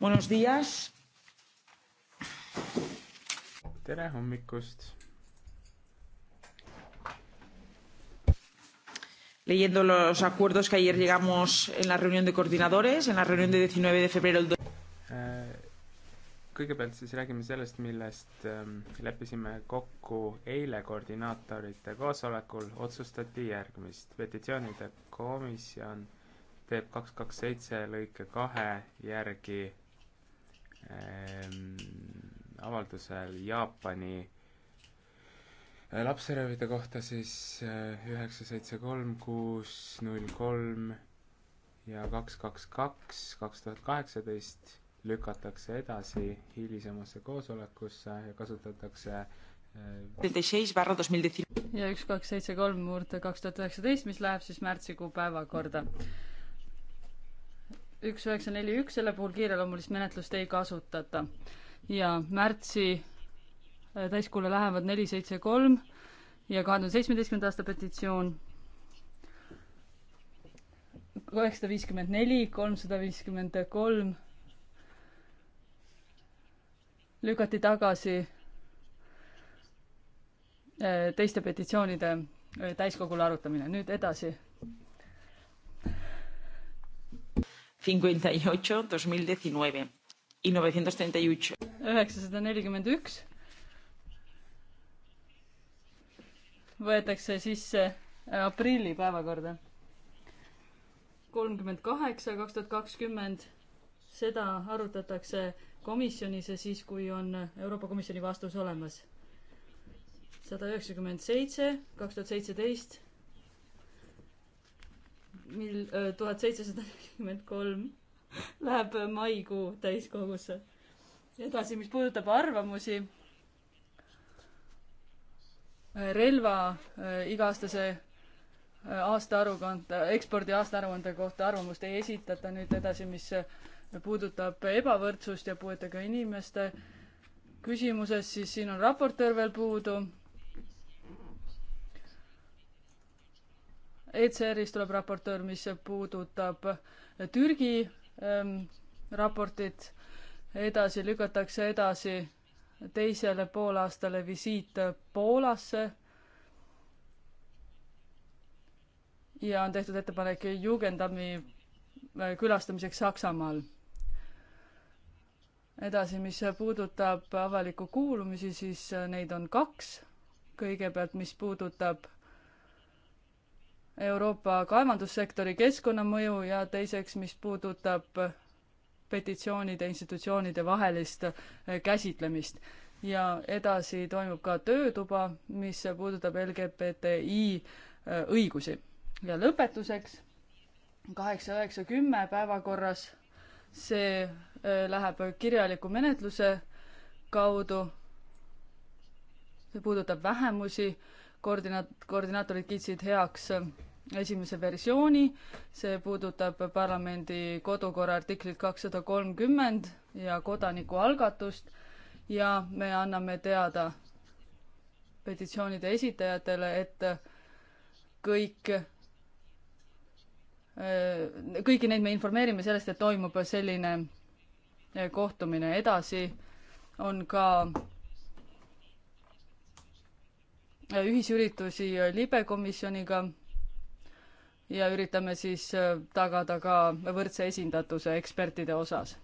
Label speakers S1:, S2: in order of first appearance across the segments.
S1: Buenos días.
S2: tere hommikust.
S1: Leyendo los acuerdos que ayer llegamos en la reunión de coordinadores, en la reunión de 19
S2: de febrero. Eh, kõigepealt siis räägime sellest, millest ähm, leppisime kokku eile koordinaatorite koosolekul, otsustati järgmist. petitsioonide komisjon teeb kaks, kaks, seitse lõike kahe järgi Ehm, avaldusel Jaapani äh, lapseröövide kohta siis äh, üheksa, seitse, kolm, kuus, null, kolm ja kaks, kaks, kaks, kaks tuhat kaheksateist lükatakse edasi hilisemasse koosolekusse ja kasutatakse äh,
S3: ja üks, kaks, seitse, kolm murd kaks tuhat üheksateist, mis läheb siis märtsikuu päevakorda üks üheksa neli üks, selle puhul kiireloomulist menetlust ei kasutata. ja märtsi äh, täiskuule lähevad neli seitse kolm ja kahe tuhande seitsmeteistkümnenda aasta petitsioon kaheksasada viiskümmend neli, kolmsada viiskümmend kolm lükati tagasi äh, teiste petitsioonide äh, täiskogule arutamine. nüüd edasi
S1: 58 2019 y 938.
S3: üheksasada nelikümmend üks võetakse sisse äh, aprilli päevakorda. kolmkümmend kaheksa, kaks tuhat kakskümmend, seda arutatakse komisjonis ja siis, kui on Euroopa Komisjoni vastus olemas. sada üheksakümmend seitse, kaks tuhat seitseteist mil äh, tuhat seitsesada nelikümmend kolm läheb maikuu täiskogusse. edasi, mis puudutab arvamusi äh, relva äh, iga-aastase aastaarukonda, ekspordi aastaaruande kohta arvamust ei esitata nüüd edasi, mis puudutab ebavõrdsust ja puuetega inimeste küsimuses, siis siin on raportöör veel puudu ECR-is tuleb raportöör, mis puudutab Türgi ähm, raportit, edasi lükatakse edasi teisele poolaastale visiit Poolasse. ja on tehtud ettepanek Jugendami äh, külastamiseks Saksamaal. edasi, mis puudutab avalikku kuulumisi, siis äh, neid on kaks. kõigepealt, mis puudutab Euroopa kaevandussektori keskkonnamõju ja teiseks, mis puudutab petitsioonide institutsioonide vahelist eh, käsitlemist. ja edasi toimub ka töötuba, mis puudutab LGBTI eh, õigusi. ja lõpetuseks kaheksa, üheksa, kümme päevakorras, see eh, läheb kirjaliku menetluse kaudu, see puudutab vähemusi, koordinaat-, koordinaatorid kiitsid heaks esimese versiooni, see puudutab parlamendi kodukorra artiklit kakssada kolmkümmend ja kodanikualgatust ja me anname teada petitsioonide esitajatele, et kõik, äh, kõiki neid me informeerime sellest, et toimub selline äh, kohtumine. edasi on ka äh, ühisüritusi libekomisjoniga ja üritame siis äh, tagada ka võrdse esindatuse ekspertide osas.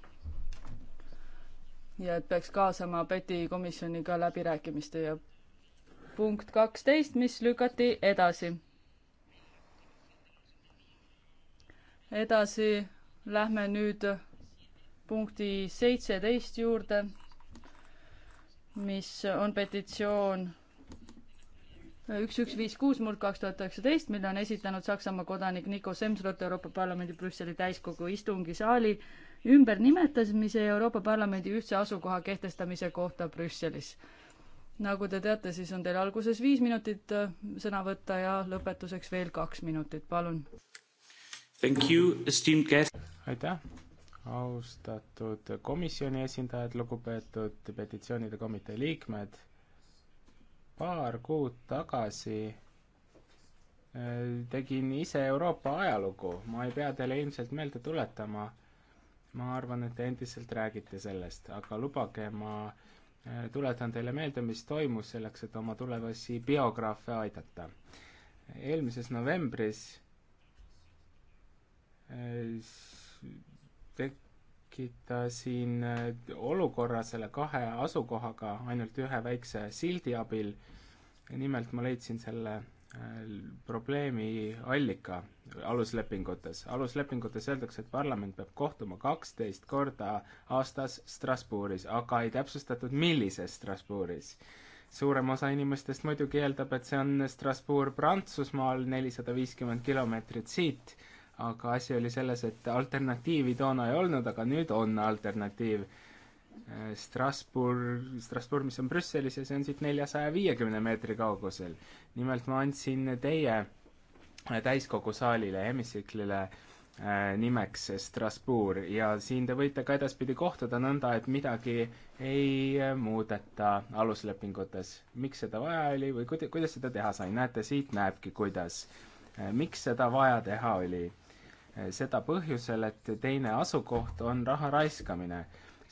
S3: ja et peaks kaasama PETi komisjoniga läbirääkimiste ja punkt kaksteist, mis lükati edasi. edasi lähme nüüd punkti seitseteist juurde, mis on petitsioon üks, üks, viis, kuus, murd kaks tuhat üheksateist, mille on esitanud Saksamaa kodanik Nico Semsrot Euroopa Parlamendi Brüsseli täiskogu istungisaali ümbernimetamise Euroopa Parlamendi ühtse asukoha kehtestamise kohta Brüsselis. nagu te teate, siis on teil alguses viis minutit äh, sõna võtta ja lõpetuseks veel kaks minutit, palun. Thank you,
S2: esteemed guest. aitäh, austatud komisjoni esindajad, lugupeetud petitsioonide komitee liikmed paar kuud tagasi äh, tegin ise Euroopa ajalugu, ma ei pea teile ilmselt meelde tuletama, ma arvan, et te endiselt räägite sellest, aga lubage, ma äh, tuletan teile meelde, mis toimus selleks, et oma tulevasi biograafe aidata. eelmises novembris te-, äh, rääkida siin äh, olukorra selle kahe asukohaga ainult ühe väikse sildi abil. nimelt ma leidsin selle äh, probleemi allika aluslepingutes. aluslepingutes öeldakse, et parlament peab kohtuma kaksteist korda aastas Strasbourgis, aga ei täpsustatud, millises Strasbourgis. suurem osa inimestest muidugi eeldab, et see on Strasbourg Prantsusmaal, nelisada viiskümmend kilomeetrit siit aga asi oli selles, et alternatiivi toona ei olnud, aga nüüd on alternatiiv. Äh, Strasbourg, Strasbourg, mis on Brüsselis ja see on siit neljasaja viiekümne meetri kaugusel. nimelt ma andsin teie äh, täiskogu saalile, hemisiklile äh, nimeks Strasbourg ja siin te võite ka edaspidi kohtuda nõnda, et midagi ei muudeta aluslepingutes. miks seda vaja oli või kuida-, kuidas seda teha sai, näete, siit näebki, kuidas miks seda vaja teha oli. Eh, seda põhjusel, et teine asukoht on raha raiskamine.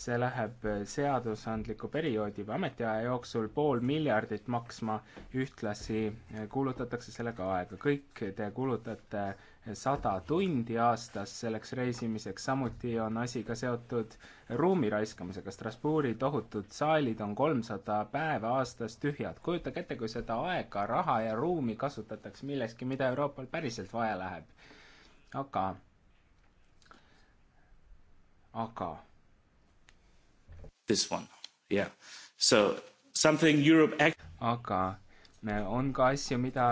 S2: see läheb eh, seadusandliku perioodi või ametiaja jooksul pool miljardit maksma, ühtlasi eh, kulutatakse sellega aega, kõik te kulutate sada tundi aastas selleks reisimiseks, samuti on asi ka seotud ruumi raiskamisega, Strasbourgi tohutud saalid on kolmsada päeva aastas tühjad, kujutage ette, kui seda aega, raha ja ruumi kasutatakse milleski, mida Euroopal päriselt vaja läheb aga, aga. This one, yeah, so something Europe act-. aga on ka asju, mida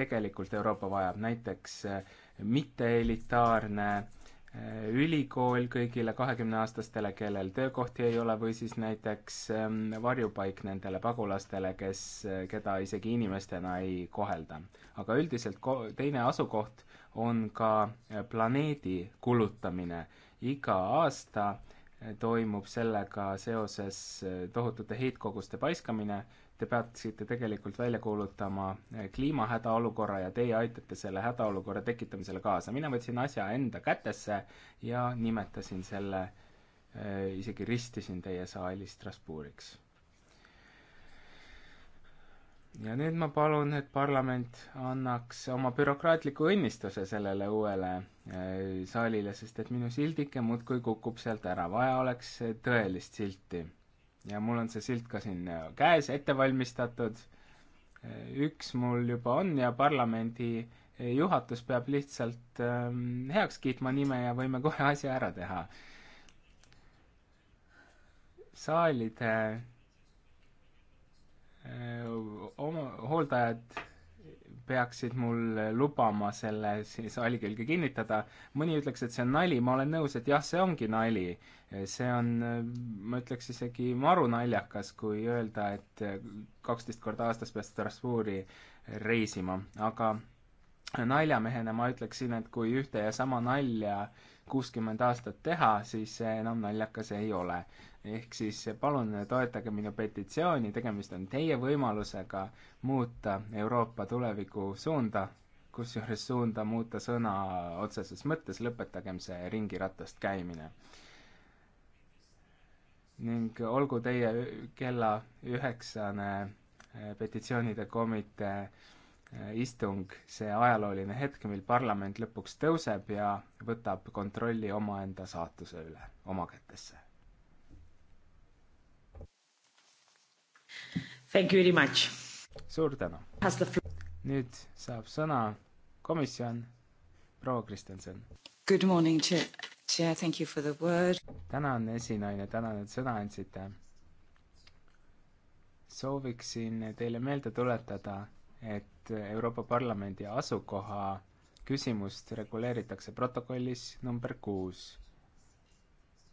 S2: tegelikult Euroopa vajab, näiteks eh, mitte-elitaarne eh, ülikool kõigile kahekümneaastastele, kellel töökohti ei ole, või siis näiteks ehm, varjupaik nendele pagulastele, kes, eh, keda isegi inimestena ei kohelda. aga üldiselt ko-, teine asukoht on ka eh, planeedi kulutamine. iga aasta eh, toimub sellega seoses eh, tohutute heitkoguste paiskamine, te peaksite tegelikult välja kuulutama kliimahädaolukorra ja teie aitate selle hädaolukorra tekitamisele kaasa. mina võtsin asja enda kätesse ja nimetasin selle, isegi ristisin teie saali Strasbourgiks ja nüüd ma palun, et parlament annaks oma bürokraatliku õnnistuse sellele uuele äh, saalile, sest et minu sildike muudkui kukub sealt ära, vaja oleks tõelist silti. ja mul on see silt ka siin äh, käes, ette valmistatud, äh, üks mul juba on ja parlamendi juhatus peab lihtsalt ähm, heaks kiitma nime ja võime kohe asja ära teha. saalide oma, hooldajad peaksid mul lubama selle siis allikülge kinnitada, mõni ütleks, et see on nali, ma olen nõus, et jah, see ongi nali. see on, ma ütleks isegi maru naljakas, kui öelda, et kaksteist korda aastas pead Strasbourgi reisima, aga naljamehena ma ütleksin, et kui ühte ja sama nalja äh, kuuskümmend aastat teha, siis see enam naljakas ei ole. ehk siis palun toetage minu petitsiooni, tegemist on teie võimalusega muuta Euroopa tuleviku suunda, kusjuures suunda muuta sõna otseses mõttes, lõpetagem see ringiratast käimine. ning olgu teie kella üheksane petitsioonide komitee Äh, istung, see ajalooline hetk, mil parlament lõpuks tõuseb ja võtab kontrolli omaenda saatuse üle oma kätesse. Thank you very much. suur tänu. nüüd saab sõna komisjon, proua Kristjanson. Good morning, chair, thank you for the word. tänan, esinaine, tänan, et sõna andsite. sooviksin teile meelde tuletada, et et Euroopa Parlamendi asukoha küsimust reguleeritakse protokollis number kuus,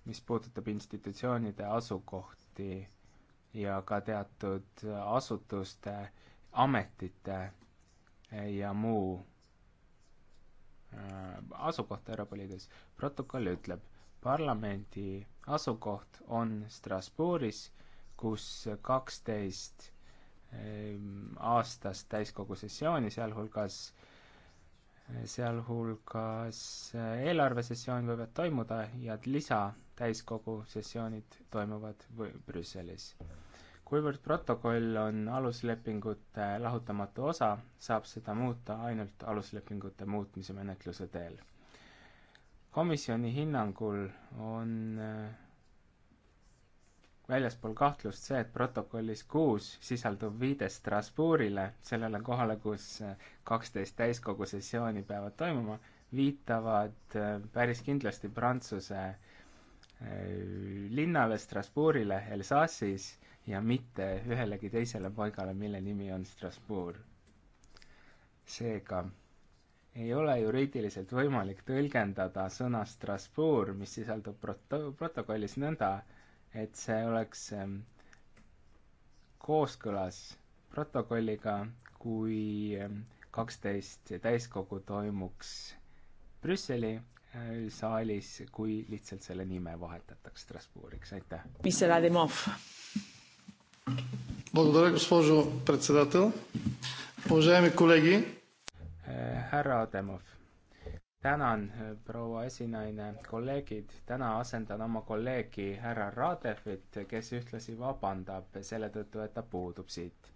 S2: mis puudutab institutsioonide asukohti ja ka teatud asutuste, ametite eh, ja muu eh, asukohta Euroopa Liidus. protokoll ütleb, parlamendi asukoht on Strasbourgis, kus kaksteist Ehm, aastas täiskogu sessiooni, sealhulgas, sealhulgas eh, eelarvesessioon võivad toimuda ja lisa täiskogu sessioonid toimuvad Brüsselis. kuivõrd protokoll on aluslepingute lahutamatu osa, saab seda muuta ainult aluslepingute muutmise menetluse teel. komisjoni hinnangul on äh, väljaspool kahtlust see, et protokollis kuus sisaldub viide Strasbourgile, sellele kohale, kus äh, kaksteist täiskogu sessiooni peavad toimuma, viitavad äh, päris kindlasti Prantsuse äh, linnale Strasbourgile Elsassis ja mitte ühelegi teisele paigale, mille nimi on Strasbourg. seega ei ole juriidiliselt võimalik tõlgendada sõna Strasbourg, mis sisaldub proto-, protokollis nõnda, et see oleks ähm, kooskõlas protokolliga, kui ähm, kaksteist täiskogu toimuks Brüsseli äh, saalis, kui lihtsalt selle nime vahetataks Strasbourgiks, aitäh. mis selle
S1: Adimov? Благодаря,
S4: госпожо председател.
S2: Уважаеми колеги. Äh, härra Adamov tänan, äh, proua esinaine, kolleegid, täna asendan oma kolleegi härra Radefit, kes ühtlasi vabandab selle tõttu, et ta puudub siit.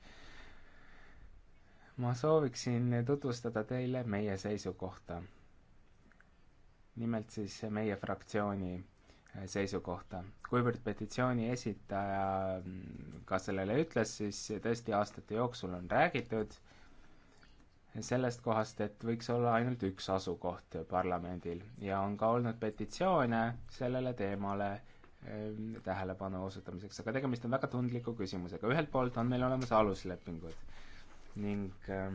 S2: ma sooviksin tutvustada teile meie seisukohta. nimelt siis meie fraktsiooni äh, seisukohta. kuivõrd petitsiooni esitaja mm, ka sellele ütles, siis tõesti aastate jooksul on räägitud sellest kohast, et võiks olla ainult üks asukoht parlamendil ja on ka olnud petitsioone sellele teemale äh, tähelepanu osutamiseks, aga tegemist on väga tundliku küsimusega, ühelt poolt on meil olemas aluslepingud ning äh,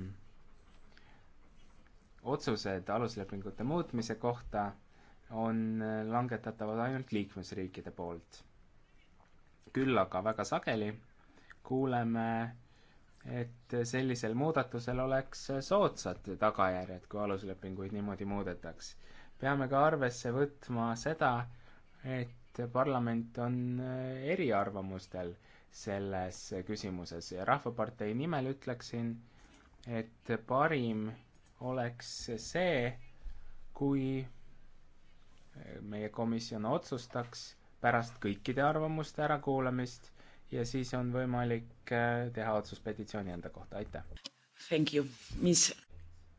S2: otsused aluslepingute muutmise kohta on äh, langetatavad ainult liikmesriikide poolt. küll aga väga sageli kuuleme et sellisel muudatusel oleks soodsad tagajärjed, kui aluslepinguid niimoodi muudetaks. peame ka arvesse võtma seda, et parlament on eriarvamustel selles küsimuses ja Rahvapartei nimel ütleksin, et parim oleks see, kui meie komisjon otsustaks pärast kõikide arvamuste ärakuulamist ja siis on võimalik äh, teha otsus petitsiooni enda kohta, aitäh! Thank you, mis?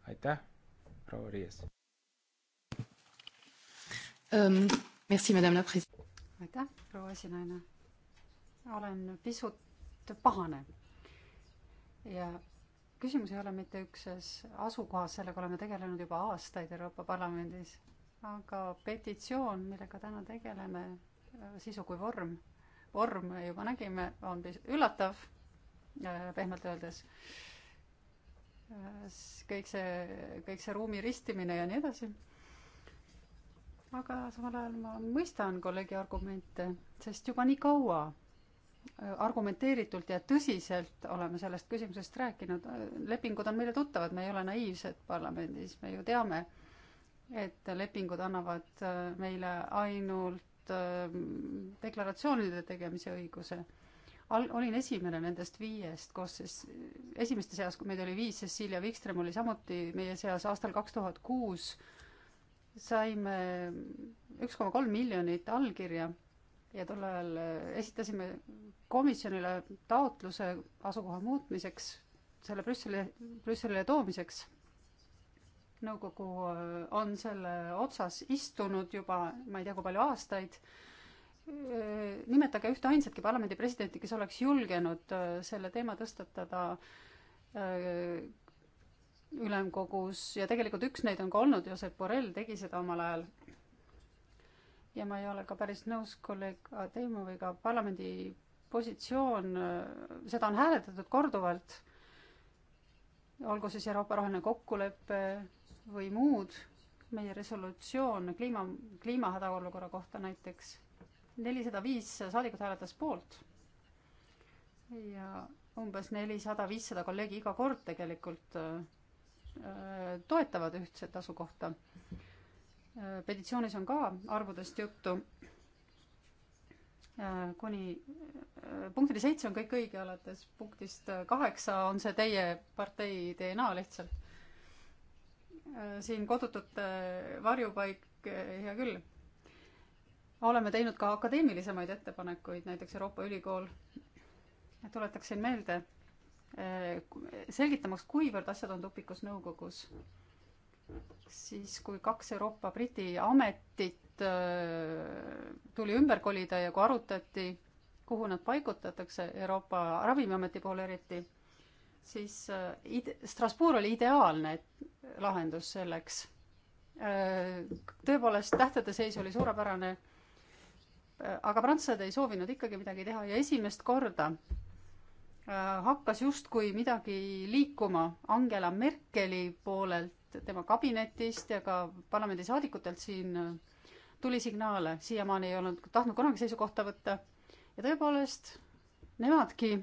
S2: aitäh, proua Riies um,! Ähm, merci, madame la pres-.
S5: aitäh, proua esinaine! olen pisut pahane ja küsimus ei ole mitte üksnes asukohas, sellega oleme tegelenud juba aastaid Euroopa Parlamendis, aga petitsioon, millega täna tegeleme, sisu kui vorm vorm, juba nägime, on üllatav, äh, pehmelt öeldes. Äh, kõik see, kõik see ruumi ristimine ja nii edasi. aga samal ajal ma mõistan kolleegi argumente, sest juba nii kaua äh, argumenteeritult ja tõsiselt oleme sellest küsimusest rääkinud. lepingud on meile tuttavad, me ei ole naiivsed parlamendis, me ju teame, et lepingud annavad meile ainult Ähm, deklaratsioonide tegemise õiguse. Al-, olin esimene nendest viiest koos siis, esimeste seas, kui meid oli viis, Cecilia Wikström oli samuti meie seas aastal kaks tuhat kuus, saime üks koma kolm miljonit allkirja ja tol ajal äh, esitasime komisjonile taotluse asukoha muutmiseks, selle Brüsseli, Brüsselile toomiseks nõukogu äh, on selle otsas istunud juba ma ei tea, kui palju aastaid. Äh, nimetage ühte ainsatki parlamendi presidenti, kes oleks julgenud äh, selle teema tõstatada ülemkogus ja tegelikult üks neid on ka olnud, Josep Borrell tegi seda omal ajal. ja ma ei ole ka päris nõus kolleeg Ademoviga, parlamendi positsioon, seda on hääletatud korduvalt olgu siis Euroopa roheline kokkulepe, või muud, meie resolutsioon kliima, kliimahädaolukorra kohta näiteks, nelisada viis saadikut hääletas poolt ja umbes nelisada, viissada kolleegi iga kord tegelikult äh, toetavad ühtset asukohta. Äh, petitsioonis on ka arvudest juttu. Äh, kuni punktini seitse on kõik õige, alates punktist kaheksa on see teie partei DNA lihtsalt. Äh, siin kodutute äh, varjupaik, äh, hea küll. oleme teinud ka akadeemilisemaid ettepanekuid, näiteks Euroopa Ülikool. tuletaksin meelde, selgitamaks, kuivõrd asjad on tupikus nõukogus, siis kui kaks Euroopa Briti ametit tuli ümber kolida ja kui arutati, kuhu nad paigutatakse Euroopa Ravimiameti poole eriti siis äh, id-, Strasbourg oli ideaalne lahendus selleks. Äh, tõepoolest, tähtede seis oli suurepärane, äh, aga prantslased ei soovinud ikkagi midagi teha ja esimest korda hakkas justkui midagi liikuma Angela Merkeli poolelt, tema kabinetist ja ka parlamendisaadikutelt siin tuli signaale, siiamaani ei olnud tahtnud kunagi seisukohta võtta ja tõepoolest, nemadki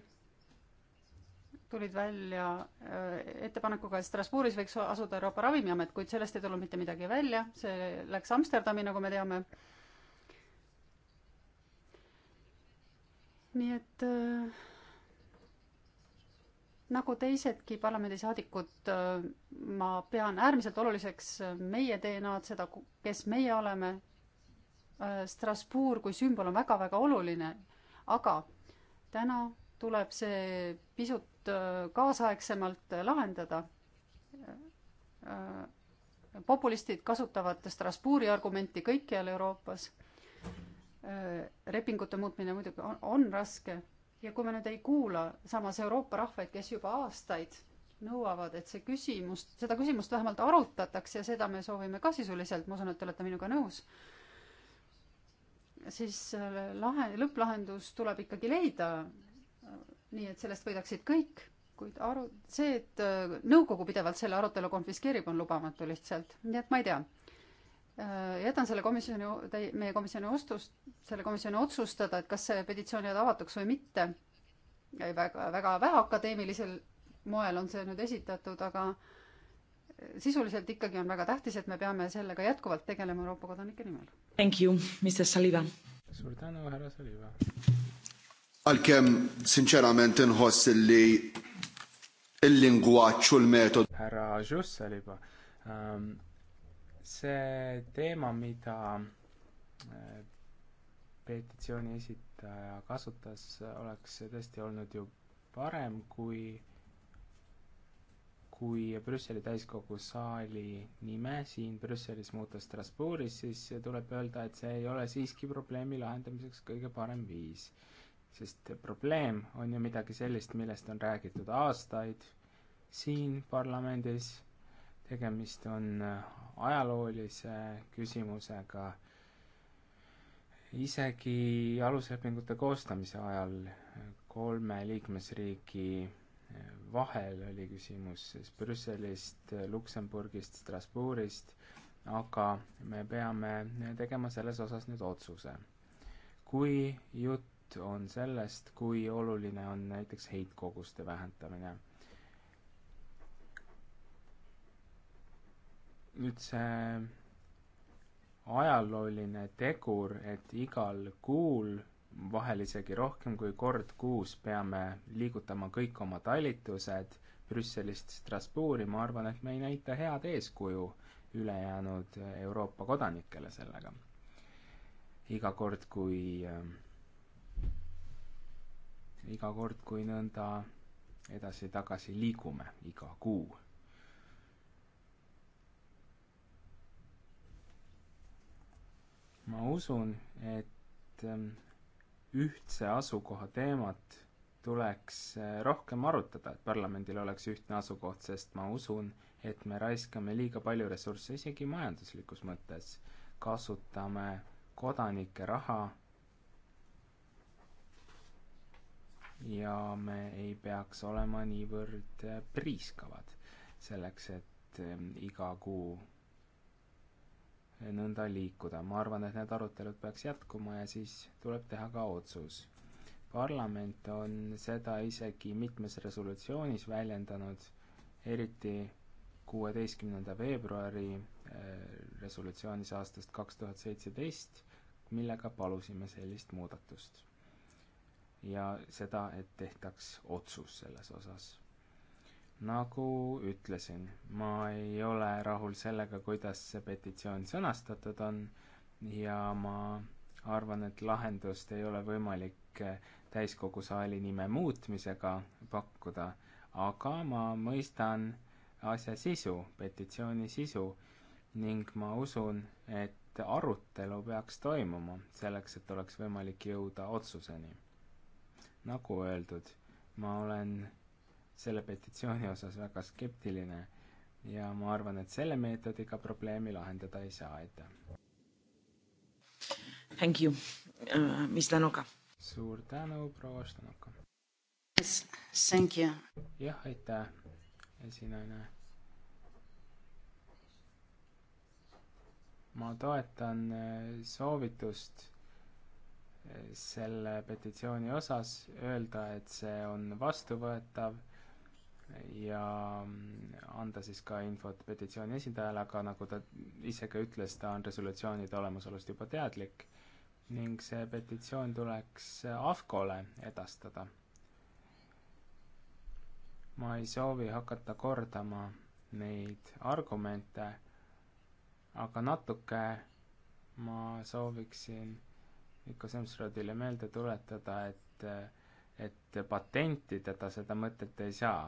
S5: tulid välja äh, ettepanekuga, et Strasbourgis võiks asuda Euroopa Ravimiamet, kuid sellest ei tulnud mitte midagi välja, see läks Amsterdami, nagu me teame. nii et äh, nagu teisedki parlamendisaadikud, äh, ma pean äärmiselt oluliseks meie DNA-d, seda, kes meie oleme. Strasbourg kui sümbol on väga-väga oluline, aga täna tuleb see pisut Äh, kaasaegsemalt äh, lahendada. Äh, populistid kasutavad Strasbourgi argumenti kõikjal Euroopas. lepingute muutmine muidugi on, on raske ja kui me nüüd ei kuula samas Euroopa rahvaid, kes juba aastaid nõuavad, et see küsimus, seda küsimust vähemalt arutatakse ja seda me soovime ka sisuliselt, ma usun, et te olete minuga nõus, siis lahe, lõpplahendus tuleb ikkagi leida nii et sellest võidaksid kõik, kuid aru, see, et äh, nõukogu pidevalt selle arutelu konfiskeerib, on lubamatu lihtsalt, nii et ma ei tea. Äh, jätan selle komisjoni, meie komisjoni ostust, selle komisjoni otsustada, et kas see petitsioon jääb avatuks või mitte. väga, väga vähe akadeemilisel moel on see nüüd esitatud, aga äh, sisuliselt ikkagi on väga tähtis, et me peame sellega jätkuvalt tegelema Euroopa kodanike nimel.
S1: Thank you, Mr Saliba. suur
S2: tänu, härra Saliba.
S1: Għalkemm sinċerament inħoss li
S2: il-lingwaġġ u l-metod. Härra Žusseliba, ehm, see teema, mida eh, petitsiooni esitaja kasutas, oleks tõesti olnud ju parem, kui, kui Brüsseli täiskogu saali nime siin Brüsselis muuta Strasbourgis, siis tuleb öelda, et see ei ole siiski probleemi lahendamiseks kõige parem viis sest probleem on ju midagi sellist, millest on räägitud aastaid siin parlamendis, tegemist on äh, ajaloolise küsimusega, isegi aluslepingute koostamise ajal äh, kolme liikmesriigi äh, vahel oli küsimus siis Brüsselist, Luksemburgist, Strasbourgist, aga me peame tegema selles osas nüüd otsuse. kui jutt jutt on sellest, kui oluline on näiteks heitkoguste vähendamine. nüüd see ajalooline tegur, et igal kuul, vahel isegi rohkem kui kord kuus, peame liigutama kõik oma talitused Brüsselist Strasbourgi, ma arvan, et me ei näita head eeskuju ülejäänud Euroopa kodanikele sellega iga kord, kui äh, iga kord, kui nõnda edasi-tagasi liigume iga kuu. ma usun, et ähm, ühtse asukoha teemat tuleks äh, rohkem arutada, et parlamendil oleks ühtne asukoht, sest ma usun, et me raiskame liiga palju ressursse isegi majanduslikus mõttes. kasutame kodanike raha ja me ei peaks olema niivõrd äh, priiskavad selleks, et ähm, iga kuu äh, nõnda liikuda. ma arvan, et need arutelud peaks jätkuma ja siis tuleb teha ka otsus. parlament on seda isegi mitmes resolutsioonis väljendanud, eriti kuueteistkümnenda veebruari äh, resolutsioonis aastast kaks tuhat seitseteist, millega palusime sellist muudatust ja seda, et tehtaks otsus selles osas. nagu ütlesin, ma ei ole rahul sellega, kuidas see petitsioon sõnastatud on ja ma arvan, et lahendust ei ole võimalik eh, täiskogu saali nime muutmisega pakkuda, aga ma mõistan asja sisu, petitsiooni sisu ning ma usun, et arutelu peaks toimuma selleks, et oleks võimalik jõuda otsuseni nagu öeldud, ma olen selle petitsiooni osas väga skeptiline ja ma arvan, et selle meetodiga probleemi lahendada ei saa, aitäh. Thank you uh,, äh, mis Danuga? suur tänu, proua Štanuka yes,. Thank you. jah, aitäh, esinaine. ma toetan äh, soovitust selle petitsiooni osas, öelda, et see on vastuvõetav ja anda siis ka infot petitsiooni esindajale, aga nagu ta ise ka ütles, ta on resolutsioonide olemasolust juba teadlik ning see petitsioon tuleks AFCO-le edastada. ma ei soovi hakata kordama neid argumente, aga natuke ma sooviksin Mikko Semsrodile meelde tuletada, et, et patentida ta seda mõtet ei saa.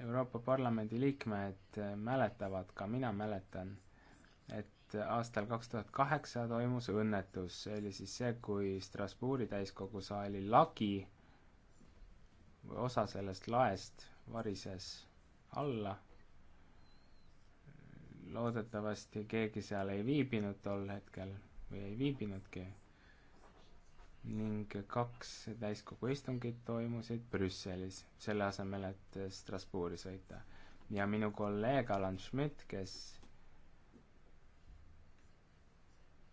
S2: Euroopa Parlamendi liikmed mäletavad, ka mina mäletan, et aastal kaks tuhat kaheksa toimus õnnetus, see oli siis see, kui Strasbourgi täiskogu saali lagi või osa sellest laest varises alla loodetavasti keegi seal ei viibinud tol hetkel või ei viibinudki ning kaks täiskogu istungit toimusid Brüsselis, selle asemel, et Strasbourgi sõita. ja minu kolleeg Alan Schmidt, kes,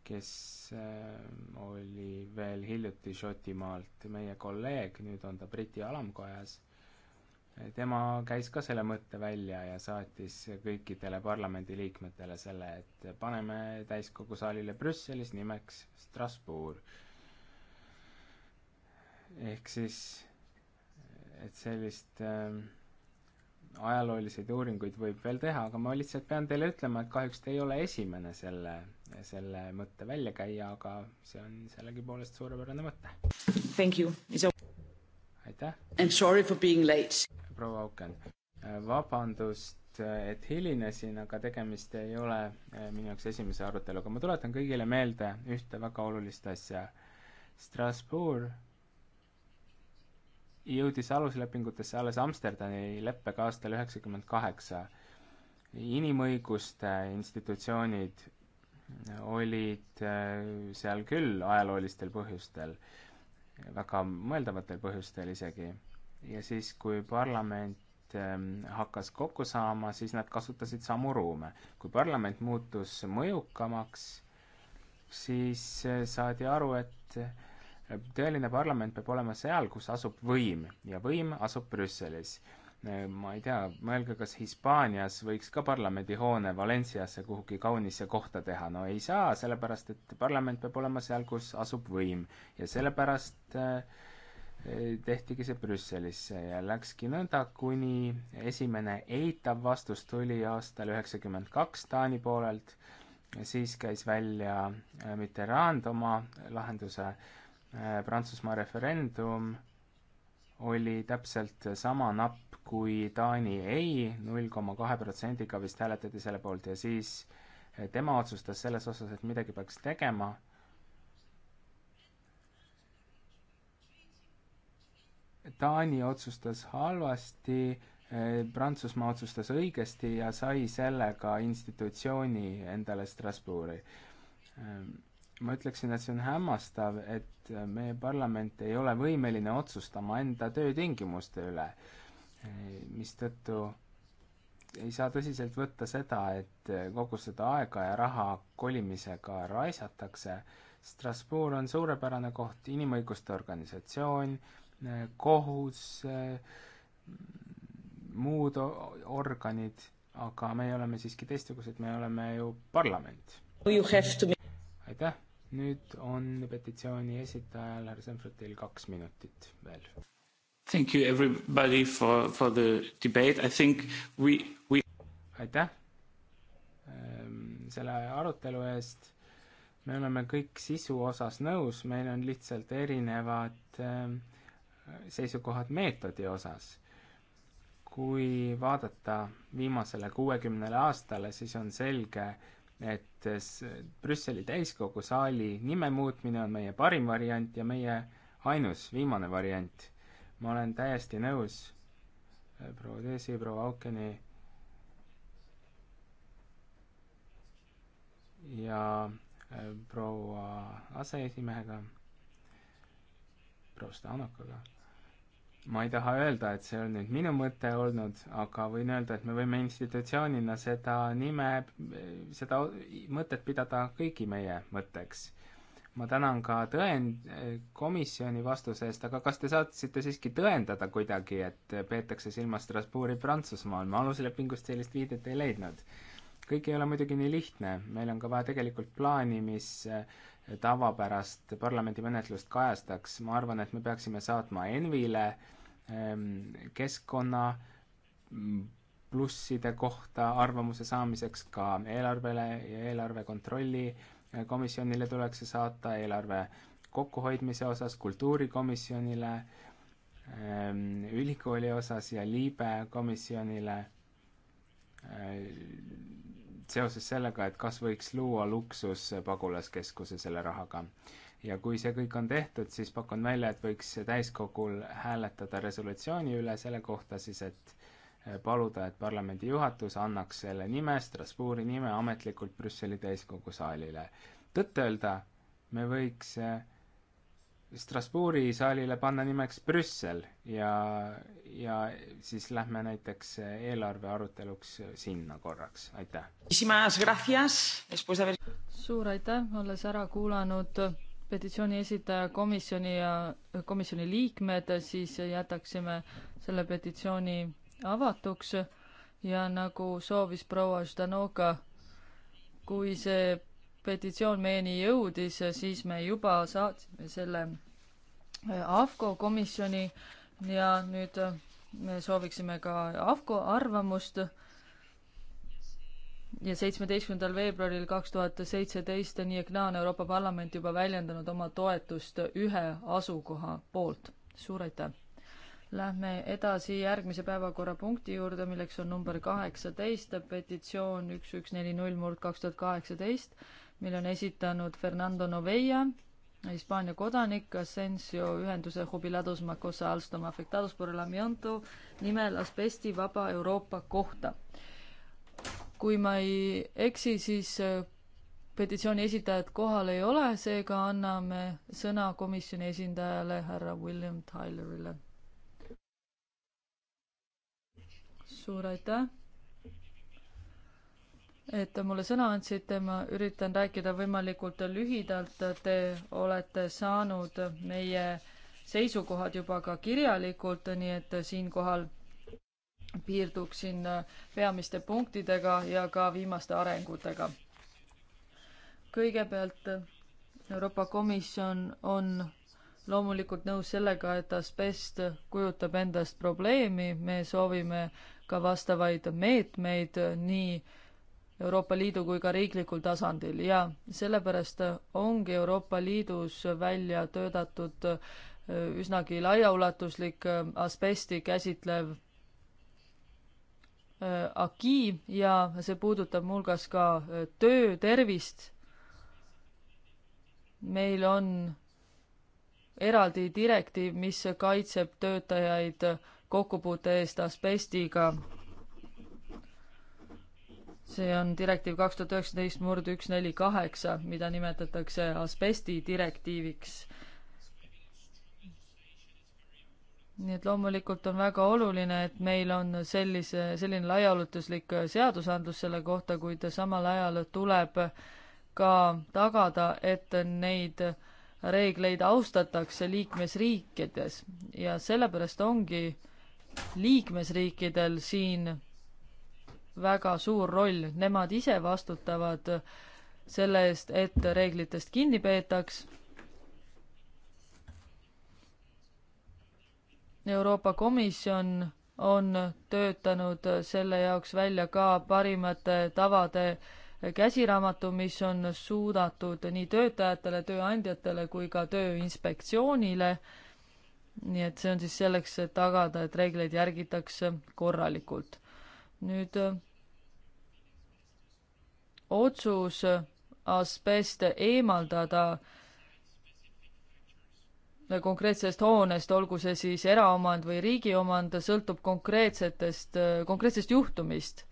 S2: kes äh, oli veel hiljuti Šotimaalt meie kolleeg, nüüd on ta Briti alamkojas tema käis ka selle mõtte välja ja saatis kõikidele parlamendiliikmetele selle, et paneme täiskogu saalile Brüsselis nimeks Strasbourg. ehk siis, et sellist äh, ajalooliseid uuringuid võib veel teha, aga ma lihtsalt pean teile ütlema, et kahjuks te ei ole esimene selle, selle mõtte väljakäija, aga see on sellegipoolest suurepärane mõte. aitäh! And sorry for being late proua Auken. Äh, vabandust, äh, et hilinesin, aga tegemist ei ole äh, minu jaoks esimese aruteluga. ma tuletan kõigile meelde ühte väga olulist asja. Strasbourg jõudis aluslepingutesse alles Amsterdami leppega aastal üheksakümmend kaheksa. inimõiguste institutsioonid olid seal küll ajaloolistel põhjustel, väga mõeldavatel põhjustel isegi ja siis, kui parlament ähm, hakkas kokku saama, siis nad kasutasid samu ruume. kui parlament muutus mõjukamaks, siis äh, saadi aru, et äh, tõeline parlament peab olema seal, kus asub võim ja võim asub Brüsselis äh, ma ei tea, mõelge, kas Hispaanias võiks ka parlamendihoone Valenciasse kuhugi kaunisse kohta teha, no ei saa, sellepärast et parlament peab olema seal, kus asub võim ja sellepärast äh, tehtigi see Brüsselisse ja läkski nõnda, kuni esimene eitav vastus tuli aastal üheksakümmend kaks Taani poolelt, siis käis välja äh, Mitterrand oma lahenduse, äh, Prantsusmaa referendum oli täpselt sama napp kui Taani ei, null koma kahe protsendiga vist hääletati selle poolt ja siis äh, tema otsustas selles osas, et midagi peaks tegema Taani otsustas halvasti, eh, Prantsusmaa otsustas õigesti ja sai sellega institutsiooni endale Strasbourgi. Ehm, ma ütleksin, et see on hämmastav, et eh, meie parlament ei ole võimeline otsustama enda töötingimuste üle, eh, mistõttu ei saa tõsiselt võtta seda, et kogu seda aega ja raha kolimisega raisatakse. Strasbourg on suurepärane koht, inimõiguste organisatsioon, kohus, muud organid, aga meie oleme siiski teistsugused, me oleme ju parlament. aitäh, nüüd on petitsiooni esitajal härra Senfrotil kaks minutit veel. Thank you everybody for, for the debate, I think we, we aitäh ehm, selle arutelu eest. me oleme kõik sisu osas nõus, meil on lihtsalt erinevad äh, seisukohad meetodi osas. kui vaadata viimasele kuuekümnele aastale, siis on selge, et Brüsseli täiskogu saali nime muutmine on meie parim variant ja meie ainus viimane variant. ma olen täiesti nõus äh, proua Teesi, proua Aukeni ja äh, proua aseesimehega, proua Stanokaga ma ei taha öelda, et see on nüüd minu mõte olnud, aga võin öelda, et me võime institutsioonina seda nime, seda mõtet pidada kõigi meie mõtteks. ma tänan ka tõend-, komisjoni vastuse eest, aga kas te saatsite siiski tõendada kuidagi, et peetakse silmas Strasbourgi Prantsusmaal, ma aluslepingust sellist viidet ei leidnud. kõik ei ole muidugi nii lihtne, meil on ka vaja tegelikult plaani, mis eh, tavapärast parlamendimenetlust kajastaks, ma arvan, et me peaksime saatma Envile äh, Ehm, keskkonna plusside kohta arvamuse saamiseks ka eelarvele ja eelarve kontrolli eh, komisjonile tuleks see saata, eelarve kokkuhoidmise osas kultuurikomisjonile, ehm, ülikooli osas ja liibe komisjonile eh, seoses sellega, et kas võiks luua luksuspagulaskeskuse selle rahaga ja kui see kõik on tehtud, siis pakun välja, et võiks täiskogul hääletada resolutsiooni üle selle kohta siis, et eh, paluda, et parlamendi juhatus annaks selle nime, Strasbourgi nime ametlikult Brüsseli täiskogu saalile. tõtt-öelda me võiks eh, Strasbourgi saalile panna nimeks Brüssel ja, ja siis lähme näiteks eh, eelarve aruteluks sinna korraks, aitäh.
S1: suur aitäh, olles ära
S3: kuulanud petitsiooni esitaja komisjoni ja komisjoni liikmed, siis jätaksime selle petitsiooni avatuks ja nagu soovis proua Ždanoka, kui see petitsioon meieni jõudis, siis me juba saatsime selle äh, AFCO komisjoni ja nüüd äh, me sooviksime ka AFCO arvamust ja seitsmeteistkümnendal veebruaril kaks tuhat seitseteist nii ehk naa on Euroopa Parlament juba väljendanud oma toetust ühe asukoha poolt. suur aitäh! Lähme edasi järgmise päevakorrapunkti juurde, milleks on number kaheksateist, petitsioon üks, üks, neli, null, murd kaks tuhat kaheksateist, mille on esitanud Fernando Novella, Hispaania kodanik, Asensio ühenduse Jubilados Macosa Alstom Afectados por el Amianto nimel asbestivaba Euroopa kohta kui ma ei eksi, siis äh, petitsiooni esitajat kohal ei ole, seega anname sõna komisjoni esindajale, härra William Tylerile. suur aitäh, et te mulle sõna andsite, ma üritan rääkida võimalikult lühidalt, te olete saanud meie seisukohad juba ka kirjalikult, nii et siinkohal piirduksin äh, peamiste punktidega ja ka viimaste arengutega. kõigepealt äh, Euroopa Komisjon on loomulikult nõus sellega, et asbest kujutab endast probleemi, me soovime ka vastavaid meetmeid nii Euroopa Liidu kui ka riiklikul tasandil ja sellepärast ongi Euroopa Liidus välja töötatud äh, üsnagi laiaulatuslik asbesti käsitlev Äh, agi ja see puudutab muuhulgas ka äh, töötervist. meil on eraldi direktiiv, mis kaitseb töötajaid kokkupuute eest asbestiga. see on direktiiv kaks tuhat üheksateist murd üks neli kaheksa, mida nimetatakse asbesti direktiiviks nii et loomulikult on väga oluline, et meil on sellise, selline laiaulatuslik seadusandlus selle kohta, kuid samal ajal tuleb ka tagada, et neid reegleid austatakse liikmesriikides ja sellepärast ongi liikmesriikidel siin väga suur roll, nemad ise vastutavad selle eest, et reeglitest kinni peetaks Euroopa Komisjon on töötanud selle jaoks välja ka parimate tavade käsiraamatu, mis on suunatud nii töötajatele, tööandjatele kui ka Tööinspektsioonile. nii et see on siis selleks, et tagada, et reegleid järgitakse korralikult. nüüd otsus asbest eemaldada äh, konkreetsest hoonest, olgu see siis eraomand või riigi omand, sõltub konkreetsetest, konkreetsest juhtumist.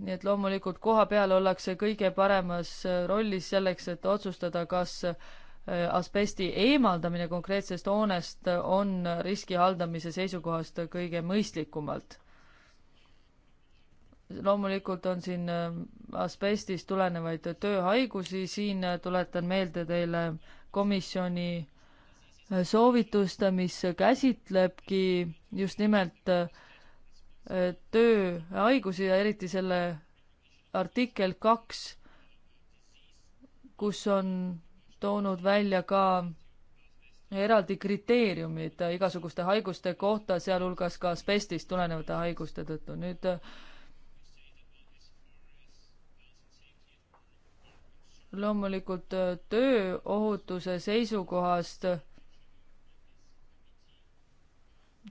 S3: nii et loomulikult koha peal ollakse kõige paremas rollis selleks, et otsustada, kas äh, asbesti eemaldamine konkreetsest hoonest on riski haldamise seisukohast kõige mõistlikumalt. loomulikult on siin äh, asbestist tulenevaid tööhaigusi, siin tuletan meelde teile komisjoni soovitust, mis käsitlebki just nimelt äh, tööhaigusi ja eriti selle artikkel kaks, kus on toonud välja ka eraldi kriteeriumid igasuguste haiguste kohta, sealhulgas ka asbestist tulenevate haiguste tõttu. nüüd loomulikult äh, tööohutuse seisukohast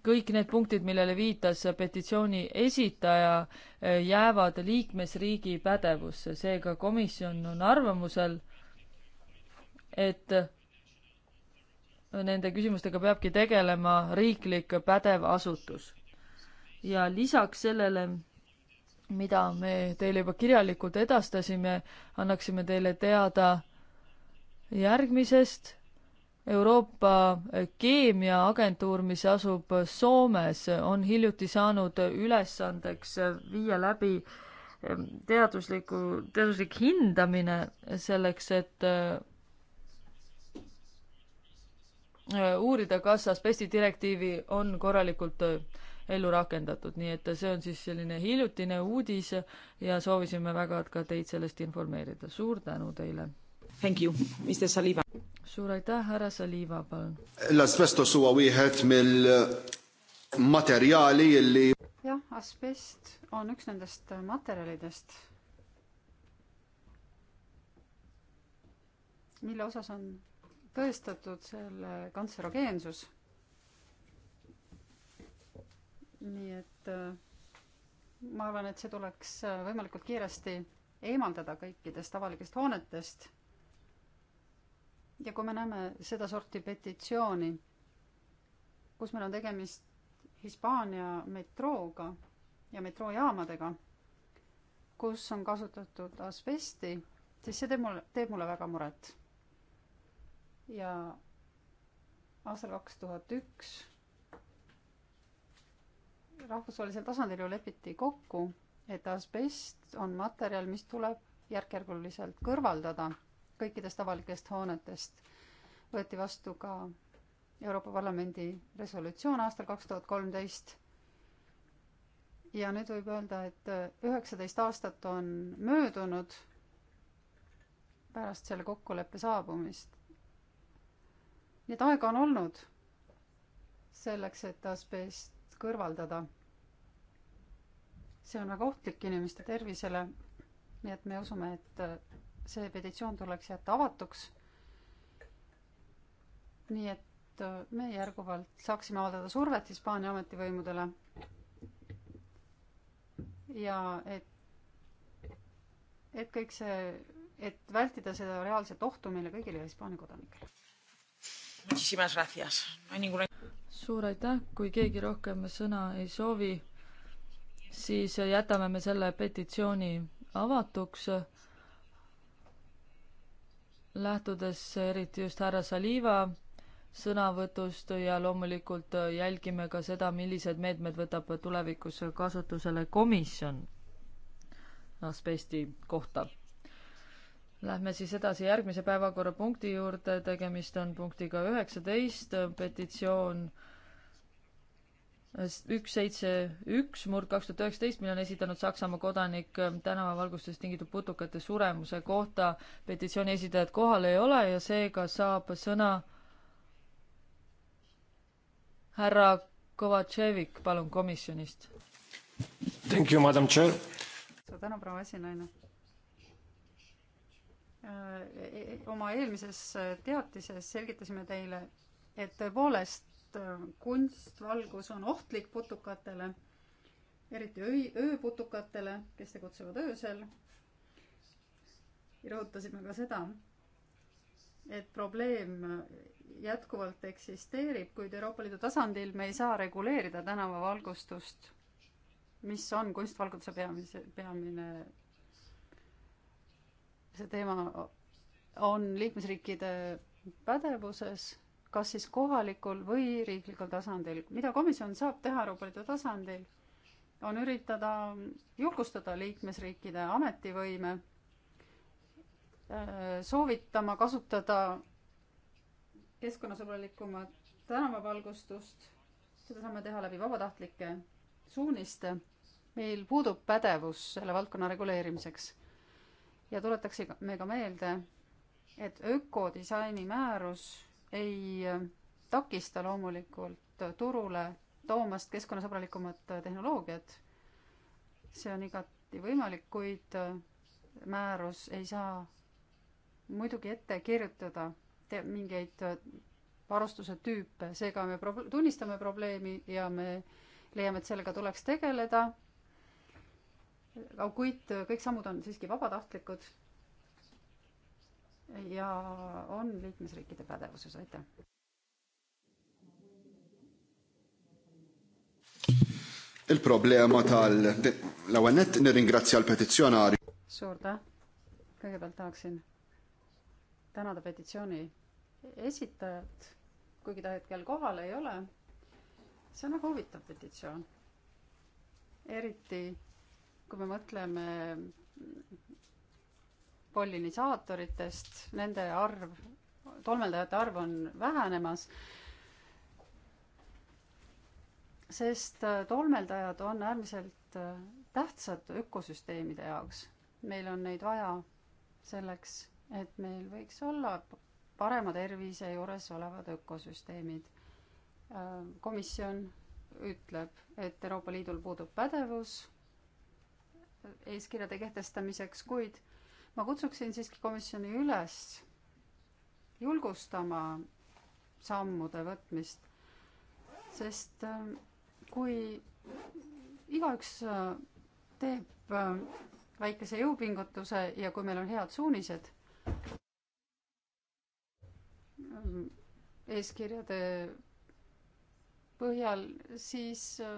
S3: kõik need punktid, millele viitas petitsiooni esitaja, äh, jäävad liikmesriigi pädevusse, seega komisjon on arvamusel, et nende küsimustega peabki tegelema riiklik pädev asutus. ja lisaks sellele mida me teile juba kirjalikult edastasime, annaksime teile teada järgmisest. Euroopa Keemiaagentuur, mis asub Soomes, on hiljuti saanud ülesandeks viia läbi teadusliku, teaduslik hindamine selleks, et uurida, kas asbestidirektiivi on korralikult ellu rakendatud, nii et see on siis selline hiljutine uudis ja soovisime väga ka teid sellest informeerida. suur tänu teile! Thank you, Mr Saliva. suur aitäh, härra Saliva, palun.
S1: Asbestos huwa wieħed mill-materjali illi
S5: jah, asbest on üks nendest materjalidest, mille osas on tõestatud selle kantserogeensus nii et äh, ma arvan, et see tuleks äh, võimalikult kiiresti eemaldada kõikidest avalikest hoonetest. ja kui me näeme sedasorti petitsiooni, kus meil on tegemist Hispaania metrooga ja metroojaamadega, kus on kasutatud asbesti, siis see teeb mulle, teeb mulle väga muret. ja aastal kaks tuhat üks rahvusvahelisel tasandil ju lepiti kokku, et asbest on materjal, mis tuleb järk-järguliselt kõrvaldada kõikidest avalikest hoonetest. võeti vastu ka Euroopa Parlamendi resolutsioon aastal kaks tuhat kolmteist. ja nüüd võib öelda, et üheksateist aastat on möödunud pärast selle kokkuleppe saabumist. nii et aega on olnud selleks, et asbest kõrvaldada. see on väga ohtlik inimeste tervisele. nii et me usume, et äh, see petitsioon tuleks jätta avatuks. nii et äh, me järguvalt saaksime avaldada survet Hispaania ametivõimudele. ja et, et kõik see, et vältida seda reaalset ohtu meile kõigile Hispaania kodanikele.
S1: Muchísimas gracias. No hay ninguna
S3: suur aitäh, kui keegi rohkem sõna ei soovi, siis jätame me selle petitsiooni avatuks, lähtudes eriti just härra Saliva sõnavõtust ja loomulikult jälgime ka seda, millised meetmed võtab tulevikus kasutusele komisjon asbesti kohta Lähme siis edasi järgmise päevakorrapunkti juurde, tegemist on punktiga üheksateist, petitsioon üks seitse üks murd kaks tuhat üheksateist, mille on esitanud Saksamaa kodanik tänavavalgustusest tingitud putukate suremuse kohta. petitsiooni esitajat kohal ei ole ja seega saab sõna härra Kovatševik, palun, komisjonist.
S2: Thank you, madam chair.
S5: suur tänu, proua esinaine Äh, e, e, oma eelmises äh, teatises selgitasime teile, et tõepoolest äh, kunstvalgus on ohtlik putukatele, eriti öö, ööputukatele, kes tegutsevad öösel. rõhutasime ka seda, et probleem jätkuvalt eksisteerib, kuid Euroopa Liidu tasandil me ei saa reguleerida tänavavalgustust, mis on kunstvalgutuse peamise, peamine see teema on liikmesriikide pädevuses, kas siis kohalikul või riiklikul tasandil. mida komisjon saab teha Euroopa Liidu tasandil, on üritada julgustada liikmesriikide ametivõime, äh, soovitama kasutada keskkonnasõbralikumat tänavavalgustust, seda saame teha läbi vabatahtlike suuniste. meil puudub pädevus selle valdkonna reguleerimiseks ja tuletaksime ka meelde, et ökodisaini määrus ei takista loomulikult turule toomast keskkonnasõbralikumat tehnoloogiat. see on igati võimalik, kuid määrus ei saa muidugi ette kirjutada te-, mingeid varustuse tüüpe, seega me prob-, tunnistame probleemi ja me leiame, et sellega tuleks tegeleda kuid äh, kõik sammud on siiski vabatahtlikud ja on liikmesriikide pädevuses, aitäh.
S1: il-problema tal, l-għanet
S2: nirringrazzja l-petizjonari.
S5: suur tänu, kõigepealt tahaksin tänada petitsiooni esitajat, kuigi ta hetkel kohal ei ole. see on väga huvitav petitsioon. eriti kui me mõtleme pollinisaatoritest, nende arv, tolmeldajate arv on vähenemas, sest äh, tolmeldajad on äärmiselt äh, tähtsad ökosüsteemide jaoks. meil on neid vaja selleks, et meil võiks olla parema tervise juures olevad ökosüsteemid. Äh, komisjon ütleb, et Euroopa Liidul puudub pädevus eeskirjade kehtestamiseks, kuid ma kutsuksin siiski komisjoni üles julgustama sammude võtmist, sest ähm, kui igaüks äh, teeb äh, väikese jõupingutuse ja kui meil on head suunised ähm, eeskirjade põhjal, siis äh,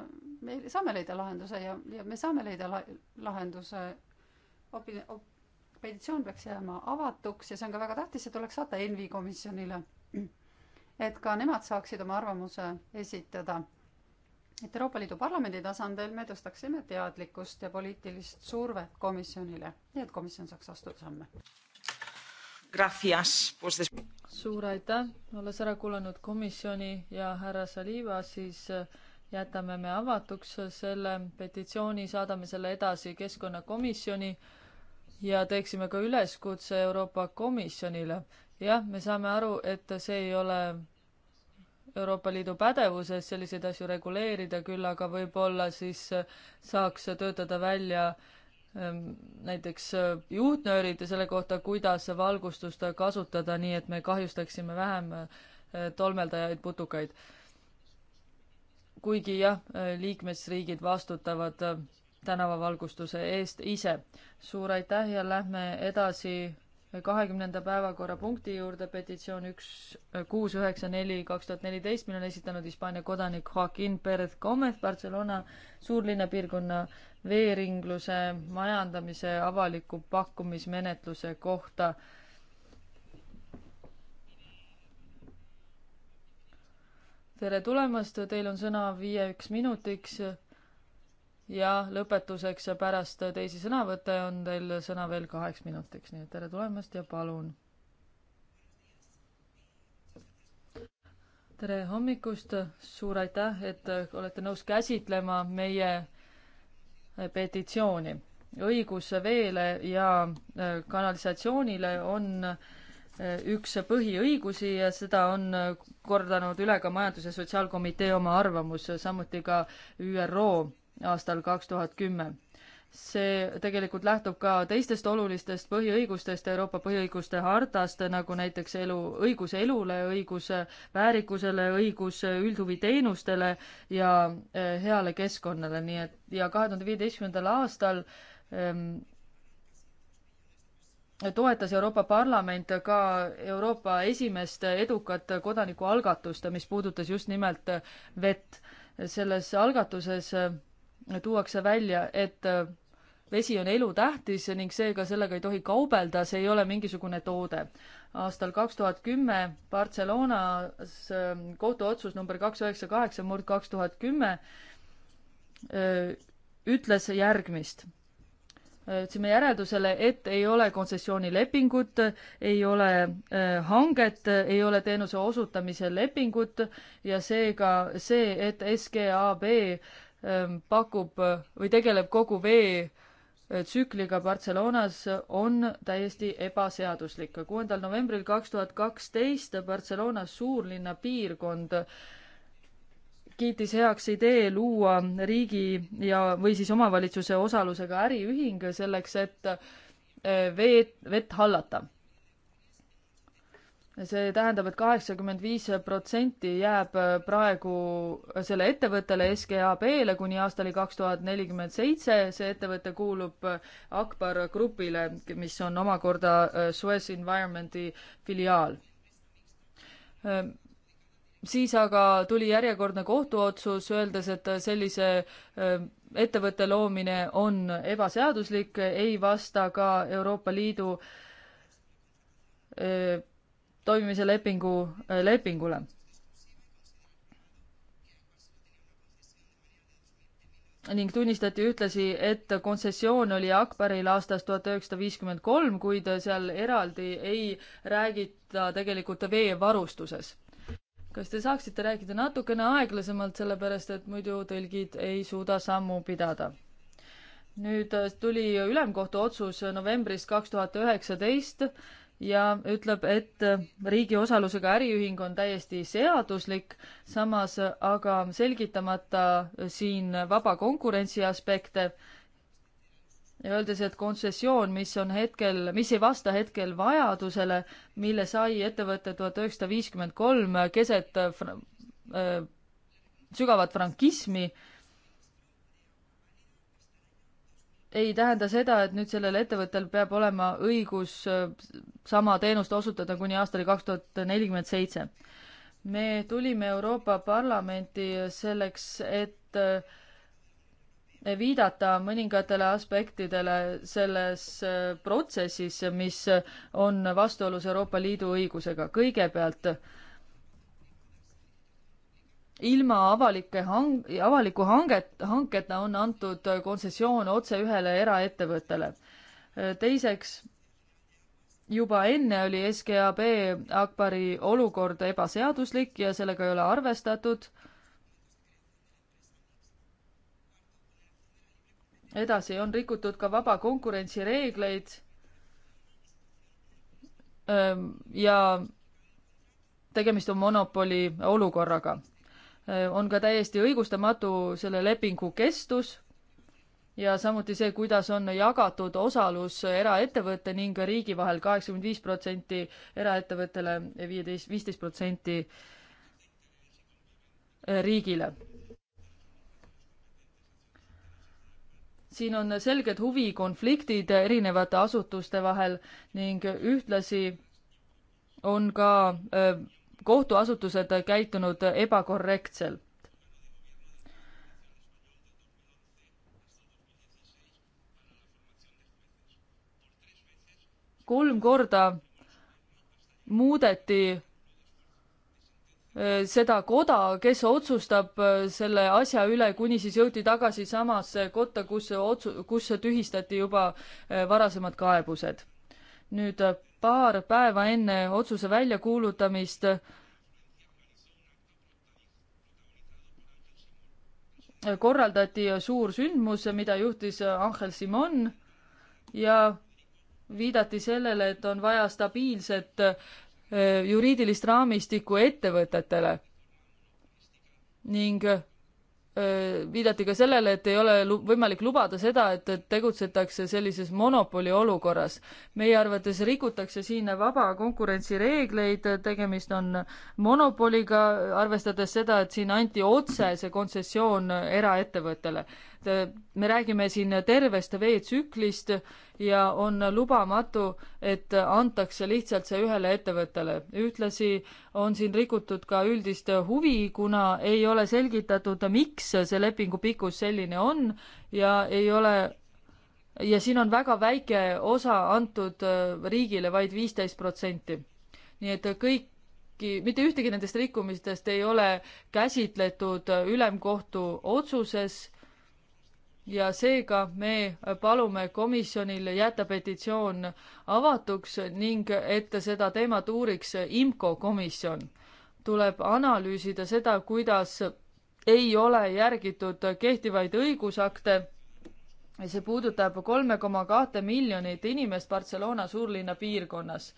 S5: me saame leida lahenduse ja, ja me saame leida la lahenduse. opi-, op-, petitsioon peaks jääma avatuks ja see on ka väga tähtis, see tuleks saata ENVI komisjonile. et ka nemad saaksid oma arvamuse esitada. et Euroopa Liidu Parlamendi tasandil me tõstaksime teadlikkust ja poliitilist survet komisjonile, nii et komisjon saaks astuda samme
S1: suur
S3: aitäh, olles ära kuulanud komisjoni ja härra Saliva, siis äh, jätame me avatuks selle petitsiooni, saadame selle edasi keskkonnakomisjoni ja teeksime ka üleskutse Euroopa Komisjonile. jah, me saame aru, et see ei ole Euroopa Liidu pädevuses selliseid asju reguleerida, küll aga võib-olla siis äh, saaks töötada välja äh, Ehm, näiteks äh, juhtnöörid ja selle kohta, kuidas valgustust kasutada nii, et me kahjustaksime vähem äh, tolmeldajaid putukaid. kuigi jah, äh, liikmesriigid vastutavad tänavavalgustuse eest ise. suur aitäh ja lähme edasi kahekümnenda päevakorrapunkti juurde, petitsioon üks, kuus üheksa neli kaks tuhat neliteist, mille on esitanud Hispaania kodanik Joaquin Perez Gomez Barcelona suurlinna piirkonna veeringluse majandamise avaliku pakkumismenetluse kohta. tere tulemast, teil on sõna viie-üks minutiks ja lõpetuseks pärast teisi sõnavõtte on teil sõna veel kaheks minutiks, nii et tere tulemast ja palun. tere hommikust, suur aitäh, et olete nõus käsitlema meie petitsiooni. õigus veele ja äh, kanalisatsioonile on äh, üks põhiõigusi ja seda on äh, kordanud üle ka Majandus- ja Sotsiaalkomitee oma arvamus, samuti ka ÜRO aastal kaks tuhat kümme see tegelikult lähtub ka teistest olulistest põhiõigustest Euroopa põhiõiguste hartast, nagu näiteks elu, õigus elule, õigus väärikusele, õigus üldhuviteenustele ja eh, heale keskkonnale, nii et ja kahe tuhande viieteistkümnendal aastal ähm, toetas Euroopa Parlament ka Euroopa esimest edukat kodanikualgatust, mis puudutas just nimelt vett. selles algatuses äh, tuuakse välja, et äh, vesi on elutähtis ning seega sellega ei tohi kaubelda, see ei ole mingisugune toode. aastal kaks tuhat kümme Barcelonas äh, kohtuotsus number kaks üheksa kaheksa murd kaks tuhat kümme äh, ütles järgmist. jõudsime järeldusele, et ei ole kontsessioonilepingut, ei ole hanget, ei ole teenuse osutamise lepingut ja seega see, et SKAB Ähm, pakub äh, või tegeleb kogu veetsükliga äh, Barcelonas, on täiesti ebaseaduslik. kuuendal novembril kaks tuhat kaksteist Barcelona suurlinna piirkond kiitis heaks idee luua riigi ja, või siis omavalitsuse osalusega äriühing selleks, et äh, veed, vett hallata see tähendab et, et kaheksakümmend viis protsenti jääb äh, praegu selle ettevõttele SKAB-le kuni aastani kaks tuhat nelikümmend seitse. see ettevõte kuulub äh, Akbar Grupile, mis on omakorda äh, Suez Environmenti filiaal. Ähm, siis aga tuli järjekordne kohtuotsus, öeldes, et sellise ähm, ettevõtte loomine on ebaseaduslik, ei vasta ka Euroopa Liidu toimimise lepingu, lepingule. ning tunnistati ühtlasi, et kontsessioon oli Akbaril aastast tuhat üheksasada viiskümmend kolm, kuid seal eraldi ei räägita tegelikult veevarustuses. kas te saaksite rääkida natukene aeglasemalt, sellepärast et muidu tõlgid ei suuda sammu pidada? nüüd tuli ülemkohtu otsus novembris kaks tuhat üheksateist ja ütleb, et äh, riigi osalusega äriühing on täiesti seaduslik, samas aga selgitamata äh, siin vaba konkurentsi aspekte ja öeldes, et kontsessioon, mis on hetkel, mis ei vasta hetkel vajadusele, mille sai ettevõte tuhat üheksasada viiskümmend kolm keset fr- äh,, sügavat frankismi äh,, ei tähenda seda, et nüüd sellel ettevõttel peab olema õigus äh, sama teenust osutada kuni aastani kaks tuhat nelikümmend seitse. me tulime Euroopa Parlamenti selleks, et äh, viidata mõningatele aspektidele selles äh, protsessis, mis on vastuolus Euroopa Liidu õigusega. kõigepealt äh, ilma avalike hang-, avaliku hanget, hanketa on antud kontsessioon otse ühele eraettevõttele. teiseks, juba enne oli SKAB Akbari olukord ebaseaduslik ja sellega ei ole arvestatud. edasi on rikutud ka vaba konkurentsi reegleid ja tegemist on monopoli olukorraga Äh, on ka täiesti õigustamatu selle lepingu kestus ja samuti see, kuidas on jagatud osalus eraettevõtte ning riigi vahel kaheksakümmend viis protsenti eraettevõttele ja viieteist, viisteist protsenti riigile. siin on selged huvikonfliktid erinevate asutuste vahel ning ühtlasi on ka äh, kohtuasutused käitunud ebakorrektselt. kolm korda muudeti eh, seda koda, kes otsustab eh, selle asja üle, kuni siis jõuti tagasi samasse kotta, kus otsu-, kus tühistati juba eh, varasemad kaebused. nüüd paar päeva enne otsuse väljakuulutamist korraldati suur sündmus, mida juhtis Angel Simon ja viidati sellele, et on vaja stabiilset eh, juriidilist raamistikku ettevõtetele ning viidati ka sellele, et ei ole lu võimalik lubada seda, et tegutsetakse sellises monopoli olukorras. meie arvates rikutakse siin vaba konkurentsi reegleid, tegemist on monopoliga, arvestades seda, et siin anti otsese kontsessioon eraettevõttele me räägime siin tervest veetsüklist ja on lubamatu, et antakse lihtsalt see ühele ettevõttele. ühtlasi on siin rikutud ka üldist huvi, kuna ei ole selgitatud, miks see lepingu pikkus selline on ja ei ole ja siin on väga väike osa antud äh, riigile vaid, vaid viisteist protsenti. nii et kõik ühtki, mitte ühtegi nendest rikkumistest ei ole käsitletud äh, ülemkohtu otsuses ja seega me palume komisjonil jätta petitsioon avatuks ning et seda teemat uuriks IMCO komisjon. tuleb analüüsida seda, kuidas ei ole järgitud kehtivaid õigusakte ja see puudutab kolme koma kahte miljonit inimest Barcelona suurlinna piirkonnas.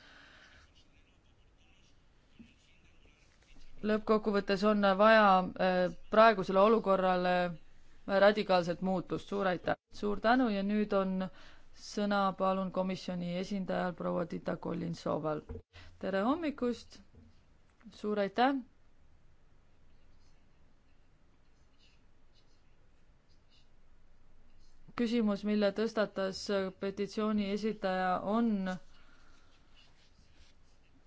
S3: lõppkokkuvõttes on vaja eh, praegusele olukorrale radikaalset muutust, suur aitäh! suur tänu ja nüüd on sõna palun komisjoni esindajal proua Tita Kollinsoval. tere hommikust, suur aitäh! küsimus, mille tõstatas petitsiooni esitaja, on,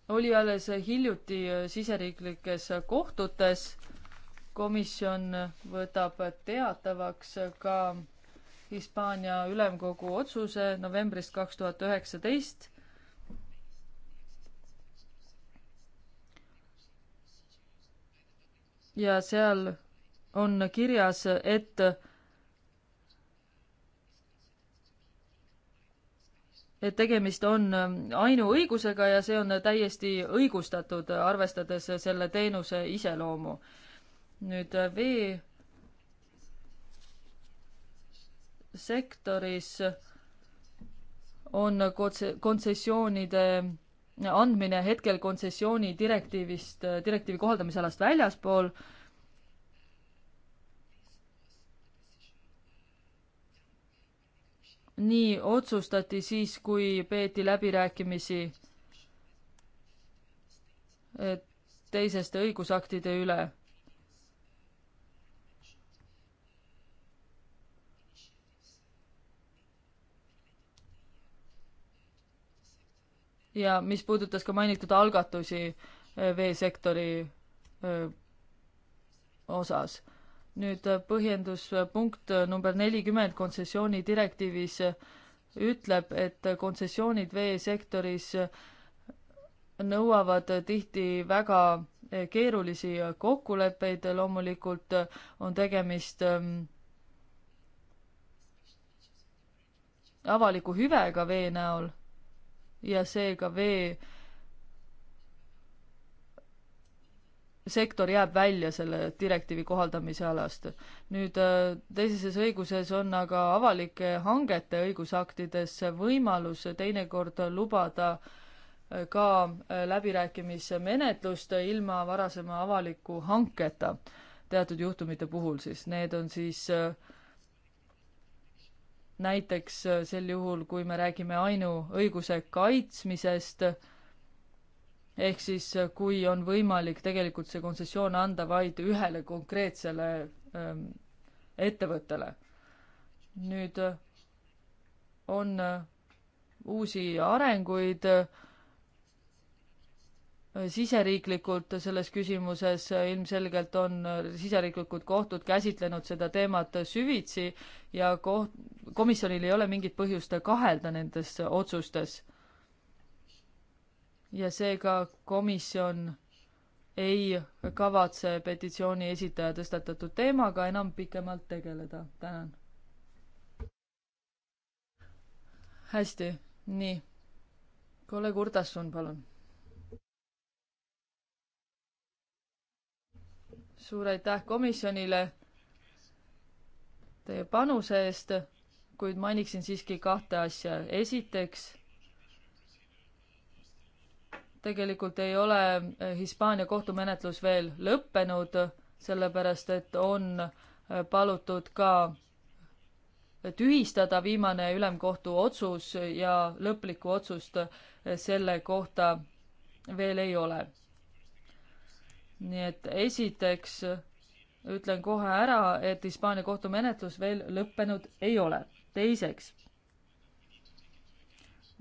S3: oli alles hiljuti siseriiklikes kohtutes komisjon võtab teatavaks ka Hispaania ülemkogu otsuse novembrist kaks tuhat üheksateist. ja seal on kirjas, et et tegemist on ainuõigusega ja see on täiesti õigustatud, arvestades selle teenuse iseloomu nüüd äh, vee sektoris on kontsessioonide andmine hetkel kontsessiooni direktiivist, äh, direktiivi kohaldamisalast väljaspool. nii otsustati siis, kui peeti läbirääkimisi äh, teiseste õigusaktide üle ja mis puudutas ka mainitud algatusi eh, veesektori eh, osas. nüüd eh, põhjenduspunkt number nelikümmend kontsessiooni direktiivis ütleb, et kontsessioonid veesektoris nõuavad tihti väga keerulisi kokkuleppeid, loomulikult on tegemist ehm, avaliku hüvega vee näol ja seega vee sektor jääb välja selle direktiivi kohaldamise alast. nüüd äh, teises õiguses on aga avalike hangete õigusaktides võimalus teinekord lubada äh, ka äh, läbirääkimismenetlust ilma varasema avaliku hanketa teatud juhtumite puhul siis. Need on siis äh, näiteks äh, sel juhul, kui me räägime ainuõiguse kaitsmisest, ehk siis äh, kui on võimalik tegelikult see kontsessioon anda vaid ühele konkreetsele ähm, ettevõttele. nüüd äh, on uusi arenguid äh, Äh, siseriiklikult selles küsimuses, äh, ilmselgelt on äh, siseriiklikud kohtud käsitlenud seda teemat süvitsi ja koht-, komisjonil ei ole mingit põhjust kahelda nendes otsustes. ja seega komisjon ei kavatse petitsiooni esitaja tõstatatud teemaga enam pikemalt tegeleda, tänan. hästi, nii. kolleeg Urtasson, palun suur aitäh komisjonile teie panuse eest, kuid mainiksin siiski kahte asja. esiteks, tegelikult ei ole eh, Hispaania kohtumenetlus veel lõppenud, sellepärast et on eh, palutud ka tühistada viimane ülemkohtu otsus ja lõplikku otsust eh, selle kohta veel ei ole nii et esiteks ütlen kohe ära, et Hispaania kohtumenetlus veel lõppenud ei ole. teiseks,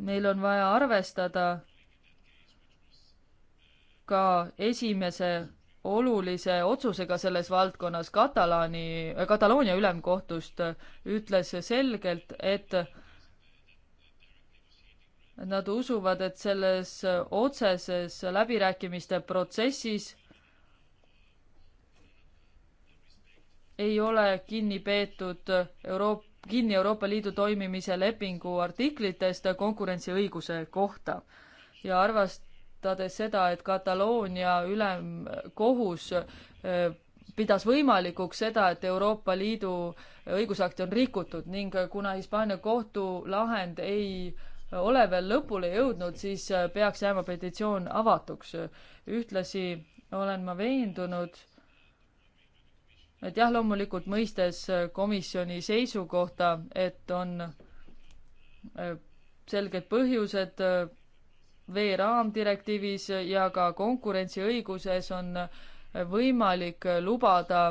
S3: meil on vaja arvestada ka esimese olulise otsusega selles valdkonnas Katalaani, äh, Kataloonia ülemkohtust ütles selgelt, et nad usuvad, et selles otseses läbirääkimiste protsessis ei ole kinni peetud Euroop-, kinni Euroopa Liidu toimimise lepingu artiklitest konkurentsiõiguse kohta. ja arvestades seda, et Kataloonia ülemkohus äh, pidas võimalikuks seda, et Euroopa Liidu õigusakti on rikutud ning kuna Hispaania kohtulahend ei ole veel lõpule jõudnud, siis peaks jääma petitsioon avatuks. ühtlasi olen ma veendunud, et jah, loomulikult mõistes äh, komisjoni seisukohta, et on äh, selged põhjused äh, vee raamdirektiivis ja ka konkurentsiõiguses on võimalik lubada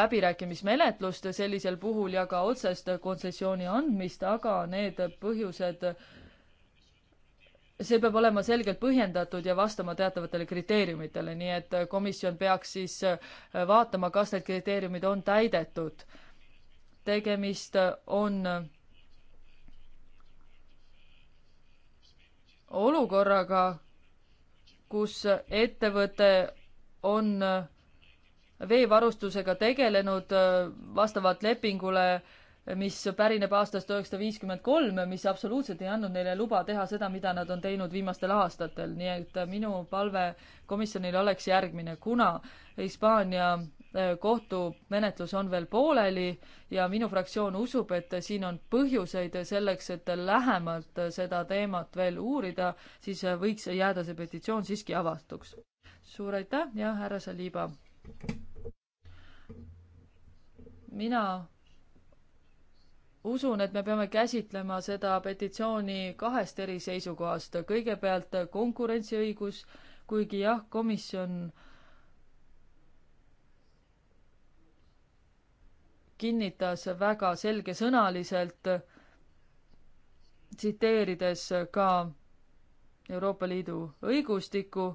S3: läbirääkimismenetlust sellisel puhul ja ka otsest kontsessiooni andmist, aga need põhjused äh, see peab olema selgelt põhjendatud ja vastama teatavatele kriteeriumitele, nii et komisjon peaks siis äh, vaatama, kas need kriteeriumid on täidetud. tegemist on olukorraga, kus ettevõte on veevarustusega tegelenud äh, vastavalt lepingule äh, mis pärineb aastast üheksasada viiskümmend kolm, mis absoluutselt ei andnud neile luba teha seda, mida nad on teinud viimastel aastatel, nii et minu palve komisjonile oleks järgmine, kuna Hispaania eh, kohtumenetlus on veel pooleli ja minu fraktsioon usub, et siin on põhjuseid selleks, et lähemalt seda teemat veel uurida, siis võiks jääda see petitsioon siiski avatuks. suur aitäh ja härra Saliba. mina usun, et me peame käsitlema seda petitsiooni kahest eri seisukohast. kõigepealt konkurentsiõigus, kuigi jah, komisjon kinnitas väga selgesõnaliselt, tsiteerides ka Euroopa Liidu õigustikku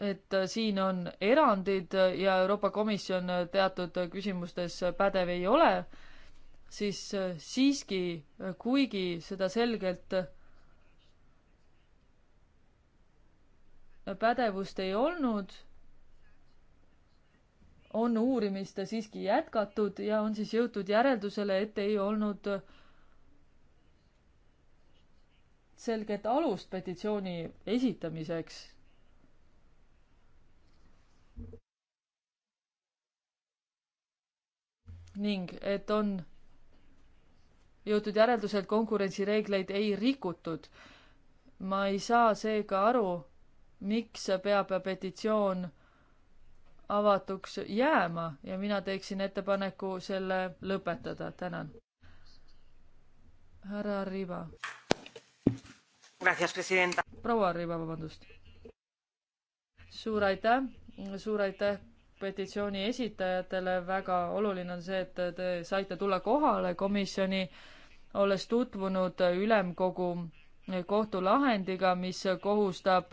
S3: et äh, siin on erandid ja Euroopa Komisjon äh, teatud äh, küsimustes pädev ei ole, siis siiski, kuigi seda selgelt pädevust ei olnud, on uurimist siiski jätkatud ja on siis jõutud järeldusele, et ei olnud selget alust petitsiooni esitamiseks ning et on jõutud järeldusel, et konkurentsireegleid ei rikutud. ma ei saa seega aru, miks peab petitsioon avatuks jääma ja mina teeksin ettepaneku selle lõpetada, tänan. härra Riiva. proua Riiva, vabandust. suur aitäh, suur aitäh petitsiooni esitajatele, väga oluline on see, et te saite tulla kohale komisjoni, olles tutvunud ülemkogu kohtulahendiga, mis kohustab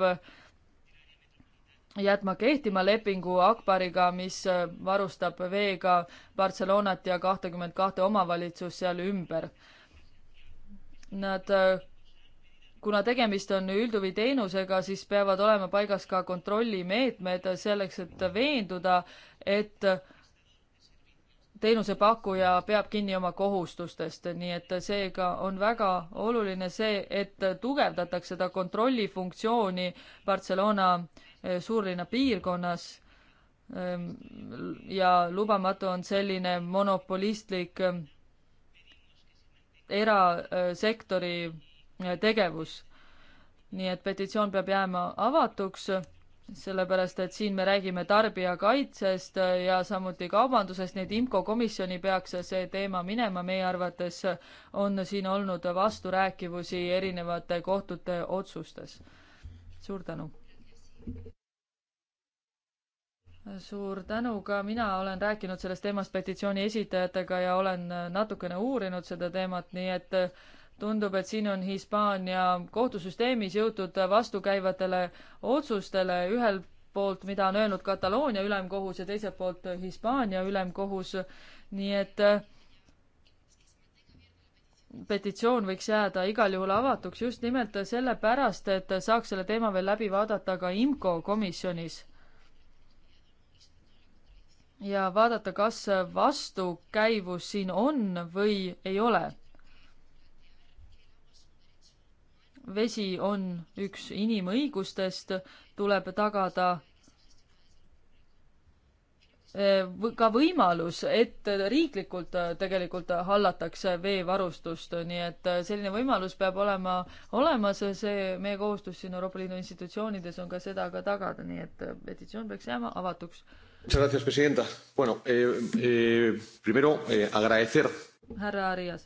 S3: jätma kehtima lepingu Akbariga, mis varustab veega Barcelonat ja kahtekümmet kahte omavalitsust seal ümber. Nad kuna tegemist on ülduvi teenusega, siis peavad olema paigas ka kontrollimeetmed selleks, et veenduda, et teenusepakkuja peab kinni oma kohustustest, nii et seega on väga oluline see, et tugevdatakse seda kontrollifunktsiooni Barcelona eh, suurlinna piirkonnas ehm, ja lubamatu on selline monopolistlik eh, erasektori tegevus. nii et petitsioon peab jääma avatuks, sellepärast et siin me räägime tarbijakaitsest ja samuti kaubandusest, nii et IMCO komisjoni peaks see teema minema, meie arvates on siin olnud vasturääkivusi erinevate kohtute otsustes. suur tänu! suur tänu ka, mina olen rääkinud sellest teemast petitsiooni esitajatega ja olen natukene uurinud seda teemat, nii et tundub, et siin on Hispaania kohtusüsteemis jõutud vastukäivatele otsustele, ühel poolt, mida on öelnud Kataloonia ülemkohus ja teiselt poolt Hispaania ülemkohus, nii et äh, petitsioon võiks jääda igal juhul avatuks just nimelt sellepärast, et saaks selle teema veel läbi vaadata ka IMCO komisjonis. ja vaadata, kas vastukäivus siin on või ei ole vesi on üks inimõigustest, tuleb tagada e, ka võimalus, et riiklikult e, tegelikult hallatakse veevarustust, nii et e, selline võimalus peab olema olemas, see meie kohustus siin Euroopa Liidu institutsioonides on ka seda ka tagada, nii et petitsioon peaks jääma avatuks.
S5: Bueno, eh, eh, primero, eh, härra
S3: Arias,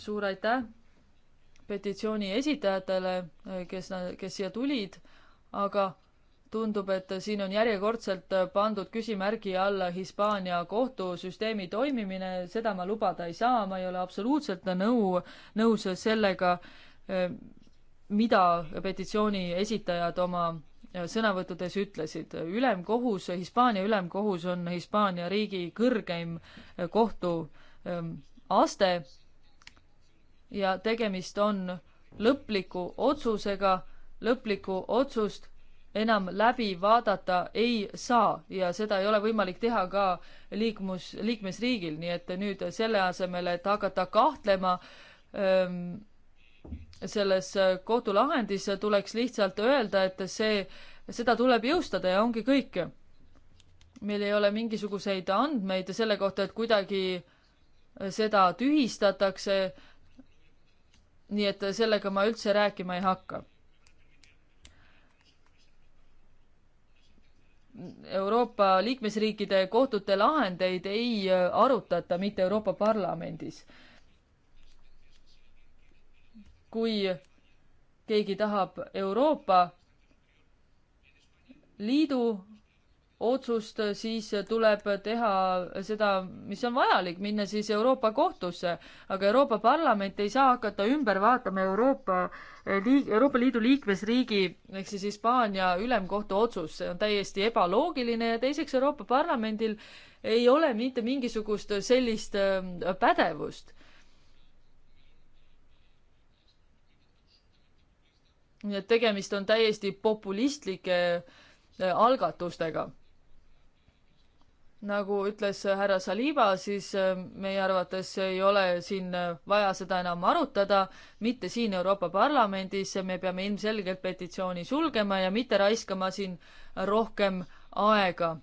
S3: suur aitäh petitsiooni esitajatele, kes, kes siia tulid, aga tundub, et siin on järjekordselt pandud küsimärgi alla Hispaania kohtusüsteemi toimimine, seda ma lubada ei saa, ma ei ole absoluutselt nõu, nõus sellega, mida petitsiooni esitajad oma sõnavõttudes ütlesid. ülemkohus, Hispaania ülemkohus on Hispaania riigi kõrgeim kohtuaste ähm, ja tegemist on lõpliku otsusega, lõplikku otsust enam läbi vaadata ei saa ja seda ei ole võimalik teha ka liikmus, liikmesriigil, nii et nüüd selle asemel, et hakata kahtlema ähm, selles kohtulahendis, tuleks lihtsalt öelda, et see, seda tuleb jõustada ja ongi kõik. meil ei ole mingisuguseid andmeid selle kohta, et kuidagi seda tühistatakse äh, nii et sellega ma üldse rääkima ei hakka. Euroopa liikmesriikide kohtute lahendeid ei arutata mitte Euroopa Parlamendis. kui keegi tahab Euroopa Liidu otsust, siis tuleb teha seda, mis on vajalik, minna siis Euroopa kohtusse. aga Euroopa Parlament ei saa hakata ümber vaatama Euroopa eh, liig-, Euroopa Liidu liikmesriigi ehk siis Hispaania ülemkohtu otsus, see on täiesti ebaloogiline ja teiseks Euroopa Parlamendil ei ole mitte mingisugust sellist eh, pädevust nii et tegemist on täiesti populistlike eh, algatustega nagu ütles härra Saliba, siis äh, meie arvates ei ole siin äh, vaja seda enam arutada, mitte siin Euroopa Parlamendis, me peame ilmselgelt petitsiooni sulgema ja mitte raiskama siin rohkem aega,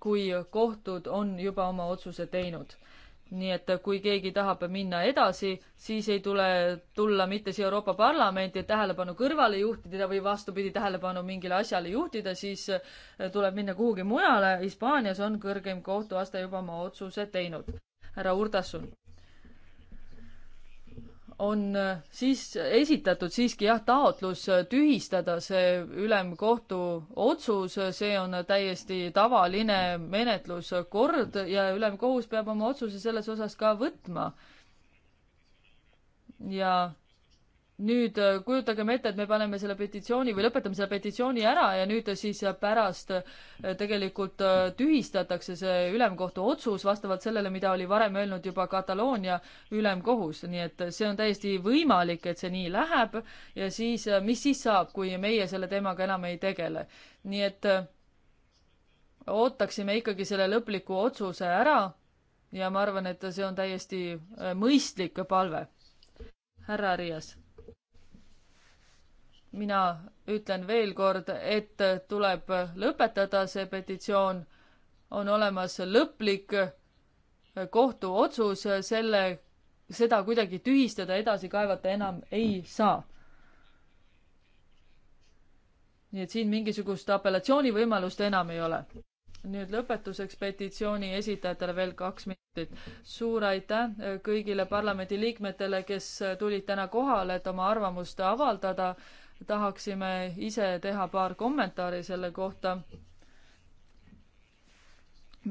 S3: kui kohtud on juba oma otsuse teinud nii et äh, kui keegi tahab minna edasi, siis ei tule tulla mitte siia Euroopa Parlamenti, et tähelepanu kõrvale juhtida või vastupidi, tähelepanu mingile asjale juhtida, siis äh, tuleb minna kuhugi mujale. Hispaanias on kõrgeim kohtuaste juba oma otsuse teinud. härra Urtasun on äh, siis esitatud siiski jah, taotlus äh, tühistada see ülemkohtu otsus, äh, see on täiesti tavaline menetluskord ja ülemkohus peab oma otsuse selles osas ka võtma. ja nüüd äh, kujutagem ette, et me paneme selle petitsiooni või lõpetame selle petitsiooni ära ja nüüd siis pärast äh, tegelikult äh, tühistatakse see ülemkohtu otsus vastavalt sellele, mida oli varem öelnud juba Kataloonia ülemkohus, nii et see on täiesti võimalik, et see nii läheb ja siis, mis siis saab, kui meie selle teemaga enam ei tegele. nii et ootaksime ikkagi selle lõpliku otsuse ära ja ma arvan, et see on täiesti mõistlik palve. härra Arias mina ütlen veel kord, et tuleb lõpetada see petitsioon, on olemas lõplik kohtuotsus, selle, seda kuidagi tühistada, edasi kaevata enam ei saa. nii et siin mingisugust apellatsioonivõimalust enam ei ole. nüüd lõpetuseks petitsiooni esitajatele veel kaks minutit. suur aitäh kõigile parlamendiliikmetele, kes tulid täna kohale, et oma arvamust avaldada tahaksime ise teha paar kommentaari selle kohta.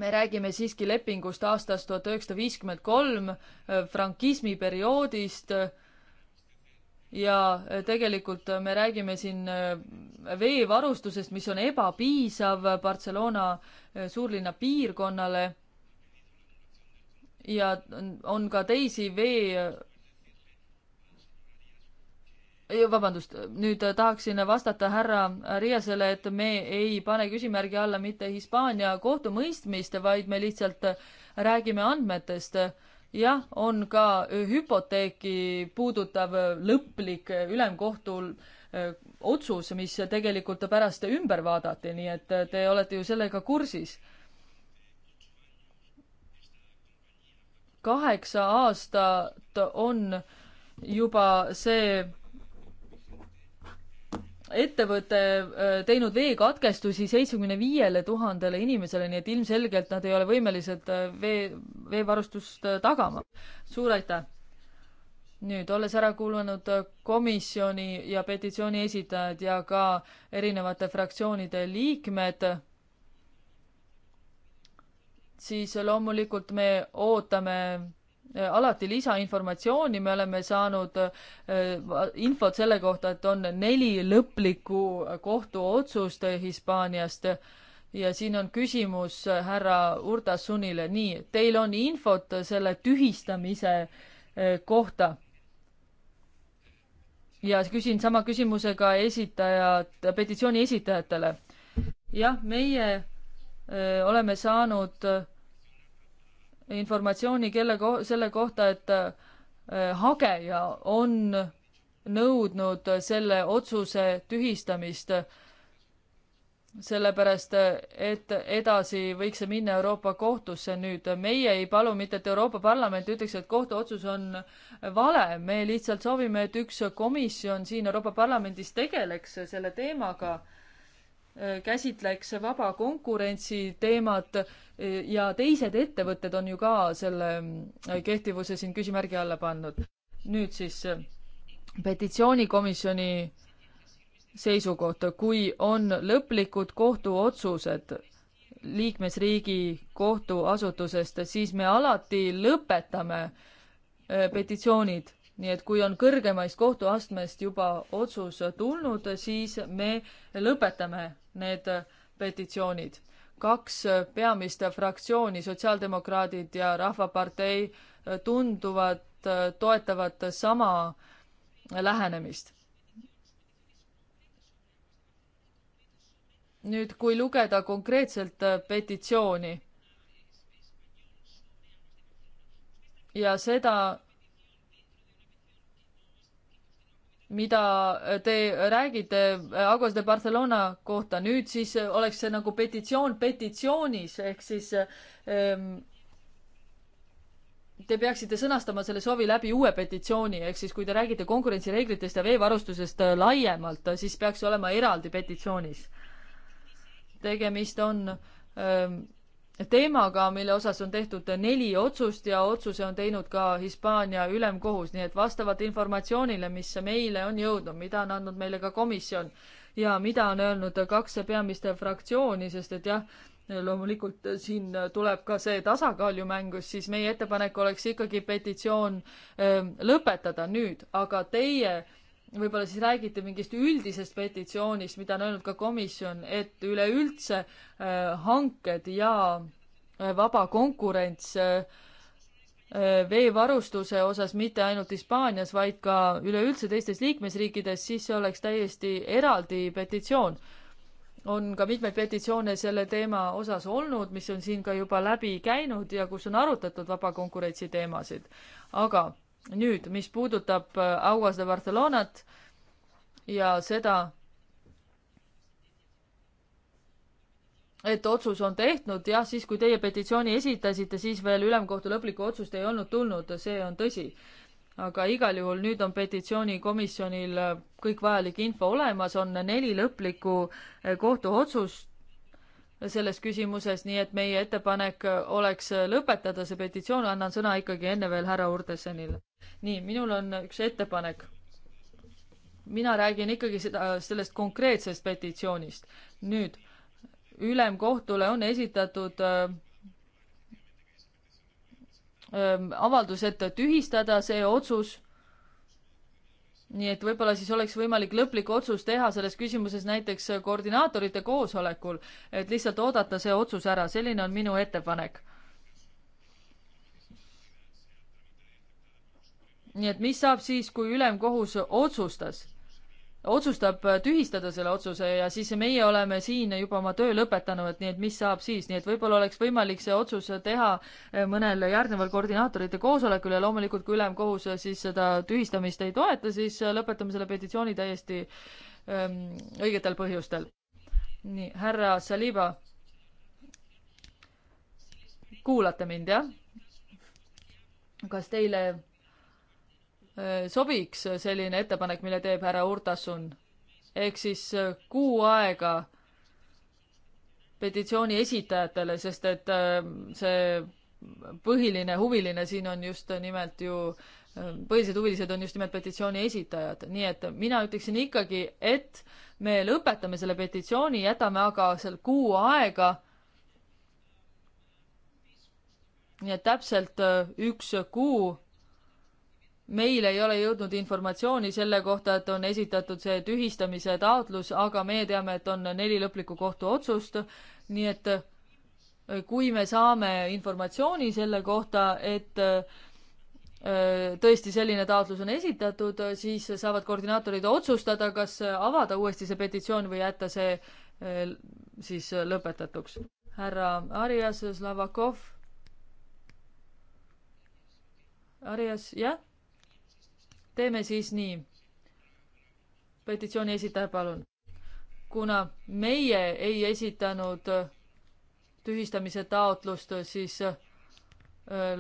S3: me räägime siiski lepingust aastast tuhat üheksasada viiskümmend kolm, eh, frankismi perioodist ja eh, tegelikult me räägime siin eh, veevarustusest, mis on ebapiisav Barcelona suurlinna piirkonnale. ja on ka teisi vee vabandust, nüüd äh, tahaksin vastata härra Riiasele, et me ei pane küsimärgi alla mitte Hispaania kohtumõistmist, vaid me lihtsalt äh, räägime andmetest. jah, on ka äh, hüpoteeki puudutav lõplik ülemkohtu otsus, mis tegelikult pärast ümber vaadati, nii et te olete ju sellega kursis. kaheksa aastat on juba see ettevõte teinud veekatkestusi seitsmekümne viiele tuhandele inimesele, nii et ilmselgelt nad ei ole võimelised vee, veevarustust tagama. suur aitäh! nüüd, olles ära kuulanud komisjoni ja petitsiooni esitajad ja ka erinevate fraktsioonide liikmed, siis loomulikult me ootame Äh, alati lisainformatsiooni, me oleme saanud äh, infot selle kohta, et on neli lõplikku kohtuotsust Hispaaniast ja siin on küsimus äh, härra Urtasunile, nii, teil on infot selle tühistamise kohta? ja küsin sama küsimuse ka esitajad, petitsiooni esitajatele. jah, meie öö, oleme saanud öö, informatsiooni kelle ko-, selle kohta, et äh, hageja on nõudnud selle otsuse tühistamist, sellepärast et edasi võiks see minna Euroopa Kohtusse nüüd. meie ei palu mitte, et Euroopa Parlament ütleks, et kohtuotsus on vale, me lihtsalt soovime, et üks komisjon siin Euroopa Parlamendis tegeleks selle teemaga mm Äh, käsitleks vaba konkurentsi teemat äh, ja teised ettevõtted on ju ka selle äh, kehtivuse siin küsimärgi alla pannud. nüüd siis petitsioonikomisjoni seisukoht, kui on lõplikud kohtuotsused liikmesriigi kohtuasutusest, siis me alati lõpetame petitsioonid nii et kui on kõrgemaist kohtuastmest juba otsus tulnud, siis me lõpetame need petitsioonid. kaks peamist fraktsiooni, Sotsiaaldemokraadid ja Rahvapartei, tunduvad, äh, toetavad sama lähenemist. nüüd, kui lugeda konkreetselt äh, petitsiooni ja seda, mida te räägite äh, Agos de Barcelona kohta, nüüd siis äh, oleks see nagu petitsioon petitsioonis, ehk siis ähm, Te peaksite sõnastama selle soovi läbi uue petitsiooni, ehk siis kui te räägite konkurentsireeglitest ja veevarustusest äh, laiemalt, siis peaks see olema eraldi petitsioonis. tegemist on ähm, teemaga, mille osas on tehtud neli otsust ja otsuse on teinud ka Hispaania ülemkohus, nii et vastavalt informatsioonile, mis meile on jõudnud, mida on andnud meile ka komisjon ja mida on öelnud kaks peamist fraktsiooni, sest et jah, loomulikult siin tuleb ka see tasakaal ju mängus, siis meie ettepanek oleks ikkagi petitsioon öö, ähm, lõpetada nüüd, aga teie võib-olla siis räägite mingist üldisest petitsioonist, mida on öelnud ka komisjon, et üleüldse äh, hanked ja äh, vaba konkurents äh, veevarustuse osas mitte ainult Hispaanias, vaid ka üleüldse teistes liikmesriikides, siis see oleks täiesti eraldi petitsioon. on ka mitmeid petitsioone selle teema osas olnud, mis on siin ka juba läbi käinud ja kus on arutatud vaba konkurentsi teemasid. aga nüüd, mis puudutab äh, Aguas de Barcelonat ja seda, et otsus on tehtud, jah, siis kui teie petitsiooni esitasite, siis veel ülemkohtu lõplikku otsust ei olnud tulnud, see on tõsi. aga igal juhul nüüd on petitsioonikomisjonil äh, kõik vajalik info olemas, on neli lõplikku äh, kohtuotsust, selles küsimuses, nii et meie ettepanek oleks lõpetada see petitsioon, annan sõna ikkagi enne veel härra Urdesenile. nii, minul on üks ettepanek. mina räägin ikkagi seda, sellest konkreetsest petitsioonist. nüüd, ülemkohtule on esitatud äh, äh, avaldus, et tühistada see otsus nii et võib-olla siis oleks võimalik lõplik otsus teha selles küsimuses näiteks koordinaatorite koosolekul, et lihtsalt oodata see otsus ära, selline on minu ettepanek. nii et mis saab siis, kui ülemkohus otsustas? otsustab äh, tühistada selle otsuse ja siis meie oleme siin juba oma töö lõpetanud, nii et mis saab siis, nii et võib-olla oleks võimalik see otsus teha äh, mõnel järgneval koordinaatorite koosolekul ja loomulikult, kui ülemkohus äh, siis seda tühistamist ei toeta, siis lõpetame selle petitsiooni täiesti ähm, õigetel põhjustel. nii, härra Saliba. kuulate mind, jah? kas teile Äh, sobiks selline ettepanek, mille teeb härra Urtasun. ehk siis äh, kuu aega petitsiooni esitajatele, sest et äh, see põhiline huviline siin on just nimelt ju, põhilised huvilised on just nimelt petitsiooni esitajad, nii et mina ütleksin ikkagi, et me lõpetame selle petitsiooni, jätame aga seal kuu aega. nii et täpselt üks kuu meile ei ole jõudnud informatsiooni selle kohta, et on esitatud see tühistamise taotlus, aga meie teame, et on neli lõplikku kohtuotsust, nii et äh, kui me saame informatsiooni selle kohta, et äh, tõesti selline taotlus on esitatud, siis saavad koordinaatorid otsustada, kas avada uuesti see petitsioon või jätta see äh, siis lõpetatuks. härra Arias Slavakov. Arias, jah teeme siis nii. petitsiooni esitaja, palun. kuna meie ei esitanud tühistamise taotlust, siis äh,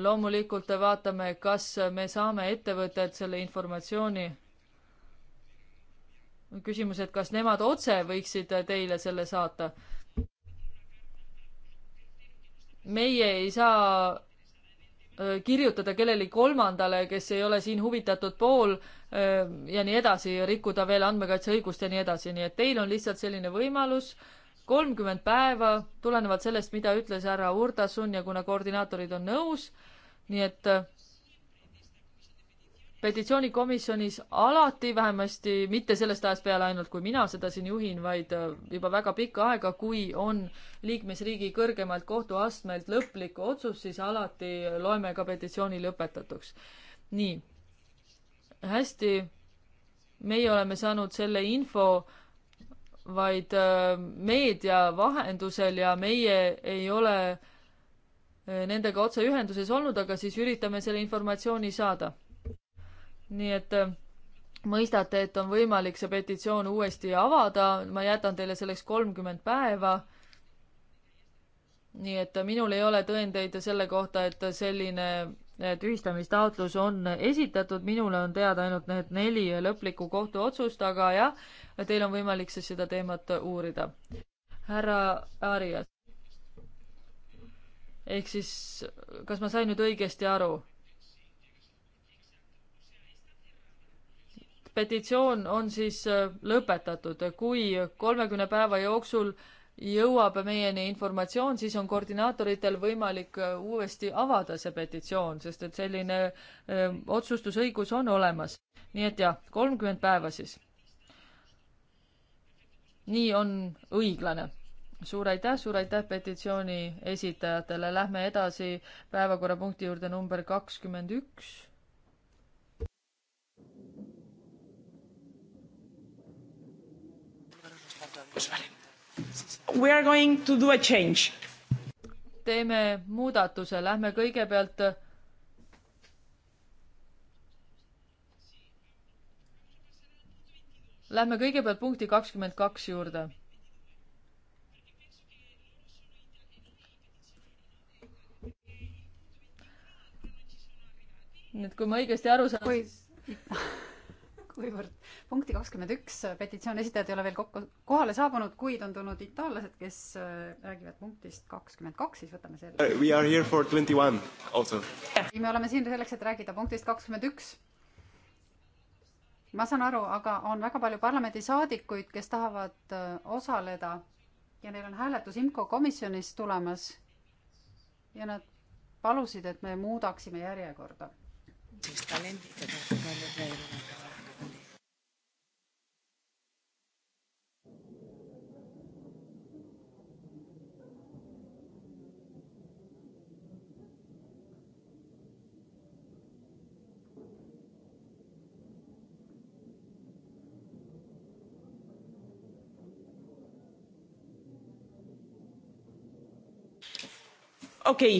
S3: loomulikult vaatame, kas me saame ettevõttelt selle informatsiooni. küsimus, et kas nemad otse võiksid teile selle saata? meie ei saa Äh, kirjutada kellelegi kolmandale, kes ei ole siin huvitatud pool äh, ja nii edasi, rikkuda veel andmekaitseõigust ja nii edasi, nii et teil on lihtsalt selline võimalus, kolmkümmend päeva, tulenevalt sellest, mida ütles härra Urdasun ja kuna koordinaatorid on nõus, nii et äh, petitsioonikomisjonis alati, vähemasti mitte sellest ajast peale ainult, kui mina seda siin juhin, vaid äh, juba väga pikka aega, kui on liikmesriigi kõrgemalt kohtuastmelt lõplik otsus, siis alati loeme ka petitsiooni lõpetatuks. nii, hästi, meie oleme saanud selle info vaid äh, meedia vahendusel ja meie ei ole äh, nendega otseühenduses olnud, aga siis üritame selle informatsiooni saada nii et äh, mõistate, et on võimalik see petitsioon uuesti avada, ma jätan teile selleks kolmkümmend päeva. nii et äh, minul ei ole tõendeid selle kohta, et äh, selline tühistamistaotlus on esitatud, minule on teada ainult need neli lõplikku kohtuotsust, aga jah, teil on võimalik siis seda teemat uurida. härra Arias. ehk siis, kas ma sain nüüd õigesti aru? petitsioon on siis äh, lõpetatud, kui kolmekümne päeva jooksul jõuab meieni informatsioon, siis on koordinaatoritel võimalik äh, uuesti avada see petitsioon, sest et selline öö, äh, otsustusõigus on olemas. nii et jah, kolmkümmend päeva siis. nii on õiglane. suur aitäh, suur aitäh petitsiooni esitajatele, lähme edasi päevakorrapunkti juurde number kakskümmend üks
S1: We are going to do a change.
S3: teeme muudatuse, lähme kõigepealt Lähme kõigepealt punkti kakskümmend kaks juurde.
S5: nii et kui ma õigesti aru saan kui... siis kuivõrd punkti kakskümmend üks äh, petitsiooni esitajad ei ole veel kokku, kohale saabunud, kuid on tulnud itaallased, kes äh, räägivad punktist kakskümmend kaks, siis võtame selle. Uh,
S2: we are here for twenty one also
S5: yeah.. me oleme siin selleks, et rääkida punktist kakskümmend üks. ma saan aru, aga on väga palju parlamendisaadikuid, kes tahavad äh, osaleda ja neil on hääletus IMCO komisjonis tulemas ja nad palusid, et me muudaksime järjekorda siis kalendrit ja peab ka veel
S1: okei okay.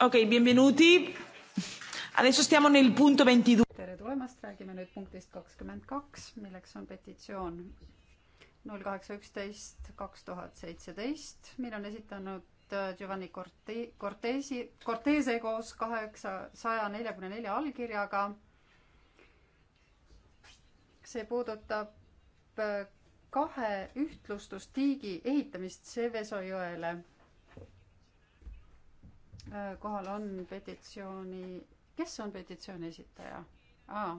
S1: okei okay,, benvenuti. Adesso stiamo nel punto ventidue.
S5: tere tulemast, räägime nüüd punktist kakskümmend kaks, milleks on petitsioon null kaheksa üksteist kaks tuhat seitseteist, mille on esitanud äh, Giovanni Corte-, Cortesi, Cortese koos kaheksasaja neljakümne nelja allkirjaga see puudutab äh, kahe ühtlustustiigi ehitamist Seveso jõele. Äh, kohal on petitsiooni, kes on petitsiooni esitaja? aa,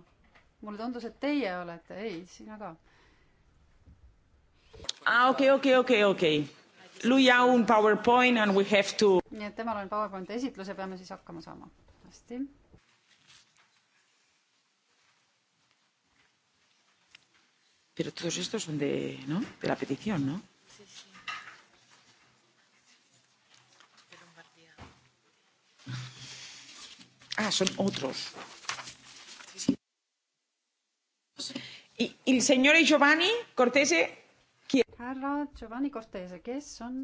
S5: mulle tundus, et teie olete, ei, sina ka.
S1: aa, ah, okei okay,, okei okay,, okei okay,, okei okay.. Luia on PowerPoint and we have to.
S5: nii et temal on PowerPointi esitlus ja peame siis hakkama saama. hästi
S1: Pero todos estos son de, ¿no? de la petición, ¿no? Sí, sí. Ah, son otros. Sí, sí. Y, il signore Giovanni Cortese.
S5: härra Giovanni Cortese, kes on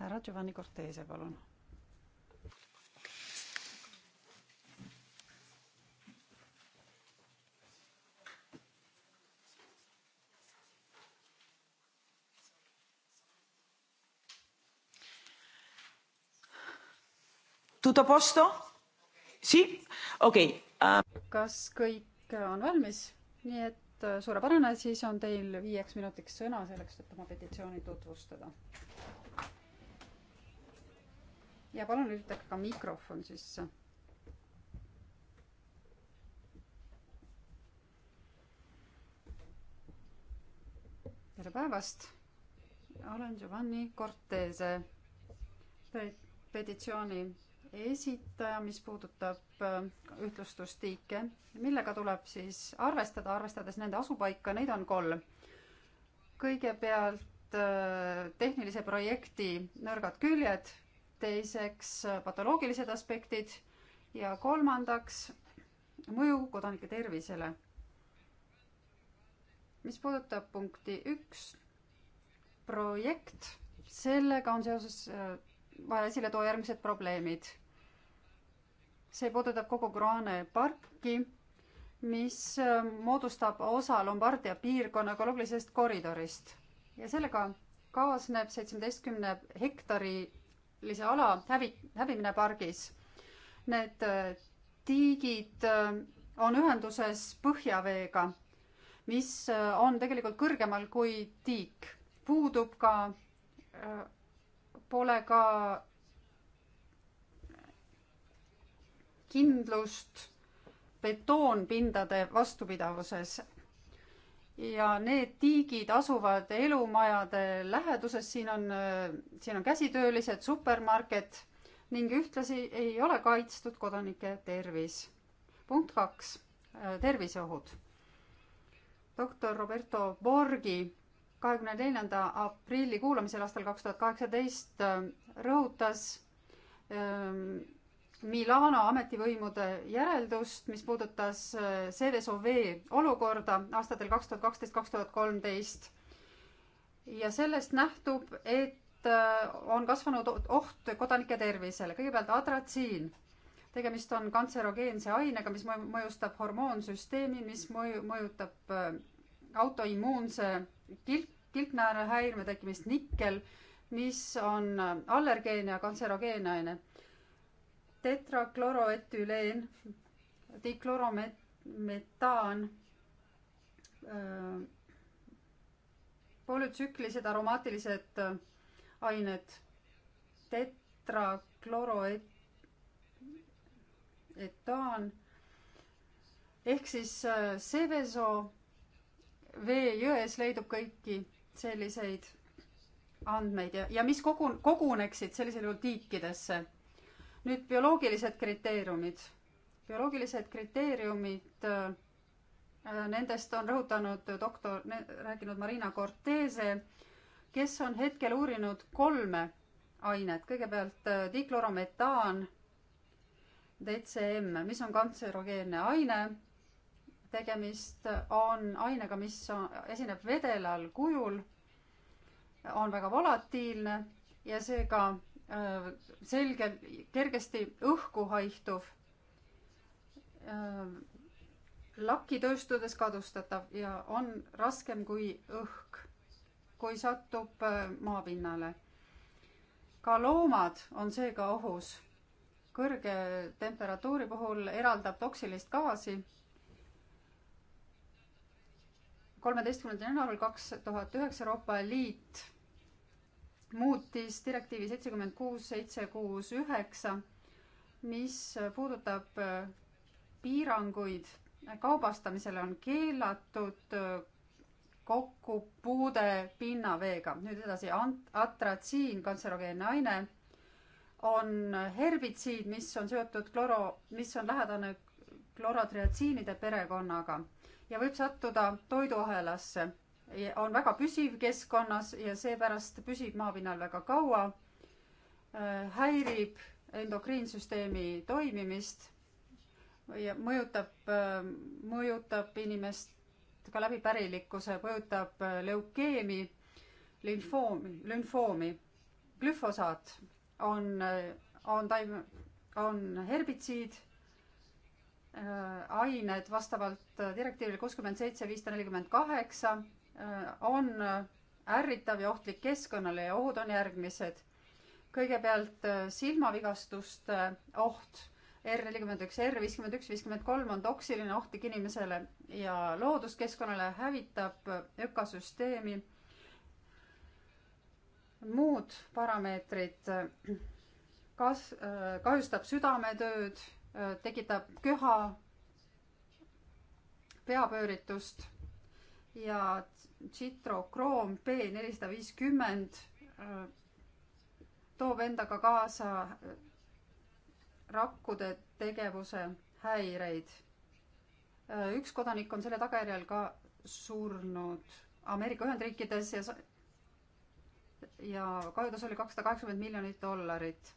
S5: härra Giovanni Cortese, palun?
S1: tutto posto? Si? okei okay. uh....
S5: kas kõik on valmis? nii et äh, suurepärane, siis on teil viieks minutiks sõna selleks, et oma petitsiooni tutvustada. ja palun lülitage ka mikrofon sisse. tere päevast, olen Giovanni Cortese petitsiooni esitaja, mis puudutab äh, ühtlustustiike, millega tuleb siis arvestada, arvestades nende asupaika, neid on kolm. kõigepealt äh, tehnilise projekti nõrgad küljed, teiseks äh, patoloogilised aspektid ja kolmandaks mõju kodanike tervisele. mis puudutab punkti üks, projekt, sellega on seoses ma esile too järgmised probleemid. see puudutab kogu Grane parki, mis ähm, moodustab osa Lombardia piirkonna ökoloogilisest koridorist ja sellega kaasneb seitsmeteistkümne hektarilise ala hävi, hävimine pargis. Need äh, tiigid äh, on ühenduses põhjaveega, mis äh, on tegelikult kõrgemal kui tiik. puudub ka pole ka kindlust betoonpindade vastupidavuses. ja need tiigid asuvad elumajade läheduses, siin on, siin on käsitöölised, supermarket ning ühtlasi ei ole kaitstud kodanike tervis. punkt kaks, terviseohud. doktor Roberto Borgi kahekümne neljanda aprilli kuulamisel aastal kaks tuhat kaheksateist äh, rõhutas ähm, Milano ametivõimude järeldust, mis puudutas äh, CVSOV olukorda aastatel kaks tuhat kaksteist, kaks tuhat kolmteist. ja sellest nähtub, et äh, on kasvanud oht kodanike tervisele. kõigepealt adratsiin. tegemist on kantserogeense ainega, mis mõjustab hormoonsüsteemi, mis mõju, mõjutab autoimmuunse kilp, kilpnäärehäirme tekkimist nikkel, mis on allergeen ja kantserogeene. tetrakloroetüleen, diklorometaan, polütsüklised aromaatilised ained, tetrakloroet-, etaan ehk siis Seveso veejões leidub kõiki selliseid andmeid ja, ja mis kogu, koguneksid sellisel juhul tiikidesse. nüüd bioloogilised kriteeriumid. bioloogilised kriteeriumid, äh, nendest on rõhutanud doktor, rääkinud Marina Cortese, kes on hetkel uurinud kolme ainet, kõigepealt äh, diklorometaan, DCM, mis on kantserogeenne aine tegemist on ainega, mis on, esineb vedelal kujul, on väga volatiilne ja seega äh, selge, kergesti õhku haihtuv, äh, lakitööstudes kadustatav ja on raskem kui õhk, kui satub äh, maapinnale. ka loomad on seega ohus. kõrge temperatuuri puhul eraldab toksilist gaasi kolmeteistkümnendal jaanuaril kaks tuhat üheksa Euroopa Liit muutis direktiivi seitsekümmend kuus, seitse, kuus, üheksa, mis puudutab äh, piiranguid kaubastamisele on keelatud äh, kokkupuude pinnaveega. nüüd edasi, atratsiin, kantserogeenne aine, on äh, herbitsiid, mis on seotud kloro, mis on lähedane klorotriatsiinide perekonnaga ja võib sattuda toiduahelasse. on väga püsiv keskkonnas ja seepärast püsib maapinnal väga kaua äh,. häirib endokriinsüsteemi toimimist ja mõjutab äh,, mõjutab inimest ka läbi pärilikkuse, mõjutab äh, leukeemi, lümfoomi, lümfoomi. glüfosaat on, äh, on taim, on herbitsiid Äh, ained vastavalt äh, direktiivile kuuskümmend seitse, viissada nelikümmend kaheksa äh, on ärritav ja ohtlik keskkonnale ja ohud on järgmised. kõigepealt silmavigastuste oht R nelikümmend üks, R viiskümmend üks, viiskümmend kolm on toksiline ohtlik inimesele ja looduskeskkonnale, hävitab ökosüsteemi. muud parameetrid, kas, kahjustab südametööd tekitab köha, peapööritust ja tsitrokroom B nelisada viiskümmend toob endaga kaasa rakkude tegevuse häireid. üks kodanik on selle tagajärjel ka surnud Ameerika Ühendriikides ja ja kahjudes oli kakssada kaheksakümmend miljonit dollarit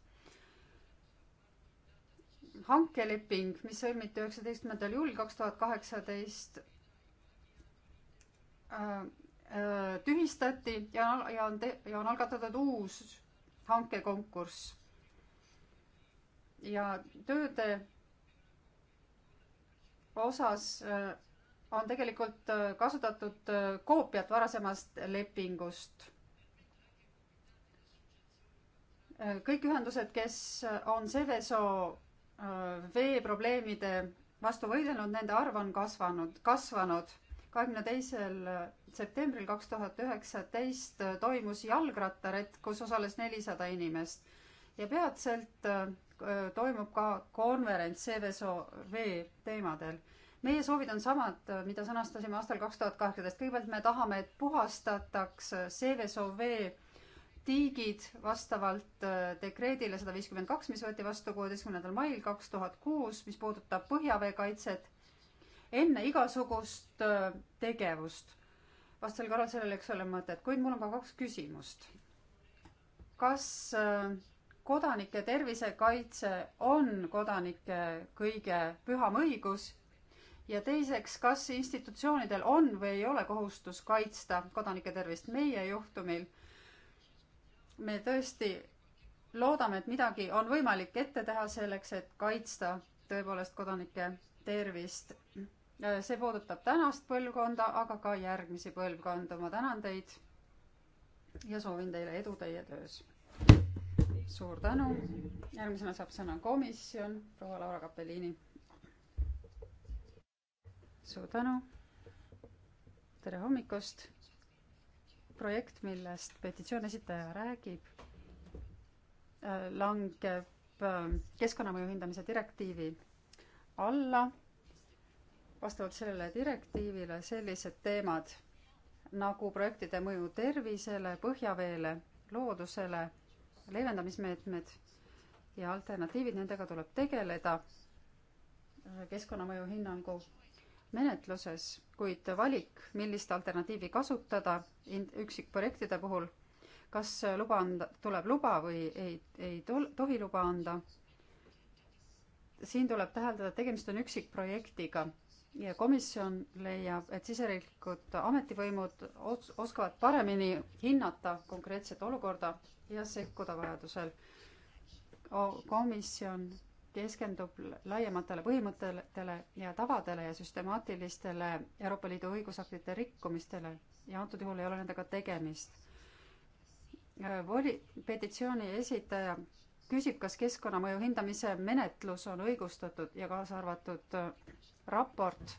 S5: hankeleping, mis sõlmiti üheksateistkümnendal juulil kaks tuhat kaheksateist, äh, äh, tühistati ja, ja on, ja on algatatud uus hankekonkurss. ja tööde osas äh, on tegelikult kasutatud koopiat varasemast lepingust kõik ühendused, kes on Seveso veeprobleemide vastu võidelnud, nende arv on kasvanud, kasvanud. kahekümne teisel septembril kaks tuhat üheksateist toimus jalgrattaret, kus osales nelisada inimest ja peatselt äh, toimub ka konverents CVSOV teemadel. meie soovid on samad, mida sõnastasime aastal kaks tuhat kaheksateist. kõigepealt me tahame, et puhastataks CVSOV tiigid vastavalt äh, dekreedile sada viiskümmend kaks, mis võeti vastu kuueteistkümnendal mail kaks tuhat kuus, mis puudutab põhjavee kaitset enne igasugust äh, tegevust. vastasel korral sellel ei ole mõtet, kuid mul on ka kaks küsimust. kas äh, kodanike tervisekaitse on kodanike kõige püham õigus ja teiseks, kas institutsioonidel on või ei ole kohustus kaitsta kodanike tervist meie juhtumil me tõesti loodame, et midagi on võimalik ette teha selleks, et kaitsta tõepoolest kodanike tervist. see puudutab tänast põlvkonda, aga ka järgmisi põlvkonda. ma tänan teid ja soovin teile edu teie töös. suur tänu. järgmisena saab sõna komisjon, proua Laura Kapeliini. suur tänu. tere hommikust projekt, millest petitsiooni esitaja räägib, äh, langeb äh, keskkonnamõju hindamise direktiivi alla. vastavalt sellele direktiivile sellised teemad nagu projektide mõju tervisele, põhjaveele, loodusele, leevendamismeetmed ja alternatiivid, nendega tuleb tegeleda äh, keskkonnamõju hinnangu menetluses, kuid valik, millist alternatiivi kasutada üksikprojektide puhul, kas luba anda, tuleb luba või ei, ei tol-, tohi luba anda, siin tuleb täheldada, et tegemist on üksikprojektiga ja komisjon leiab, et siseriiklikud ametivõimud os-, oskavad paremini hinnata konkreetset olukorda ja sekkuda vajadusel. komisjon keskendub laiematele põhimõtetele ja tavadele ja süstemaatilistele Euroopa Liidu õigusaktide rikkumistele ja antud juhul ei ole nendega tegemist. voli, petitsiooni esitaja küsib, kas keskkonnamõju hindamise menetlus on õigustatud ja kaasa arvatud äh, raport,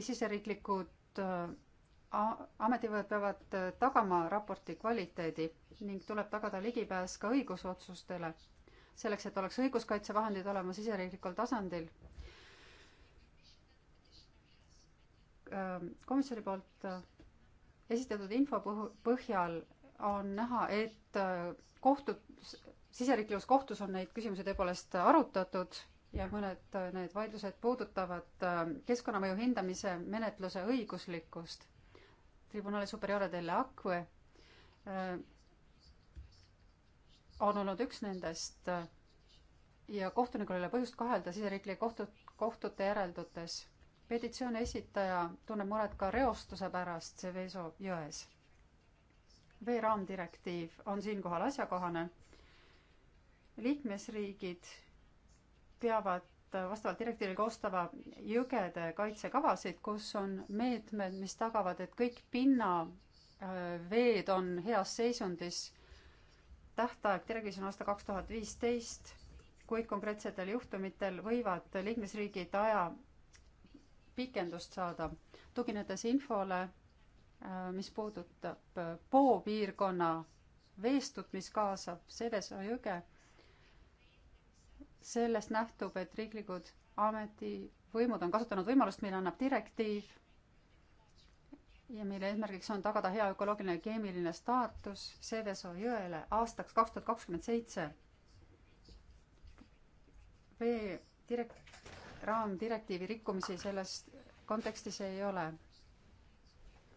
S5: siseriiklikud äh, ametivõjad peavad äh, tagama raporti kvaliteedi ning tuleb tagada ligipääs ka õigusotsustele selleks, et oleks õiguskaitsevahendid olemas siseriiklikul tasandil. komisjoni poolt äh, esitatud info põhjal on näha, et äh, kohtud, siseriiklikus kohtus on neid küsimusi tõepoolest arutatud ja mõned äh, need vaidlused puudutavad keskkonnamõju hindamise menetluse õiguslikkust. Tribunale Superiore delle Acque on olnud üks nendest ja kohtunikul ei ole põhjust kahelda siseriiklike kohtu, kohtute järeldutes. petitsiooni esitaja tunneb muret ka reostuse pärast Seveso jões. veeraamdirektiiv on siinkohal asjakohane. liikmesriigid peavad vastavalt direktiivile koostava jõgede kaitsekavasid, kus on meetmed, mis tagavad, et kõik pinnaveed äh, on heas seisundis tähtaeg direktiivis on aasta kaks tuhat viisteist, kuid konkreetsetel juhtumitel võivad liikmesriigid aja pikendust saada, tuginedes infole, äh, mis puudutab äh, Poo piirkonna veestut, mis kaasab Seveso jõge. sellest nähtub, et riiklikud ametivõimud on kasutanud võimalust, mille annab direktiiv ja mille eesmärgiks on tagada hea ökoloogiline ja keemiline staatus Seveso jõele aastaks kaks tuhat kakskümmend seitse. vee direkt-, raamdirektiivi rikkumisi selles kontekstis ei ole.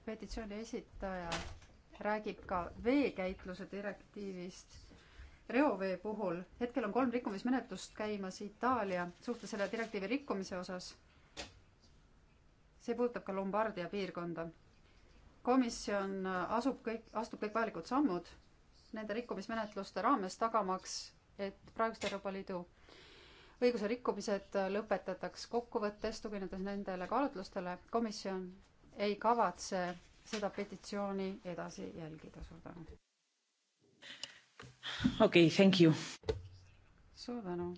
S5: petitsiooni esitaja räägib ka veekäitluse direktiivist reovee puhul. hetkel on kolm rikkumismenetlust käimas Itaalia suhtes selle direktiivi rikkumise osas. see puudutab ka Lombardia piirkonda komisjon asub kõik, astub kõik vajalikud sammud nende rikkumismenetluste raames, tagamaks, et praeguste Euroopa Liidu õiguse rikkumised lõpetataks kokkuvõttes, tuginedes nendele kaalutlustele, komisjon ei kavatse seda petitsiooni edasi jälgida, suur tänu.
S1: okei okay,, thank you.
S5: suur tänu,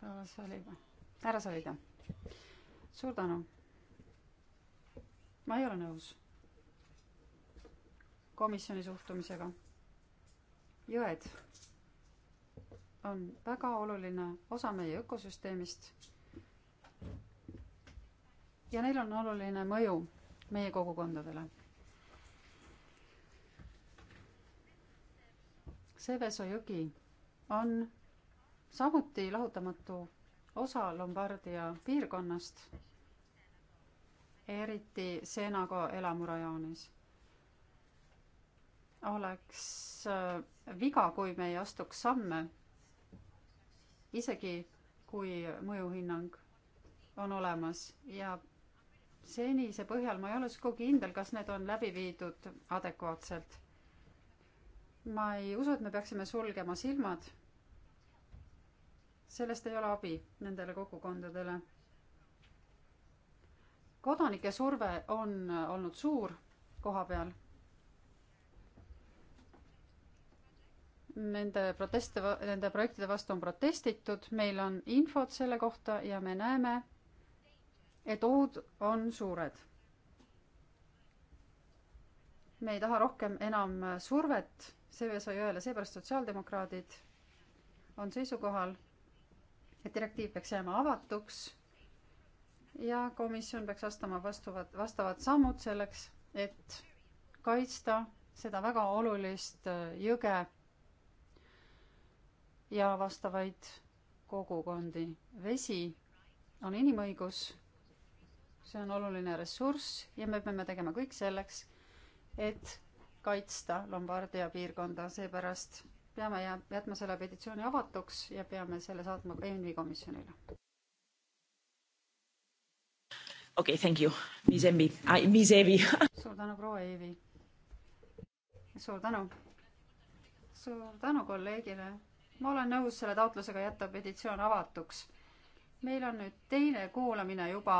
S5: härra Saliga, härra Saliga, suur tänu. ma ei ole nõus komisjoni suhtumisega. jõed on väga oluline osa meie ökosüsteemist. ja neil on oluline mõju meie kogukondadele. Seveso jõgi on samuti lahutamatu osa Lombardia piirkonnast, eriti Senago elamurajoonis oleks äh, viga, kui me ei astuks samme, isegi kui mõjuhinnang on olemas ja senise põhjal ma ei ole sugugi kindel, kas need on läbi viidud adekvaatselt. ma ei usu, et me peaksime sulgema silmad. sellest ei ole abi nendele kogukondadele. kodanike surve on olnud suur koha peal nende proteste, nende projektide vastu on protestitud, meil on infot selle kohta ja me näeme, et ohud on suured. me ei taha rohkem enam survet CVSOÜ-le, seepärast sotsiaaldemokraadid on seisukohal, et direktiiv peaks jääma avatuks ja komisjon peaks astuma vastuvad, vastavad sammud selleks, et kaitsta seda väga olulist äh, jõge ja vastavaid kogukondi. vesi on inimõigus, see on oluline ressurss ja me peame tegema kõik selleks, et kaitsta Lombardia piirkonda, seepärast peame jääb, jätma selle petitsiooni avatuks ja peame selle saatma ka ENVI komisjonile.
S1: okei okay,, thank you, mis Emmi, mis Eevi
S5: suur tänu, proua Eevi. suur tänu. suur tänu kolleegile ma olen nõus selle taotlusega jätta petitsioon avatuks. meil on nüüd teine kuulamine juba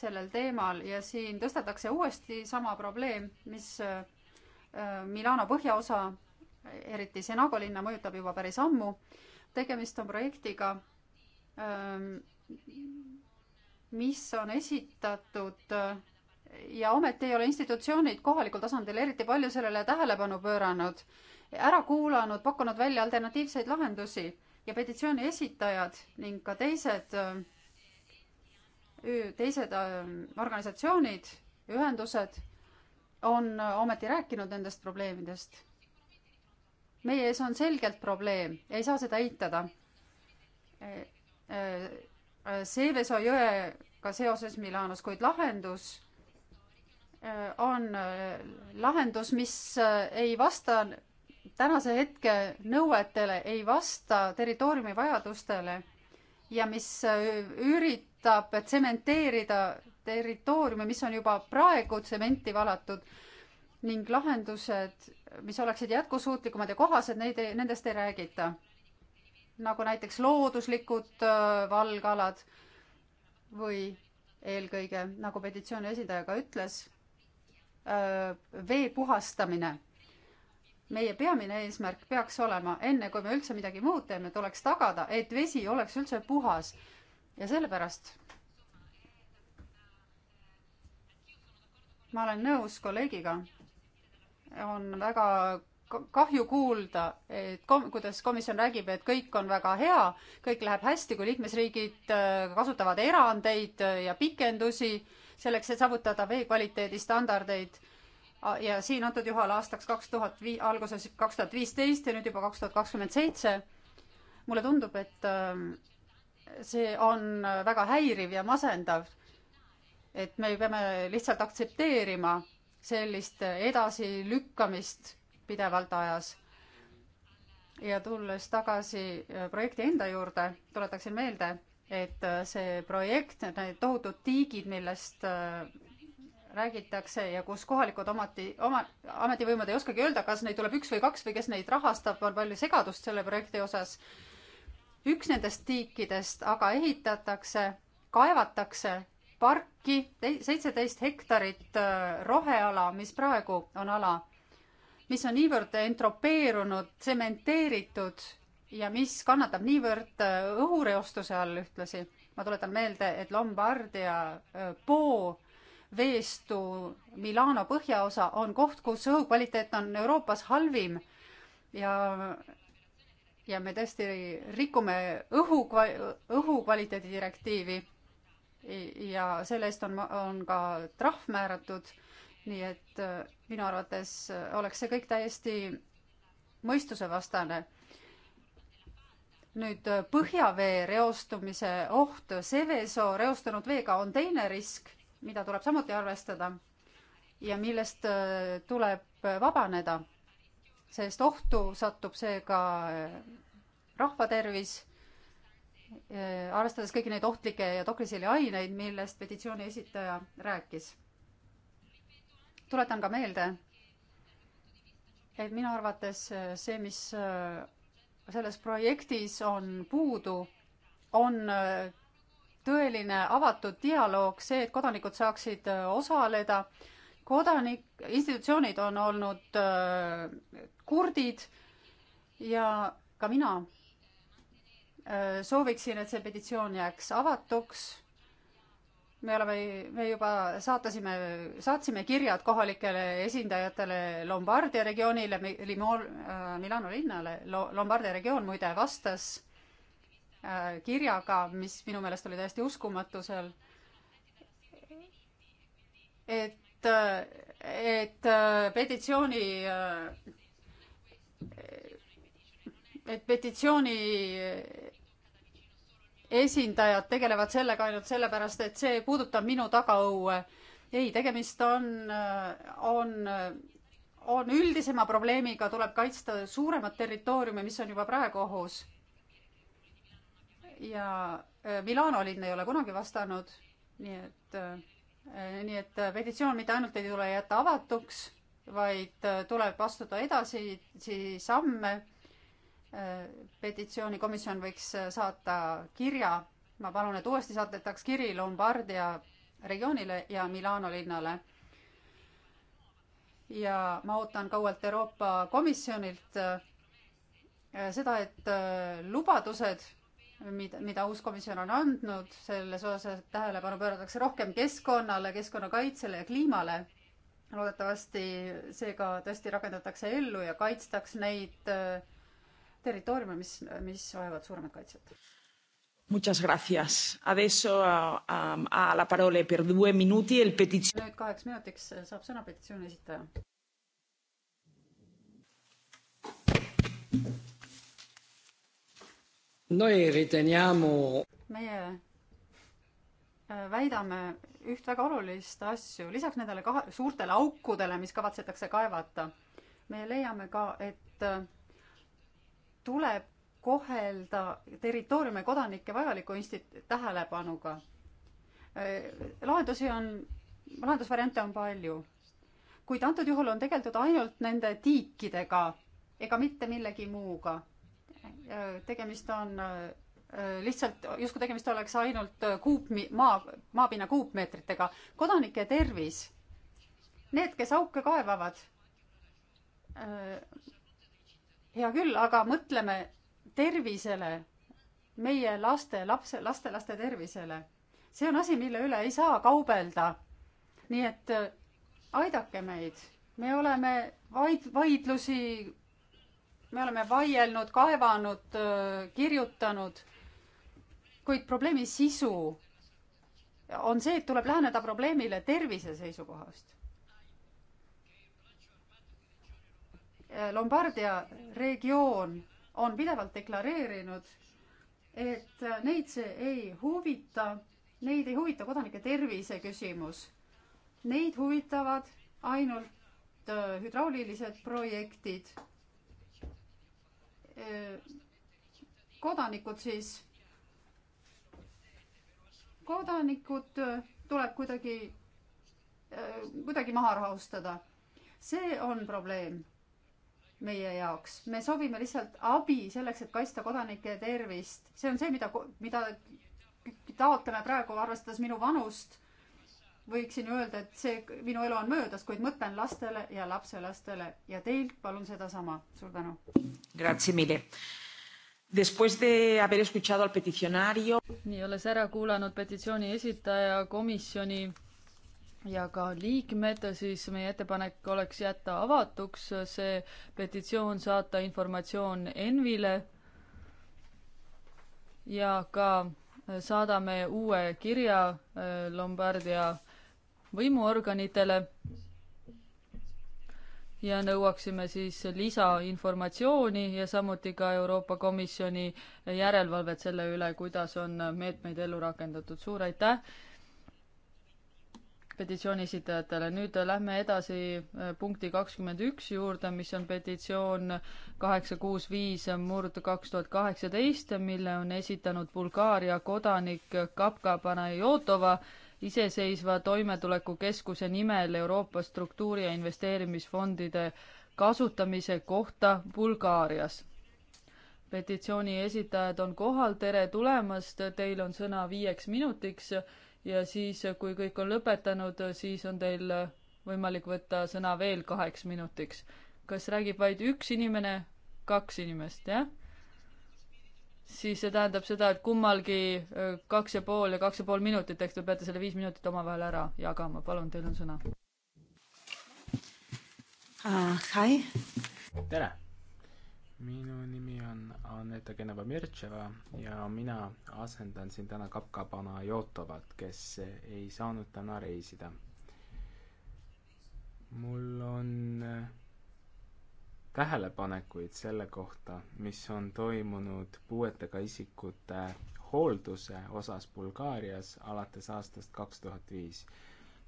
S5: sellel teemal ja siin tõstetakse uuesti sama probleem, mis äh, Milano põhjaosa, eriti Senago linna mõjutab juba päris ammu. tegemist on projektiga, ähm, mis on esitatud äh, ja ometi ei ole institutsioonid kohalikul tasandil eriti palju sellele tähelepanu pööranud ära kuulanud, pakkunud välja alternatiivseid lahendusi ja petitsiooni esitajad ning ka teised, teised organisatsioonid, ühendused on ometi rääkinud nendest probleemidest. meie ees on selgelt probleem, ei saa seda eitada. E, e, Seeveso jõega seoses Milanos, kuid lahendus e, on lahendus, mis ei vasta tänase hetke nõuetele ei vasta territooriumi vajadustele ja mis äh, üritab tsementeerida territooriumi, mis on juba praegu tsementi valatud ning lahendused, mis oleksid jätkusuutlikumad ja kohased, neid, nendest ei räägita. nagu näiteks looduslikud äh, valgalad või eelkõige, nagu petitsiooni esindaja ka ütles, äh, vee puhastamine meie peamine eesmärk peaks olema, enne kui me üldse midagi muud teeme, et oleks tagada, et vesi oleks üldse puhas. ja sellepärast ma olen nõus kolleegiga, on väga kahju kuulda, et kom-, kuidas komisjon räägib, et kõik on väga hea, kõik läheb hästi, kui liikmesriigid äh, kasutavad erandeid äh, ja pikendusi selleks, et saavutada vee kvaliteedistandardeid ja siin antud juhul aastaks kaks tuhat vii-, alguses kaks tuhat viisteist ja nüüd juba kaks tuhat kakskümmend seitse, mulle tundub, et ähm, see on väga häiriv ja masendav, et me peame lihtsalt aktsepteerima sellist edasilükkamist pidevalt ajas. ja tulles tagasi äh, projekti enda juurde, tuletaksin meelde, et äh, see projekt, need tohutud tiigid, millest äh, räägitakse ja kus kohalikud ometi, oma, ametivõimud ei oskagi öelda, kas neid tuleb üks või kaks või kes neid rahastab, on palju segadust selle projekti osas. üks nendest tiikidest aga ehitatakse, kaevatakse parki, seitseteist hektarit äh, roheala, mis praegu on ala, mis on niivõrd entropeerunud, tsementeeritud ja mis kannatab niivõrd äh, õhureostuse all ühtlasi. ma tuletan meelde, et Lombardia äh, poo veestu Milano põhjaosa on koht, kus õhukvaliteet on Euroopas halvim ja, ja me tõesti rikume õhu, õhukvaliteedi direktiivi ja selle eest on, on ka trahv määratud, nii et äh, minu arvates äh, oleks see kõik täiesti mõistusevastane nüüd äh, põhjavee reostumise oht, Seveso reostunud veega on teine risk, mida tuleb samuti arvestada ja millest äh, tuleb äh, vabaneda, sest ohtu satub seega äh, rahvatervis, arvestades kõiki neid ohtlikke ja toksilisi aineid, millest petitsiooni esitaja rääkis. tuletan ka meelde, et minu arvates see, mis selles projektis on puudu, on tõeline avatud dialoog, see, et kodanikud saaksid äh, osaleda. kodanik, institutsioonid on olnud äh, kurdid ja ka mina äh, sooviksin, et see petitsioon jääks avatuks. me oleme, me juba saatasime, saatsime kirjad kohalikele esindajatele Lombardia regioonile, Milano linnale, Lombardia regioon muide vastas Äh, kirjaga, mis minu meelest oli täiesti uskumatusel. et, äh, et äh, petitsiooni, et petitsiooni esindajad tegelevad sellega ainult sellepärast, et see puudutab minu tagaõue. ei, tegemist on, on, on üldisema probleemiga, tuleb kaitsta suuremat territooriumi, mis on juba praegu ohus ja äh, Milano linn ei ole kunagi vastanud, nii et, äh, nii et äh, petitsioon mitte ainult ei tule jätta avatuks, vaid tuleb astuda edasi samme. petitsioonikomisjon võiks saata kirja, ma palun, et uuesti saadetaks kiri Lombardia regioonile ja Milano linnale ja ma ootan kaualt Euroopa Komisjonilt seda, et lubadused, mida, mida uus komisjon on andnud, selles osas tähelepanu pööratakse rohkem keskkonnale, keskkonnakaitsele ja kliimale. loodetavasti seega tõesti rakendatakse ellu ja kaitstaks neid äh, territooriume, mis, mis vajavad suuremat kaitset.
S1: Muchas gracias. Adesso a, a, a la parole per due minuti il petitsioon.
S5: nüüd kaheks minutiks saab sõna petitsiooni esitaja. Noi riteniamo... meie äh, väidame üht väga olulist asju, lisaks nendele kahe, suurtele aukudele, mis kavatsetakse kaevata, me leiame ka, et äh, tuleb kohelda territooriumi kodanikke vajaliku instit-, tähelepanuga. Äh, lahendusi on, lahendusvariante on palju, kuid antud juhul on tegeldud ainult nende tiikidega ega mitte millegi muuga Äh, tegemist on äh, lihtsalt, justkui tegemist oleks ainult äh, kuupmi-, maa, maapinna kuupmeetritega. kodanike tervis, need, kes auke kaevavad, hea küll, aga mõtleme tervisele, meie laste, lapse, lastelaste tervisele. see on asi, mille üle ei saa kaubelda. nii et aidake meid, me oleme vaid, vaidlusi me oleme vaielnud, kaevanud, äh, kirjutanud, kuid probleemi sisu on see, et tuleb läheneda probleemile tervise seisukohast. Äh, Lombardia regioon on pidevalt deklareerinud, et äh, neid see ei huvita, neid ei huvita kodanike tervise küsimus. Neid huvitavad ainult hüdraulilised projektid kodanikud siis, kodanikud tuleb kuidagi, kuidagi maha rahustada. see on probleem meie jaoks, me soovime lihtsalt abi selleks, et kaitsta kodanike tervist, see on see, mida, mida taotleme praegu, arvestades minu vanust võiksin öelda, et see, minu elu on möödas, kuid mõtlen lastele ja lapselastele ja teilt palun sedasama. suur tänu.
S1: Grazie mille. Después de haber escuchado al peticionario.
S3: nii, olles ära kuulanud petitsiooni esitaja, komisjoni ja ka liikmed, siis meie ettepanek oleks jätta avatuks see petitsioon, saata informatsioon Envile ja ka saadame uue kirja eh, Lombardia võimuorganitele ja nõuaksime siis lisainformatsiooni ja samuti ka Euroopa Komisjoni järelevalvet selle üle, kuidas on meetmeid ellu rakendatud. suur aitäh petitsiooni esitajatele. nüüd lähme edasi äh, punkti kakskümmend üks juurde, mis on petitsioon kaheksa kuus viis murd kaks tuhat kaheksateist, mille on esitanud Bulgaaria kodanik Kapka Panajotova iseseisva toimetulekukeskuse nimel Euroopa struktuuri- ja investeerimisfondide kasutamise kohta Bulgaarias. petitsiooni esitajad on kohal, tere tulemast, teil on sõna viieks minutiks ja siis, kui kõik on lõpetanud, siis on teil võimalik võtta sõna veel kaheks minutiks. kas räägib vaid üks inimene, kaks inimest, jah? siis see tähendab seda, et kummalgi kaks ja pool ja kaks ja pool minutit, ehk te peate selle viis minutit omavahel ära jagama, palun, teil on sõna
S2: uh,. Hi. tere. minu nimi on Aneta Geneva-Mirtševa ja mina asendan siin täna Kapkapana Jotovat, kes ei saanud täna reisida. mul on äh, tähelepanekuid selle kohta, mis on toimunud puuetega isikute hoolduse osas Bulgaarias alates aastast kaks tuhat viis.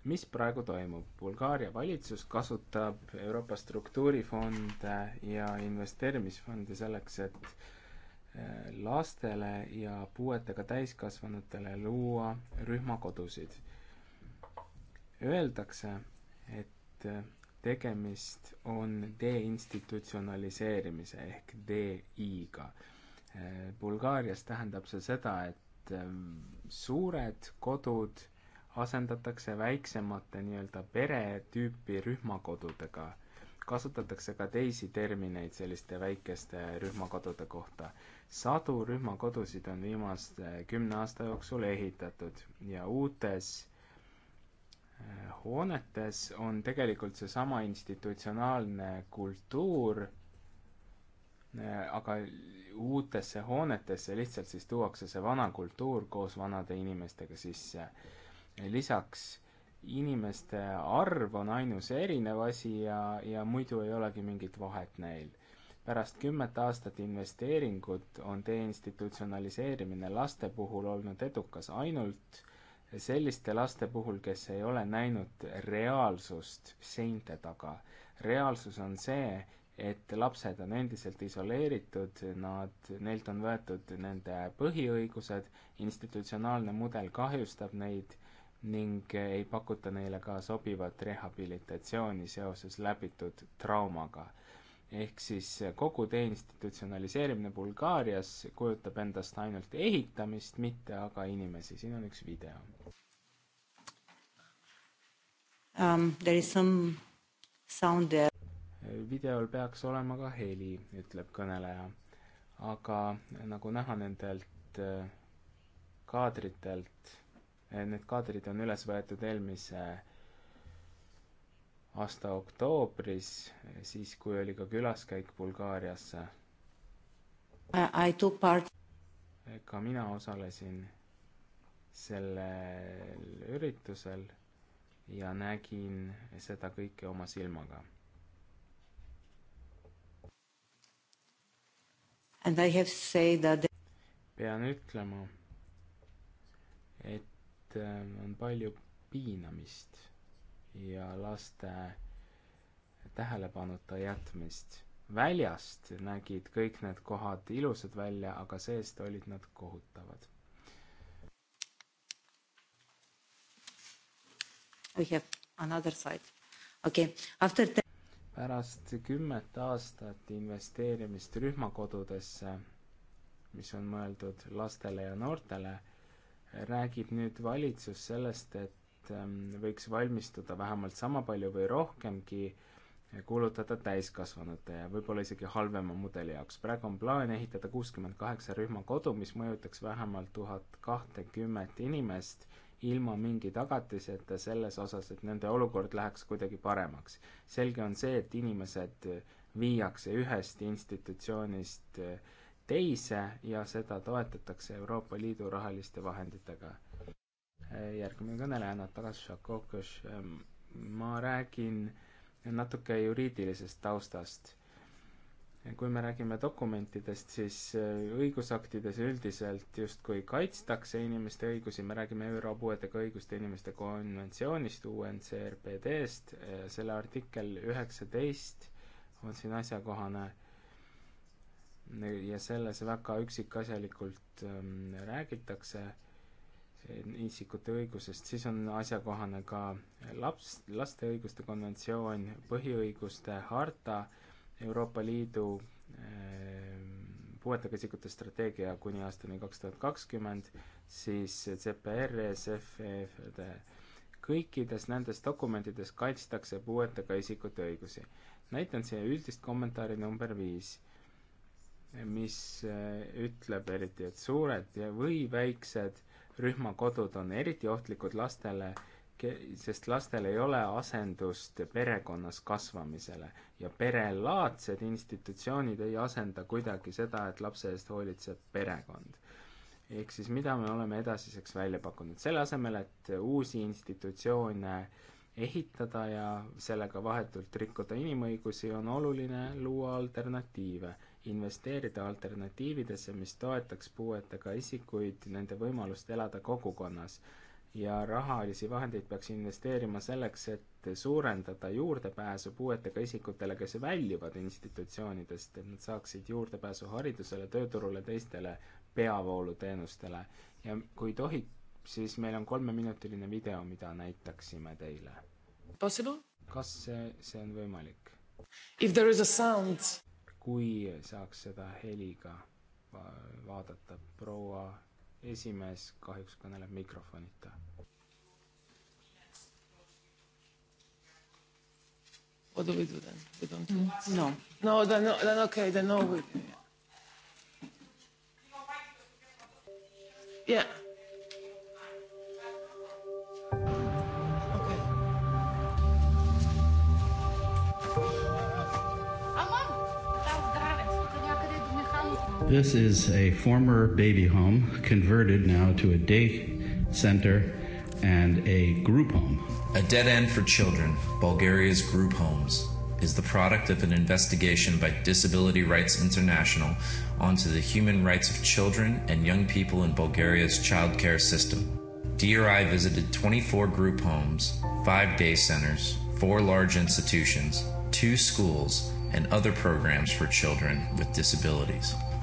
S2: mis praegu toimub? Bulgaaria valitsus kasutab Euroopa struktuurifonde ja investeerimisfondi selleks, et eh, lastele ja puuetega täiskasvanutele luua rühmakodusid. Öeldakse, et eh, tegemist on deinstitutsionaliseerimise ehk DI-ga. Äh, Bulgaarias tähendab see seda, et ähm, suured kodud asendatakse väiksemate nii-öelda peretüüpi rühmakodudega. kasutatakse ka teisi termineid selliste väikeste rühmakodude kohta. sadu rühmakodusid on viimase kümne aasta jooksul ehitatud ja uutes hoonetes on tegelikult seesama institutsionaalne kultuur, aga uutesse hoonetesse lihtsalt siis tuuakse see vana kultuur koos vanade inimestega sisse. lisaks inimeste arv on ainus erinev asi ja, ja muidu ei olegi mingit vahet neil. pärast kümmet aastat investeeringut on deinstitutsionaliseerimine laste puhul olnud edukas ainult äh, selliste laste puhul, kes ei ole näinud reaalsust seinte taga. reaalsus on see, et lapsed on endiselt isoleeritud, nad, neilt on võetud nende põhiõigused, institutsionaalne mudel kahjustab neid ning ei pakuta neile ka sobivat rehabilitatsiooni seoses läbitud traumaga ehk siis kogu deinstitutsionaliseerimine Bulgaarias kujutab endast ainult ehitamist, mitte aga inimesi, siin on üks video um,. There is some sound there. videol peaks olema ka heli, ütleb kõneleja. aga nagu näha nendelt eh, kaadritelt, eh, need kaadrid on üles võetud eelmise aasta oktoobris, siis kui oli ka külaskäik Bulgaariasse. ka mina osalesin sellel üritusel ja nägin seda kõike oma silmaga. That... pean ütlema, et äh, on palju piinamist ja laste tähelepanuta jätmist. väljast nägid kõik need kohad ilusad välja, aga seest olid nad kohutavad.
S1: We have another side.
S2: okei okay., after the pärast kümmet aastat investeerimist rühmakodudesse, mis on mõeldud lastele ja noortele, räägib nüüd valitsus sellest, et Ähm, võiks valmistuda vähemalt sama palju või rohkemgi kuulutada täiskasvanute ja võib-olla isegi halvema mudeli jaoks. praegu on plaan ehitada kuuskümmend kaheksa rühmakodu, mis mõjutaks vähemalt tuhat kahtekümmet inimest ilma mingi tagatiseta selles osas, et nende olukord läheks kuidagi paremaks. selge on see, et inimesed viiakse ühest institutsioonist teise ja seda toetatakse Euroopa Liidu rahaliste vahenditega järgmine kõneleja, Natalja Šakokoš. Ähm, ma räägin natuke juriidilisest taustast. kui me räägime dokumentidest, siis äh, õigusaktides üldiselt justkui kaitstakse inimeste õigusi, me räägime ÜRO puuetega õiguste inimeste konventsioonist, UNCRPD-st, äh, selle artikkel üheksateist on siin asjakohane ja selles väga üksikasjalikult ähm, räägitakse isikute õigusest, siis on asjakohane ka laps, laste õiguste konventsioon, põhiõiguste harta, Euroopa Liidu ehm, puuetega isikute strateegia kuni aastani kaks tuhat kakskümmend, siis CPR, ESF, EFD. kõikides nendes dokumentides kaitstakse puuetega isikute õigusi. näitan siia üldist kommentaari number viis, mis eh, ütleb eriti, et suured ja või väiksed rühmakodud on eriti ohtlikud lastele, sest lastel ei ole asendust perekonnas kasvamisele ja perelaadsed institutsioonid ei asenda kuidagi seda, et lapse eest hoolitseb perekond ehk siis mida me oleme edasiseks välja pakkunud, selle asemel, et uusi institutsioone ehitada ja sellega vahetult rikkuda inimõigusi, on oluline luua alternatiive investeerida alternatiividesse, mis toetaks puuetega isikuid nende võimalust elada kogukonnas. ja rahalisi vahendeid peaks investeerima selleks, et suurendada juurdepääsu puuetega isikutele, kes väljuvad institutsioonidest, et nad saaksid juurdepääsu haridusele, tööturule, teistele peavooluteenustele. ja kui tohib, siis meil on kolmeminutiline video, mida näitaksime teile. kas see, see on võimalik? If there is a sound kui saaks seda heliga va vaadata. proua esimees kahjuks kõneleb mikrofonita.
S1: What do we do then?
S2: We don't do it. Mm. No. No, then, then okay, then no. We, yeah.
S4: This is a former baby home converted now to a day center and a group home. A dead end for children, Bulgaria's group homes, is the product of an investigation by Disability Rights International onto the human rights of children and young people in Bulgaria's childcare system. DRI visited 24 group homes, 5 day centers, 4 large institutions, 2 schools, and other programs for children with disabilities.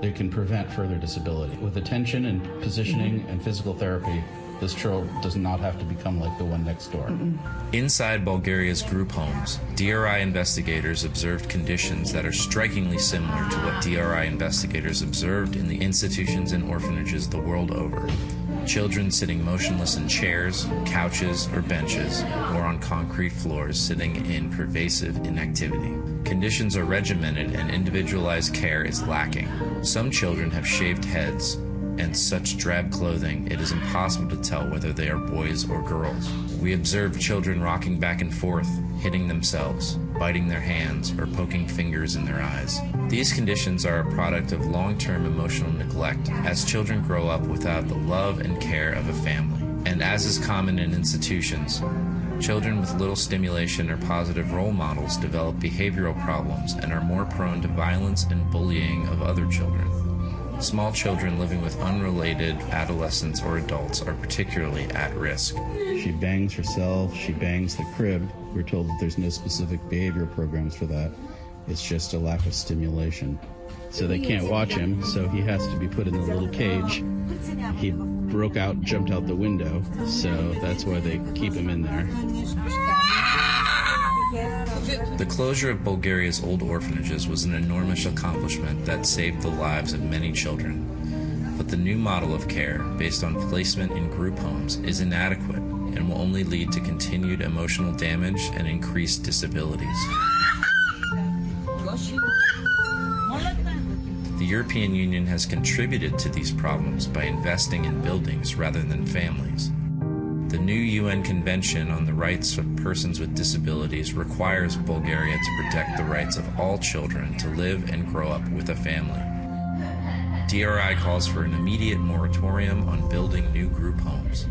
S4: that can prevent further disability. With attention and positioning mm-hmm. and physical therapy, this child does not have to become like the one next door. Mm-mm. Inside Bulgaria's group homes, DRI investigators observed conditions that are strikingly similar to what DRI investigators observed in the institutions and orphanages the world over. Children sitting motionless in chairs, couches, or benches, or on concrete floors sitting in pervasive inactivity. Conditions are regimented and individualized care is lacking. Some children have shaved heads, and such drab clothing, it is impossible to tell whether they are boys or girls. We observe children rocking back and forth, hitting themselves, biting their hands, or poking fingers in their eyes. These conditions are a product of long term emotional neglect as children grow up without the love and care of a family. And as is common in institutions, Children with little stimulation or positive role models develop behavioral problems and are more prone to violence and bullying of other children. Small children living with unrelated adolescents or adults are particularly at risk. She bangs herself, she bangs the crib. We're told that there's no specific behavior programs for that. It's just a lack of stimulation. So they can't watch him, so he has to be put in the little cage. He broke out, jumped out the window, so that's why they keep him in there. The closure of Bulgaria's old orphanages was an enormous accomplishment that saved the lives of many children. But the new model of care, based on placement in group homes, is inadequate and will only lead to continued emotional damage and increased disabilities. The European Union has contributed to these problems by investing in buildings rather than families. The new UN Convention on the Rights of Persons with Disabilities requires Bulgaria to protect the rights of all children to live and grow up with a family. DRI calls for an immediate moratorium on building new group homes.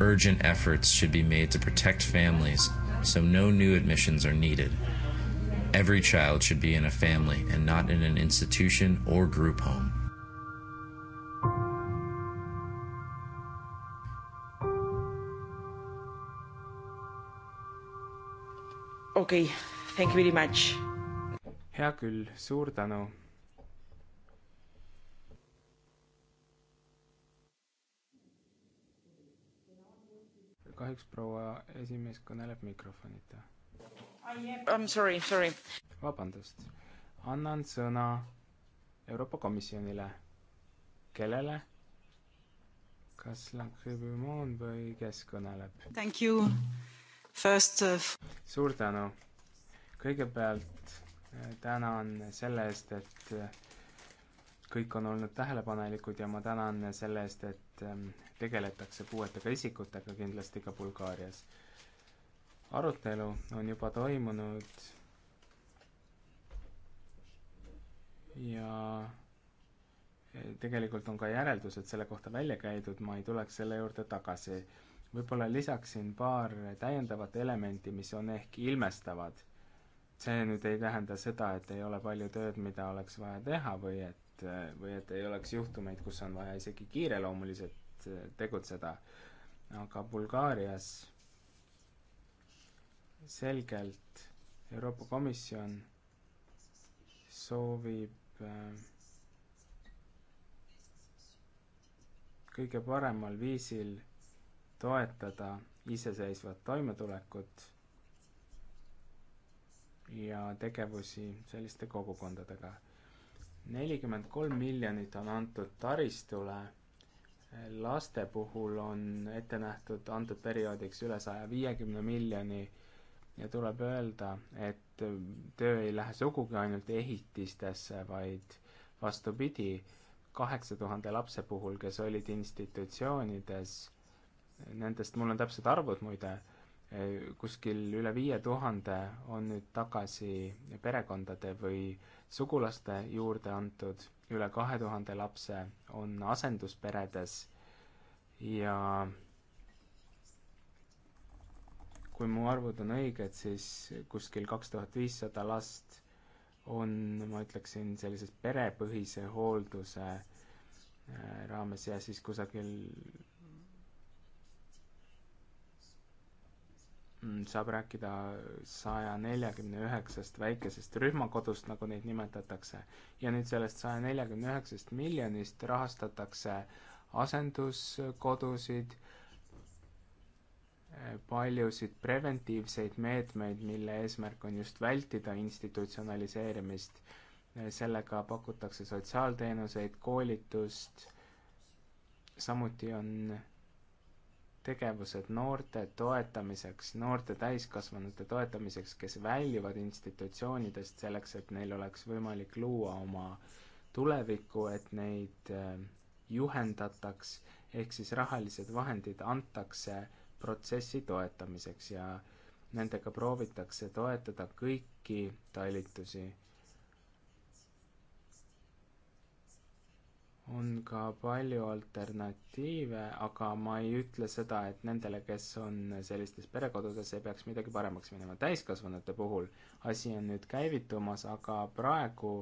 S4: Urgent efforts should be made to protect families so no new admissions are needed. Every child should be in a family and not in an institution or group home.
S2: okei okay,, thank you very much. hea küll, suur tänu kahjuks proua esimees kõneleb mikrofonita. I am sorry, sorry. vabandust. annan sõna Euroopa Komisjonile. kellele? kas Lankriviumon või kes kõneleb? Thank you First of... Uh, suur tänu. kõigepealt äh, tänan selle eest, et äh, kõik on olnud tähelepanelikud ja ma tänan selle eest, et ähm, tegeletakse puuetega isikutega kindlasti ka Bulgaarias. arutelu on juba toimunud ja äh, tegelikult on ka järeldused selle kohta välja käidud, ma ei tuleks selle juurde tagasi võib-olla lisaksin paar täiendavat elementi, mis on ehk ilmestavad. see nüüd ei tähenda seda, et ei ole palju tööd, mida oleks vaja teha või et, või et ei oleks juhtumeid, kus on vaja isegi kiireloomuliselt äh, tegutseda, aga Bulgaarias selgelt Euroopa Komisjon soovib äh, kõige paremal viisil toetada iseseisvat toimetulekut ja tegevusi selliste kogukondadega. nelikümmend kolm miljonit on antud taristule, laste puhul on ette nähtud antud perioodiks üle saja viiekümne miljoni ja tuleb öelda, et töö ei lähe sugugi ainult ehitistesse, vaid vastupidi, kaheksa tuhande lapse puhul, kes olid institutsioonides nendest mul on täpsed arvud muide, kuskil üle viie tuhande on nüüd tagasi perekondade või sugulaste juurde antud, üle kahe tuhande lapse on asendusperedes ja kui mu arvud on õiged, siis kuskil kaks tuhat viissada last on, ma ütleksin, sellises perepõhise hoolduse äh, raames ja siis kusagil Mm, saab rääkida saja neljakümne üheksast väikesest rühmakodust, nagu neid nimetatakse. ja nüüd sellest saja neljakümne üheksast miljonist rahastatakse asenduskodusid, eh, paljusid preventiivseid meetmeid, mille eesmärk on just vältida institutsionaliseerimist. Eh, sellega pakutakse sotsiaalteenuseid, koolitust, samuti on tegevused noorte toetamiseks, noorte täiskasvanute toetamiseks, kes väljuvad institutsioonidest selleks, et neil oleks võimalik luua oma tulevikku, et neid äh, juhendataks, ehk siis rahalised vahendid antakse protsessi toetamiseks ja nendega proovitakse toetada kõiki talitusi on ka palju alternatiive, aga ma ei ütle seda, et nendele, kes on sellistes perekodades, ei peaks midagi paremaks minema. täiskasvanute puhul asi on nüüd käivitumas, aga praegu,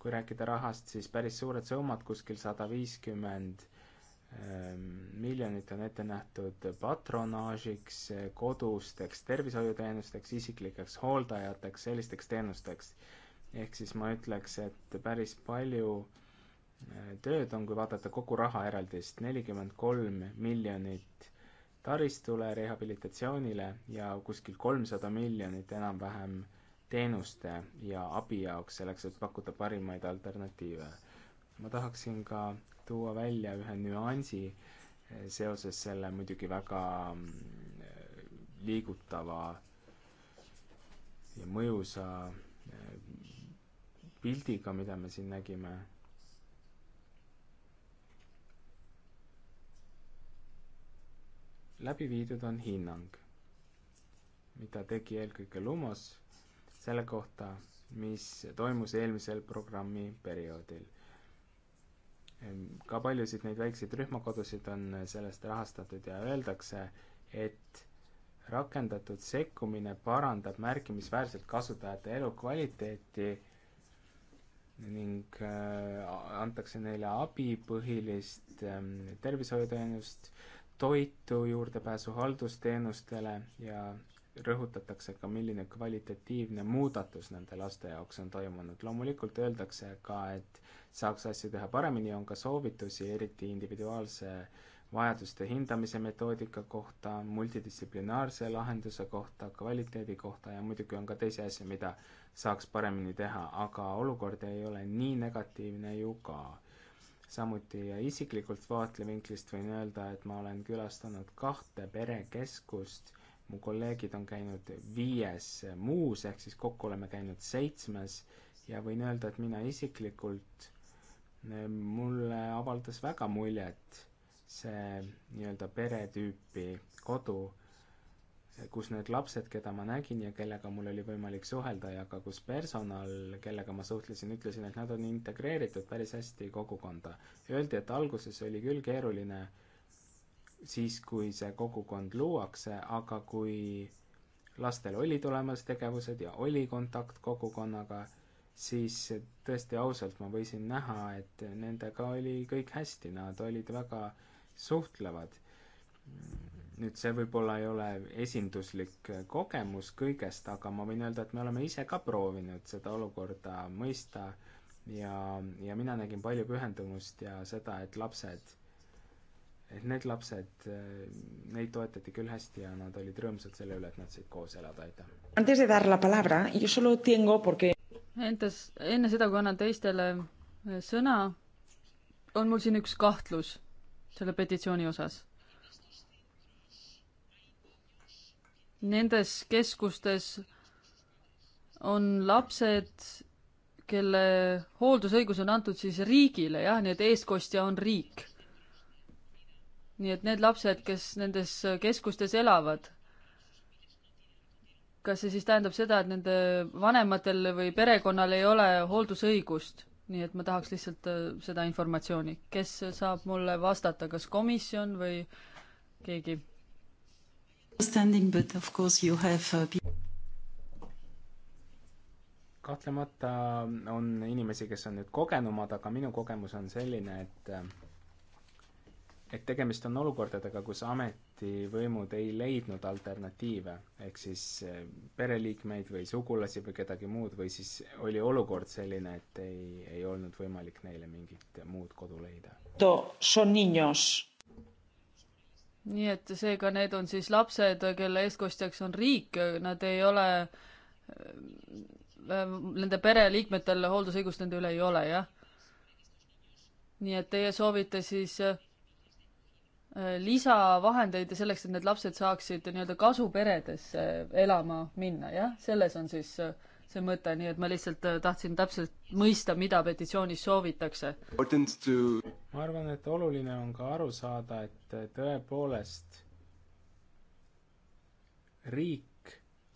S2: kui rääkida rahast, siis päris suured summad, kuskil sada viiskümmend ehm, miljonit on ette nähtud patronaažiks, kodusteks tervishoiuteenusteks, isiklikeks hooldajateks, sellisteks teenusteks. ehk siis ma ütleks, et päris palju äh, tööd on, kui vaadata kogu rahaeraldist, nelikümmend kolm miljonit taristule, rehabilitatsioonile ja kuskil kolmsada miljonit enam-vähem teenuste ja abi jaoks, selleks et pakkuda parimaid alternatiive. ma tahaksin ka tuua välja ühe nüansi eh, seoses selle muidugi väga mm, liigutava ja mõjusa eh, pildiga, mida me siin nägime läbi viidud on hinnang, mida tegi eelkõige Lumos selle kohta, mis toimus eelmisel programmi perioodil. ka paljusid neid väikseid rühmakodusid on sellest rahastatud ja öeldakse, et rakendatud sekkumine parandab märkimisväärselt kasutajate elukvaliteeti ning äh, antakse neile abi, põhilist äh, tervishoiuteenust äh,, toitu, juurdepääsu haldusteenustele ja rõhutatakse ka, milline kvalitatiivne muudatus nende laste jaoks on toimunud. loomulikult öeldakse ka, et saaks asju teha paremini, on ka soovitusi, eriti individuaalse vajaduste hindamise metoodika kohta, multidistsiplinaarse lahenduse kohta, kvaliteedi kohta ja muidugi on ka teisi asju, mida saaks paremini teha, aga olukord ei ole nii negatiivne ju ka samuti isiklikult vaatlevinklist võin öelda, et ma olen külastanud kahte perekeskust, mu kolleegid on käinud viies muus, ehk siis kokku oleme käinud seitsmes ja võin öelda, et mina isiklikult, eh, mulle avaldas väga muljet see nii-öelda peretüüpi kodu kus need lapsed, keda ma nägin ja kellega mul oli võimalik suhelda ja ka kus personal, kellega ma suhtlesin, ütlesin, et nad on integreeritud päris hästi kogukonda. Öeldi, et alguses oli küll keeruline siis, kui see kogukond luuakse, aga kui lastel olid olemas tegevused ja oli kontakt kogukonnaga, siis tõesti ausalt ma võisin näha, et nendega oli kõik hästi, nad olid väga suhtlevad nüüd see võib-olla ei ole esinduslik äh, kogemus kõigest, aga ma võin öelda, et me oleme ise ka proovinud seda olukorda mõista ja, ja mina nägin palju pühendumust ja seda, et lapsed, et need lapsed, äh, neid toetati küll hästi ja nad olid rõõmsad selle üle, et nad said koos elada, aitäh. Entes, enne seda, kui annan teistele äh,
S3: sõna, on mul siin üks kahtlus selle petitsiooni osas nendes keskustes on lapsed, kelle hooldusõigus on antud siis riigile, jah, nii et eestkostja on riik. nii et need lapsed, kes nendes keskustes elavad, kas see siis tähendab seda, et nende vanematel või perekonnal ei ole hooldusõigust? nii et ma tahaks lihtsalt äh, seda informatsiooni, kes saab mulle vastata, kas komisjon või keegi?
S5: understanding, but of course you have uh,
S2: kahtlemata on inimesi, kes on nüüd kogenumad, aga minu kogemus on selline, et äh, et tegemist on olukordadega, kus ametivõimud ei leidnud alternatiive, ehk siis äh, pereliikmeid või sugulasi või kedagi muud või siis oli olukord selline, et ei, ei olnud võimalik neile mingit muud kodu leida.
S1: Son niños
S3: nii et seega need on siis lapsed, kelle eestkostjaks on riik, nad ei ole, äh, nende pereliikmetel hooldusõigust nende üle ei ole, jah. nii et teie soovite siis äh, lisavahendeid selleks, et need lapsed saaksid nii-öelda kasuperedesse elama minna, jah, selles on siis äh, see mõte, nii et ma lihtsalt äh, tahtsin täpselt mõista, mida petitsioonis soovitakse.
S1: ma
S2: arvan, et oluline on ka aru saada, et äh, tõepoolest riik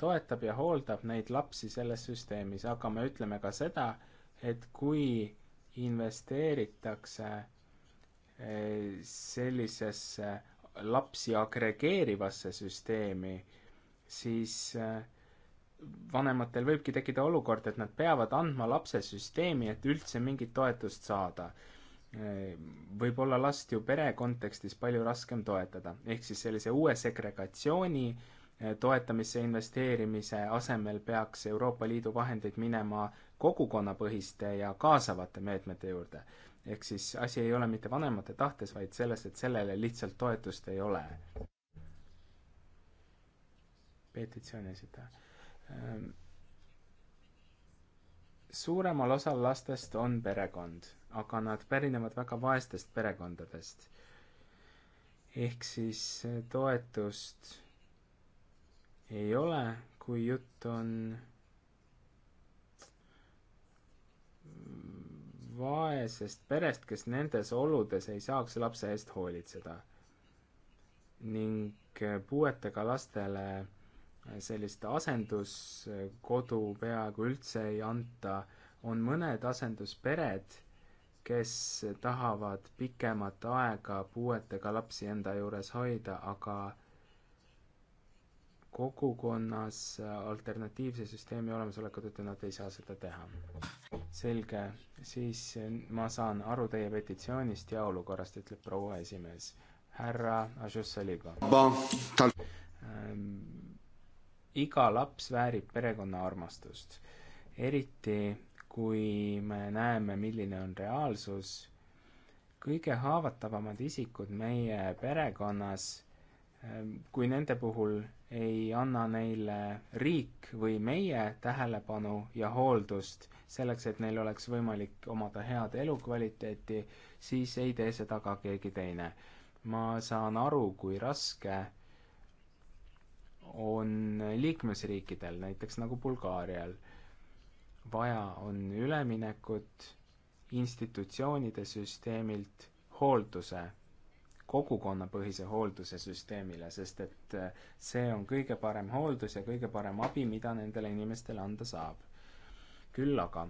S2: toetab ja hooldab neid lapsi selles süsteemis, aga me ütleme ka seda, et kui investeeritakse äh, sellisesse lapsi agregeerivasse süsteemi, siis äh, vanematel võibki tekkida olukord, et nad peavad andma lapse süsteemi, et üldse mingit toetust saada. võib-olla last ju pere kontekstis palju raskem toetada, ehk siis sellise uue segregatsiooni eh, toetamisse investeerimise asemel peaks Euroopa Liidu vahendeid minema kogukonnapõhiste ja kaasavate meetmete juurde. ehk siis asi ei ole mitte vanemate tahtes, vaid selles, et sellele lihtsalt toetust ei ole. petitsiooni esitaja Ehm, suuremal osal lastest on perekond, aga nad pärinevad väga vaestest perekondadest. ehk siis eh, toetust ei ole, kui jutt on vaesest perest, kes nendes oludes ei saaks lapse eest hoolitseda. ning eh, puuetega lastele sellist asenduskodu peaaegu üldse ei anta, on mõned asenduspered, kes tahavad pikemat aega puuetega lapsi enda juures hoida, aga kogukonnas alternatiivse süsteemi olemasoleku tõttu nad ei saa seda teha. selge, siis ma saan aru teie petitsioonist ja olukorrast, ütleb proua esimees. härra Ažussaliba ähm, iga laps väärib perekonna armastust. eriti, kui me näeme, milline on reaalsus, kõige haavatavamad isikud meie perekonnas, ehm, kui nende puhul ei anna neile riik või meie tähelepanu ja hooldust selleks, et neil oleks võimalik omada head elukvaliteeti, siis ei tee seda ka keegi teine. ma saan aru, kui raske on liikmesriikidel, näiteks nagu Bulgaarial. vaja on üleminekut institutsioonide süsteemilt hoolduse, kogukonnapõhise hoolduse süsteemile, sest et äh, see on kõige parem hooldus ja kõige parem abi, mida nendele inimestele anda saab. küll aga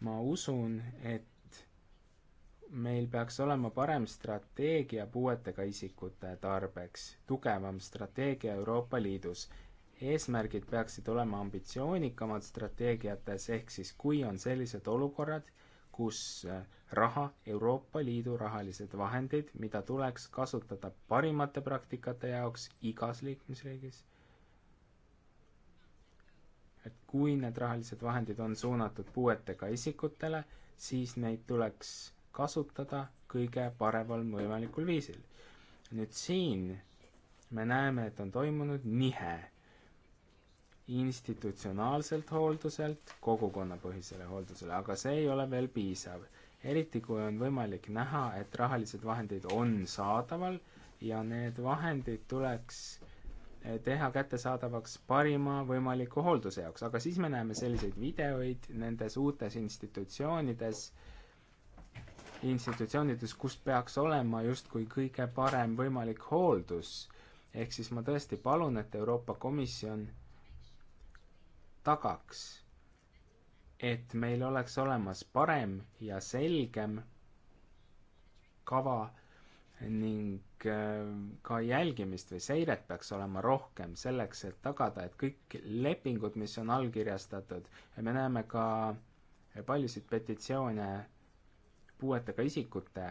S2: ma usun, et meil peaks olema parem strateegia puuetega isikute tarbeks, tugevam strateegia Euroopa Liidus. eesmärgid peaksid olema ambitsioonikamad strateegiates, ehk siis kui on sellised olukorrad, kus äh, raha, Euroopa Liidu rahalised vahendid, mida tuleks kasutada parimate praktikate jaoks igas liikmesriigis, et kui need rahalised vahendid on suunatud puuetega isikutele, siis neid tuleks kasutada kõige paremal võimalikul viisil. nüüd siin me näeme, et on toimunud nihe institutsionaalselt hoolduselt kogukonnapõhisele hooldusele, aga see ei ole veel piisav. eriti, kui on võimalik näha, et rahalised vahendid on saadaval ja need vahendid tuleks eh, teha kättesaadavaks parima võimaliku hoolduse jaoks, aga siis me näeme selliseid videoid nendes uutes institutsioonides äh,, institutsioonides, kus peaks olema justkui kõige parem võimalik hooldus. ehk siis ma tõesti palun, et Euroopa Komisjon tagaks, et meil oleks olemas parem ja selgem kava ning äh, ka jälgimist või seiret peaks olema rohkem selleks, et tagada, et kõik lepingud, mis on allkirjastatud ja me näeme ka paljusid petitsioone puuetega isikute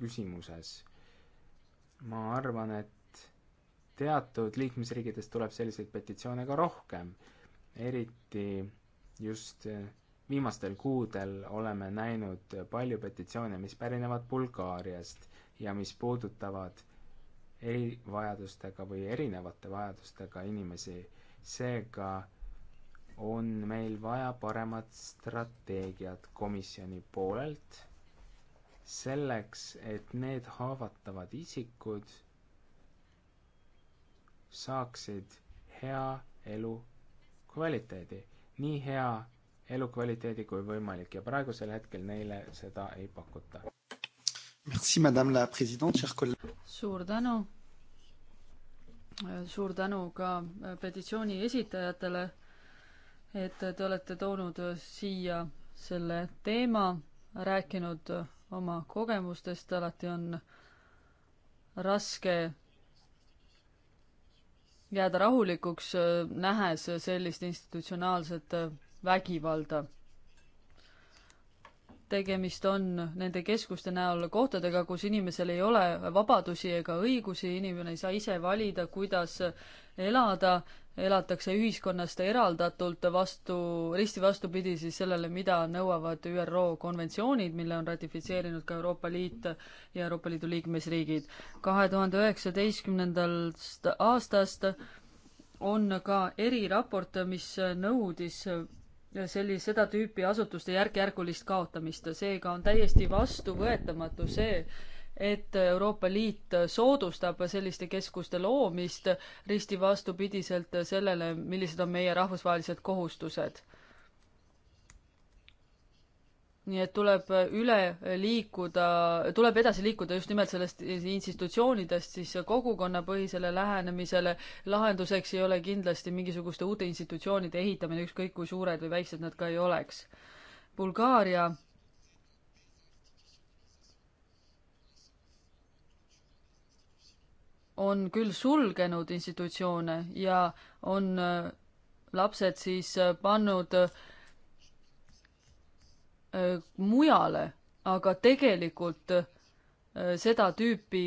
S2: küsimuses. ma arvan, et teatud liikmesriikides tuleb selliseid petitsioone ka rohkem, eriti just viimastel kuudel oleme näinud palju petitsioone, mis pärinevad Bulgaariast ja mis puudutavad erivajadustega või erinevate vajadustega inimesi, seega on meil vaja paremat strateegiat komisjoni poolelt selleks, et need haavatavad isikud saaksid hea elukvaliteedi, nii hea elukvaliteedi kui võimalik ja praegusel hetkel neile seda ei pakuta.
S5: Merci, madame la president, cher kolleeg.
S3: suur tänu. suur tänu ka petitsiooni esitajatele et te olete toonud siia selle teema, rääkinud oma kogemustest, alati on raske jääda rahulikuks, nähes sellist institutsionaalset vägivalda tegemist on nende keskuste näol kohtadega, kus inimesel ei ole vabadusi ega õigusi, inimene ei saa ise valida, kuidas elada, elatakse ühiskonnast eraldatult vastu, risti vastupidi siis sellele, mida nõuavad ÜRO konventsioonid, mille on ratifitseerinud ka Euroopa Liit ja Euroopa Liidu liikmesriigid. kahe tuhande üheksateistkümnendast aastast on ka eriraport, mis nõudis sellist, seda tüüpi asutuste järk-järgulist kaotamist. seega on täiesti vastuvõetamatu see, et Euroopa Liit soodustab selliste keskuste loomist risti vastupidiselt sellele, millised on meie rahvusvahelised kohustused nii et tuleb äh, üle liikuda, tuleb edasi liikuda just nimelt sellest institutsioonidest siis kogukonnapõhisele lähenemisele. lahenduseks ei ole kindlasti mingisuguste uute institutsioonide ehitamine, ükskõik kui suured või väiksed nad ka ei oleks. Bulgaaria on küll sulgenud institutsioone ja on äh, lapsed siis äh, pannud äh, mujale, aga tegelikult äh, seda tüüpi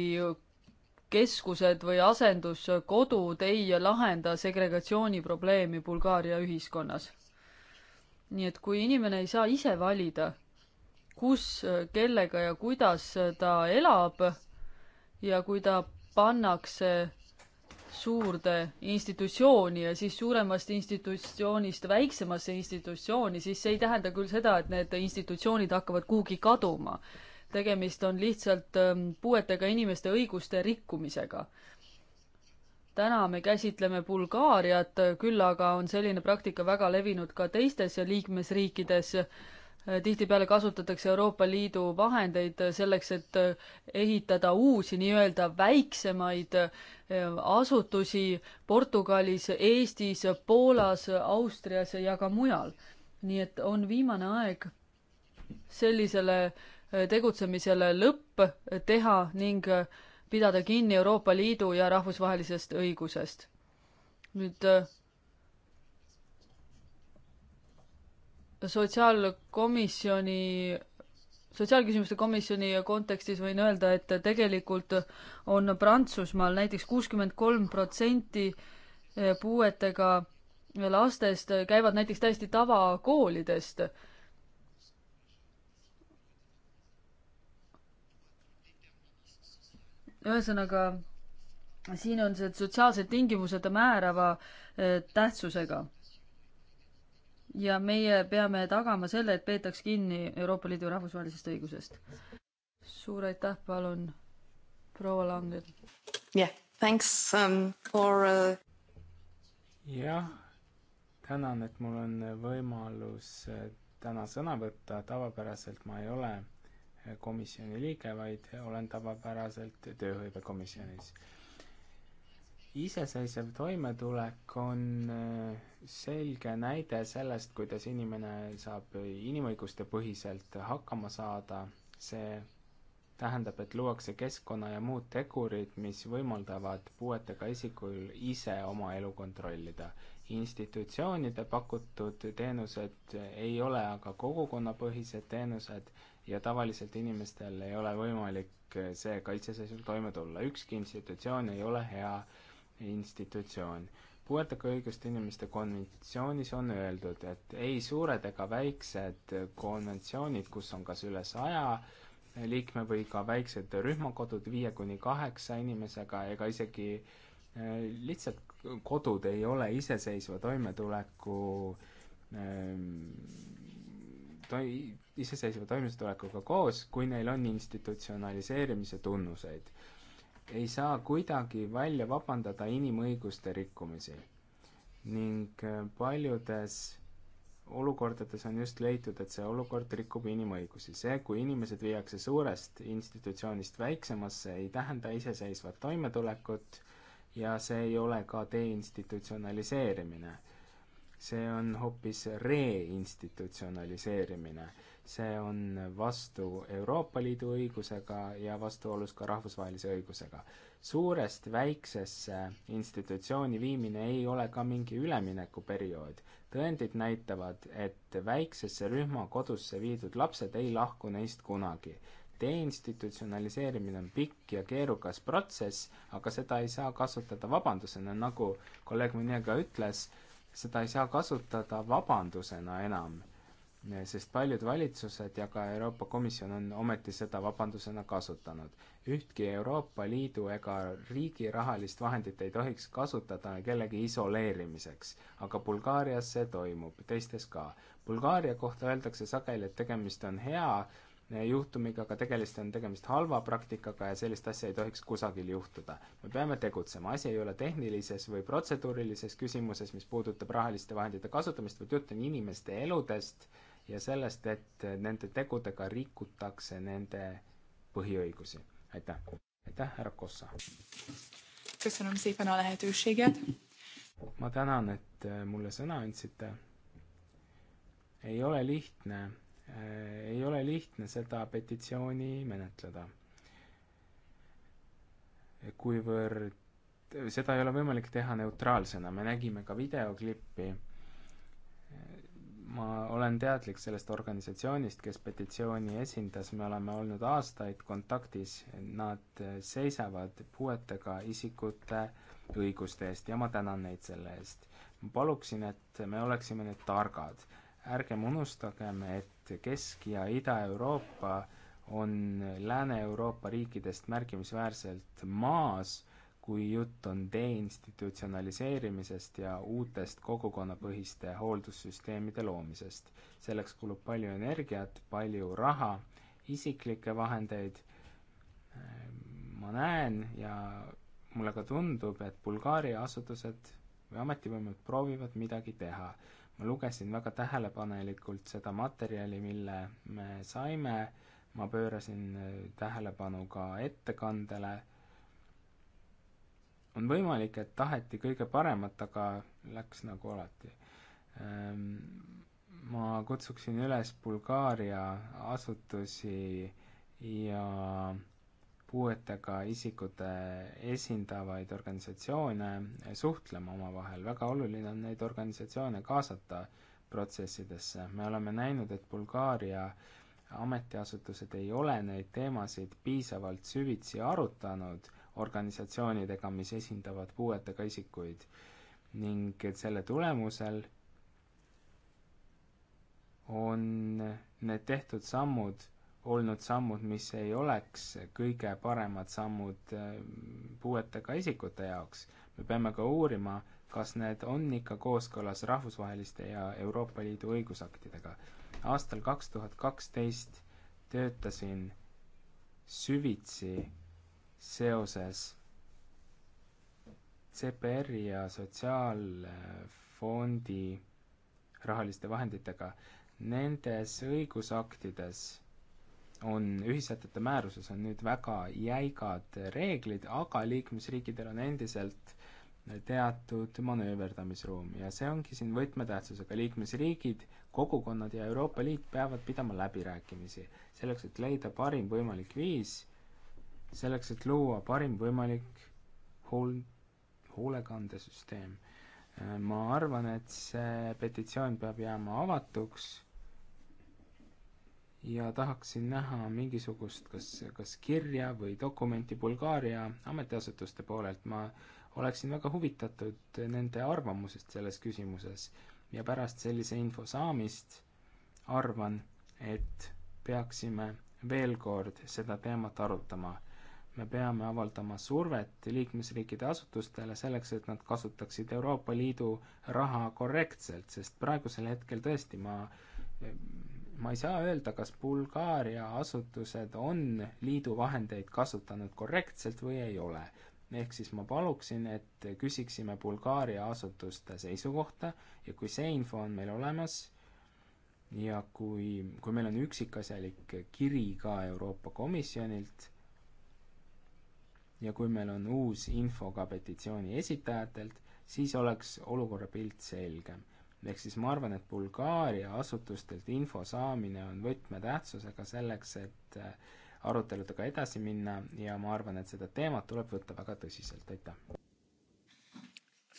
S3: keskused või asenduskodud ei lahenda segregatsiooni probleemi Bulgaaria ühiskonnas. nii et kui inimene ei saa ise valida, kus, äh, kellega ja kuidas ta elab ja kui ta pannakse suurde institutsiooni ja siis suuremast institutsioonist väiksemasse institutsiooni, siis see ei tähenda küll seda, et need institutsioonid hakkavad kuhugi kaduma. tegemist on lihtsalt ähm, puuetega inimeste õiguste rikkumisega. täna me käsitleme Bulgaariat, küll aga on selline praktika väga levinud ka teistes liikmesriikides tihtipeale kasutatakse Euroopa Liidu vahendeid selleks, et äh, ehitada uusi nii-öelda väiksemaid asutusi Portugalis, Eestis, Poolas, Austrias ja ka mujal. nii et on viimane aeg sellisele äh, tegutsemisele lõpp teha ning äh, pidada kinni Euroopa Liidu ja rahvusvahelisest õigusest. nüüd äh, sotsiaalkomisjoni sotsiaalküsimuste komisjoni kontekstis võin öelda, et tegelikult on Prantsusmaal näiteks kuuskümmend kolm protsenti eh, puuetega lastest käivad näiteks täiesti tavakoolidest. ühesõnaga, siin on see sotsiaalsed tingimused määrava eh, tähtsusega ja meie peame tagama selle, et peetaks kinni Euroopa Liidu rahvusvahelisest õigusest. suur aitäh, palun, proua
S5: Langel. jah yeah,, thanks um, for uh....
S2: jah, tänan, et mul on võimalus äh, täna sõna võtta, tavapäraselt ma ei ole äh, komisjoni liige, vaid olen tavapäraselt tööhõivekomisjonis iseseisev toimetulek on äh, selge näide sellest, kuidas inimene saab inimõiguste põhiselt hakkama saada, see tähendab, et luuakse keskkonna ja muud tegurid, mis võimaldavad puuetega isikul ise oma elu kontrollida. institutsioonide pakutud teenused ei ole aga kogukonnapõhised teenused ja tavaliselt inimestel ei ole võimalik äh, seega iseseisvalt toime tulla, ükski institutsioon ei ole hea äh, institutsioon. puuetega õiguste inimeste konventsioonis on öeldud, et ei suured ega väiksed konventsioonid, kus on kas üle saja liikme või ka väiksed rühmakodud viie kuni kaheksa inimesega ega isegi äh, lihtsalt kodud ei ole iseseisva toimetuleku ähm, toi-, iseseisva toimetulekuga koos, kui neil on institutsionaliseerimise tunnuseid ei saa kuidagi välja vabandada inimõiguste rikkumisi ning äh, paljudes olukordades on just leitud, et see olukord rikub inimõigusi. see, kui inimesed viiakse suurest institutsioonist väiksemasse, ei tähenda iseseisvat toimetulekut ja see ei ole ka deinstitutsionaliseerimine. see on hoopis reinstitutsionaliseerimine see on vastu Euroopa Liidu õigusega ja vastuolus ka rahvusvahelise õigusega. suurest väiksesse institutsiooni viimine ei ole ka mingi üleminekuperiood. tõendid näitavad, et väiksesse rühma kodusse viidud lapsed ei lahku neist kunagi. Deinstitutsionaliseerimine on pikk ja keerukas protsess, aga seda ei saa kasutada vabandusena, nagu kolleeg Munjega ütles, seda ei saa kasutada vabandusena enam sest paljud valitsused ja ka Euroopa Komisjon on ometi seda vabandusena kasutanud. ühtki Euroopa Liidu ega riigi rahalist vahendit ei tohiks kasutada kellegi isoleerimiseks, aga Bulgaarias see toimub, teistes ka. Bulgaaria kohta öeldakse sageli, et tegemist on hea eh, juhtumiga, aga tegelikult on tegemist halva praktikaga ja sellist asja ei tohiks kusagil juhtuda. me peame tegutsema, asi ei ole tehnilises või protseduurilises küsimuses, mis puudutab rahaliste vahendite kasutamist, vaid jutt on inimeste eludest, ja sellest, et nende tegudega rikutakse nende põhiõigusi. aitäh, aitäh, härra Kossa. ma tänan, et äh, mulle sõna andsite. ei ole lihtne, äh, ei ole lihtne seda petitsiooni menetleda. kuivõrd seda ei ole võimalik teha neutraalsena, me nägime ka videoklippi ma olen teadlik sellest organisatsioonist, kes petitsiooni esindas, me oleme olnud aastaid kontaktis, nad seisavad puuetega isikute õiguste eest ja ma tänan neid selle eest. ma paluksin, et me oleksime nüüd targad. ärgem unustagem, et Kesk- ja Ida-Euroopa on Lääne-Euroopa riikidest märkimisväärselt maas kui jutt on deinstitutsionaliseerimisest ja uutest kogukonnapõhiste hooldussüsteemide loomisest. selleks kulub palju energiat, palju raha, isiklikke vahendeid, ehm, ma näen ja mulle ka tundub, et Bulgaaria asutused või ametivõimud proovivad midagi teha. ma lugesin väga tähelepanelikult seda materjali, mille me saime, ma pöörasin eh, tähelepanu ka ettekandele on võimalik, et taheti kõige paremat, aga läks nagu alati. Ehm, ma kutsuksin üles Bulgaaria asutusi ja puuetega isikute esindavaid organisatsioone suhtlema omavahel, väga oluline on neid organisatsioone kaasata protsessidesse, me oleme näinud, et Bulgaaria ametiasutused ei ole neid teemasid piisavalt süvitsi arutanud organisatsioonidega, mis esindavad puuetega isikuid ning selle tulemusel on need tehtud sammud olnud sammud, mis ei oleks kõige paremad sammud äh, puuetega isikute jaoks. me peame ka uurima, kas need on ikka kooskõlas rahvusvaheliste ja Euroopa Liidu õigusaktidega. aastal kaks tuhat kaksteist töötasin süvitsi seoses CPR-i ja Sotsiaalfondi rahaliste vahenditega. Nendes õigusaktides on, ühissätete määruses on nüüd väga jäigad reeglid, aga liikmesriikidel on endiselt teatud manööverdamisruumi ja see ongi siin võtmetähtsusega, liikmesriigid, kogukonnad ja Euroopa Liit peavad pidama läbirääkimisi selleks, et leida parim võimalik viis selleks, et luua parim võimalik hool-, hoolekandesüsteem. ma arvan, et see petitsioon peab jääma avatuks ja tahaksin näha mingisugust kas, kas kirja või dokumenti Bulgaaria ametiasutuste poolelt, ma oleksin väga huvitatud nende arvamusest selles küsimuses ja pärast sellise info saamist arvan, et peaksime veel kord seda teemat arutama me peame avaldama survet liikmesriikide asutustele selleks, et nad kasutaksid Euroopa Liidu raha korrektselt, sest praegusel hetkel tõesti ma, ma ei saa öelda, kas Bulgaaria asutused on liidu vahendeid kasutanud korrektselt või ei ole. ehk siis ma paluksin, et küsiksime Bulgaaria asutuste seisukohta ja kui see info on meil olemas, ja kui, kui meil on üksikasjalik kiri ka Euroopa Komisjonilt, ja kui meil on uus info ka petitsiooni esitajatelt, siis oleks olukorra pilt selgem. ehk siis ma arvan, et Bulgaaria asutustelt info saamine on võtmetähtsusega selleks, et äh, aruteludega edasi minna ja ma arvan, et seda teemat tuleb võtta väga tõsiselt, aitäh!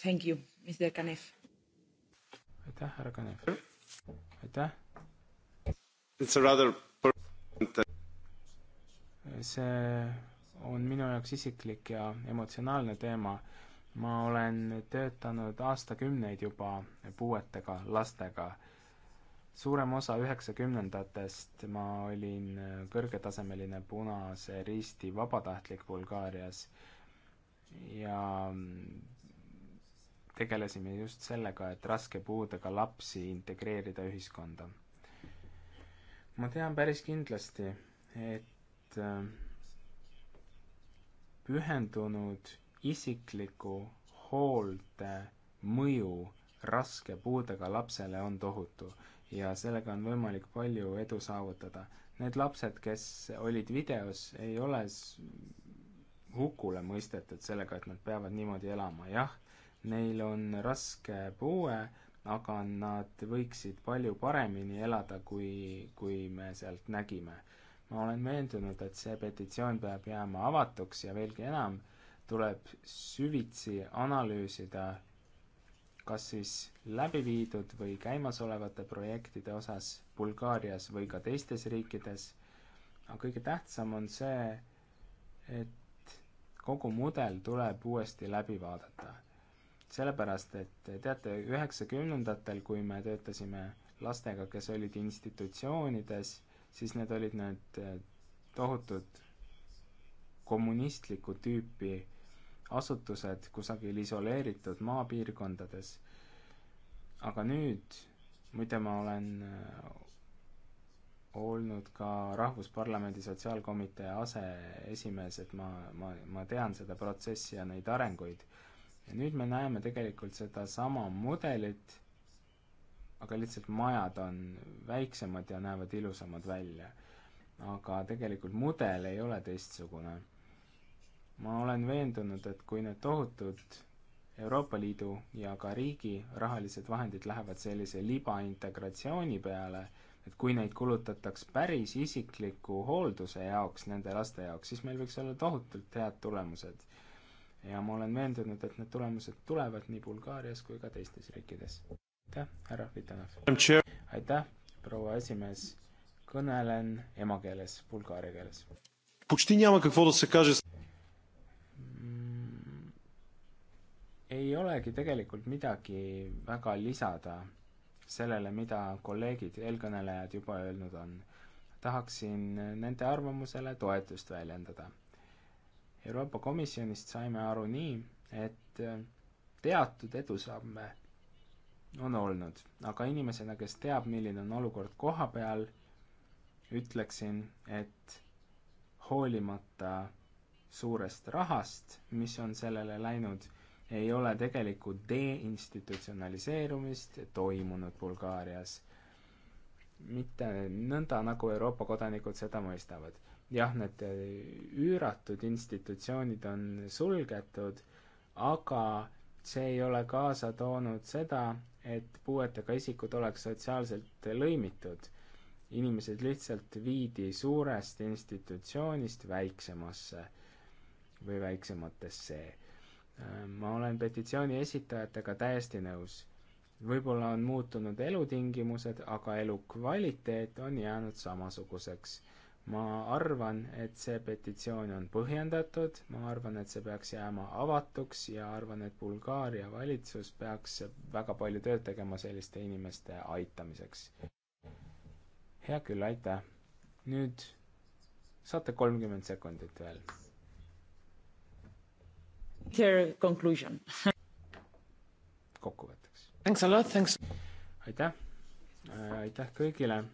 S2: Thank you, Mr Kanev. aitäh, härra Kanev. aitäh. It's a rather see on minu jaoks isiklik ja emotsionaalne teema. ma olen töötanud aastakümneid juba puuetega lastega. suurem osa üheksakümnendatest ma olin kõrgetasemeline Punase Risti vabatahtlik Bulgaarias ja tegelesime just sellega, et raske puudega lapsi integreerida ühiskonda. ma tean päris kindlasti, et äh, pühendunud isikliku hoolde mõju raske puudega lapsele on tohutu ja sellega on võimalik palju edu saavutada. Need lapsed, kes olid videos, ei ole hukule mõistetud sellega, et nad peavad niimoodi elama, jah, neil on raske puue, aga nad võiksid palju paremini elada, kui, kui me sealt nägime ma olen veendunud, et see petitsioon peab jääma avatuks ja veelgi enam, tuleb süvitsi analüüsida, kas siis läbi viidud või käimasolevate projektide osas Bulgaarias või ka teistes riikides, aga kõige tähtsam on see, et kogu mudel tuleb uuesti läbi vaadata. sellepärast, et teate, üheksakümnendatel, kui me töötasime lastega, kes olid institutsioonides, siis need olid need eh, tohutud kommunistlikku tüüpi asutused kusagil isoleeritud maapiirkondades. aga nüüd, muide, ma olen eh, olnud ka Rahvusparlamendi Sotsiaalkomitee aseesimees, et ma, ma, ma tean seda protsessi ja neid arenguid. ja nüüd me näeme tegelikult sedasama mudelit aga lihtsalt majad on väiksemad ja näevad ilusamad välja. aga tegelikult mudel ei ole teistsugune. ma olen veendunud, et kui need tohutud Euroopa Liidu ja ka riigi rahalised vahendid lähevad sellise libaintegratsiooni peale, et kui neid kulutataks päris isikliku hoolduse jaoks, nende laste jaoks, siis meil võiks olla tohutult head tulemused. ja ma olen veendunud, et need tulemused tulevad nii Bulgaarias kui ka teistes riikides aitäh, härra Vitanov. aitäh, proua esimees. kõnelen emakeeles, bulgaaria keeles. ei olegi tegelikult midagi väga lisada sellele, mida kolleegid, eelkõnelejad juba öelnud on. tahaksin nende arvamusele toetust väljendada. Euroopa Komisjonist saime aru nii, et teatud edusamme on olnud, aga inimesena, kes teab, milline on olukord koha peal, ütleksin, et hoolimata suurest rahast, mis on sellele läinud, ei ole tegelikku deinstitutsionaliseerumist toimunud Bulgaarias. mitte nõnda, nagu Euroopa kodanikud seda mõistavad. jah, need üüratud institutsioonid on sulgetud, aga see ei ole kaasa toonud seda, et puuetega isikud oleks sotsiaalselt lõimitud. inimesed lihtsalt viidi suurest institutsioonist väiksemasse või väiksematesse. ma olen petitsiooni esitajatega täiesti nõus. võib-olla on muutunud elutingimused, aga elukvaliteet on jäänud samasuguseks ma arvan, et see petitsioon on põhjendatud, ma arvan, et see peaks jääma avatuks ja arvan, et Bulgaaria valitsus peaks väga palju tööd tegema selliste inimeste aitamiseks. hea küll, aitäh. nüüd saate kolmkümmend sekundit veel.
S1: Conclusion.
S2: kokkuvõtteks. Thanks a lot, thanks. aitäh, äh, aitäh kõigile.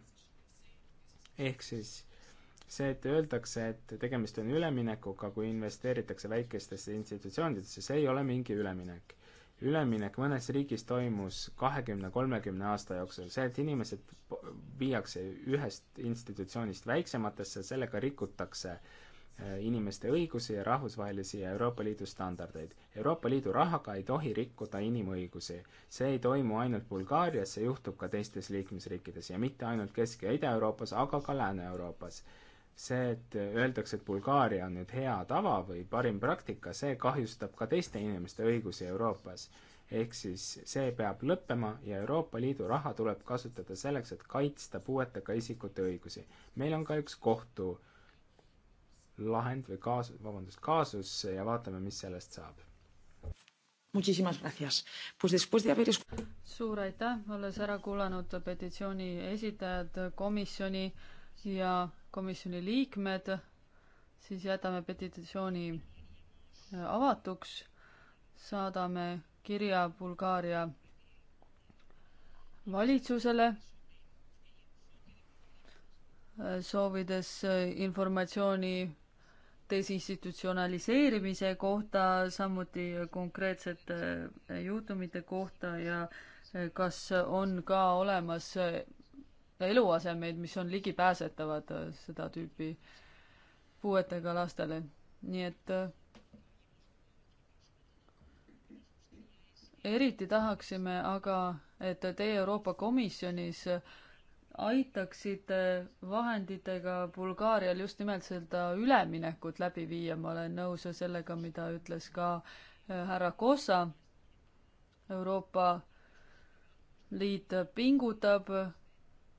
S2: ehk siis see, et öeldakse, et tegemist on üleminekuga, kui investeeritakse väikestesse institutsioonidesse, see ei ole mingi üleminek. üleminek mõnes riigis toimus kahekümne, kolmekümne aasta jooksul, see, et inimesed viiakse ühest institutsioonist väiksematesse, sellega rikutakse äh, inimeste õigusi ja rahvusvahelisi ja Euroopa Liidu standardeid. Euroopa Liidu rahaga ei tohi rikkuda inimõigusi. see ei toimu ainult Bulgaarias, see juhtub ka teistes liikmesriikides ja mitte ainult Kesk- ja Ida-Euroopas, aga ka Lääne-Euroopas see, et öeldakse, et Bulgaaria on nüüd hea tava või parim praktika, see kahjustab ka teiste inimeste õigusi Euroopas. ehk siis see peab lõppema ja Euroopa Liidu raha tuleb kasutada selleks, et kaitsta puuetega isikute õigusi. meil on ka üks kohtu lahend või kaas-, vabandust, kaasus ja vaatame, mis sellest saab.
S1: Muchísimas gracias. Pues después de haber suur
S3: aitäh, olles ära kuulanud petitsiooni esitajad, komisjoni äh, ja komisjoni liikmed, siis jätame petitsiooni äh, avatuks, saadame kirja Bulgaaria valitsusele, äh, soovides äh, informatsiooni desinstitutsionaliseerimise kohta, samuti konkreetsete juhtumite kohta ja kas on ka olemas eluasemeid, mis on ligipääsetavad äh, seda tüüpi puuetega lastele, nii et äh, eriti tahaksime aga, et teie Euroopa Komisjonis aitaksite äh, vahenditega Bulgaarial just nimelt seda üleminekut läbi viia, ma olen nõus sellega, mida ütles ka härra Kossa. Euroopa Liit pingutab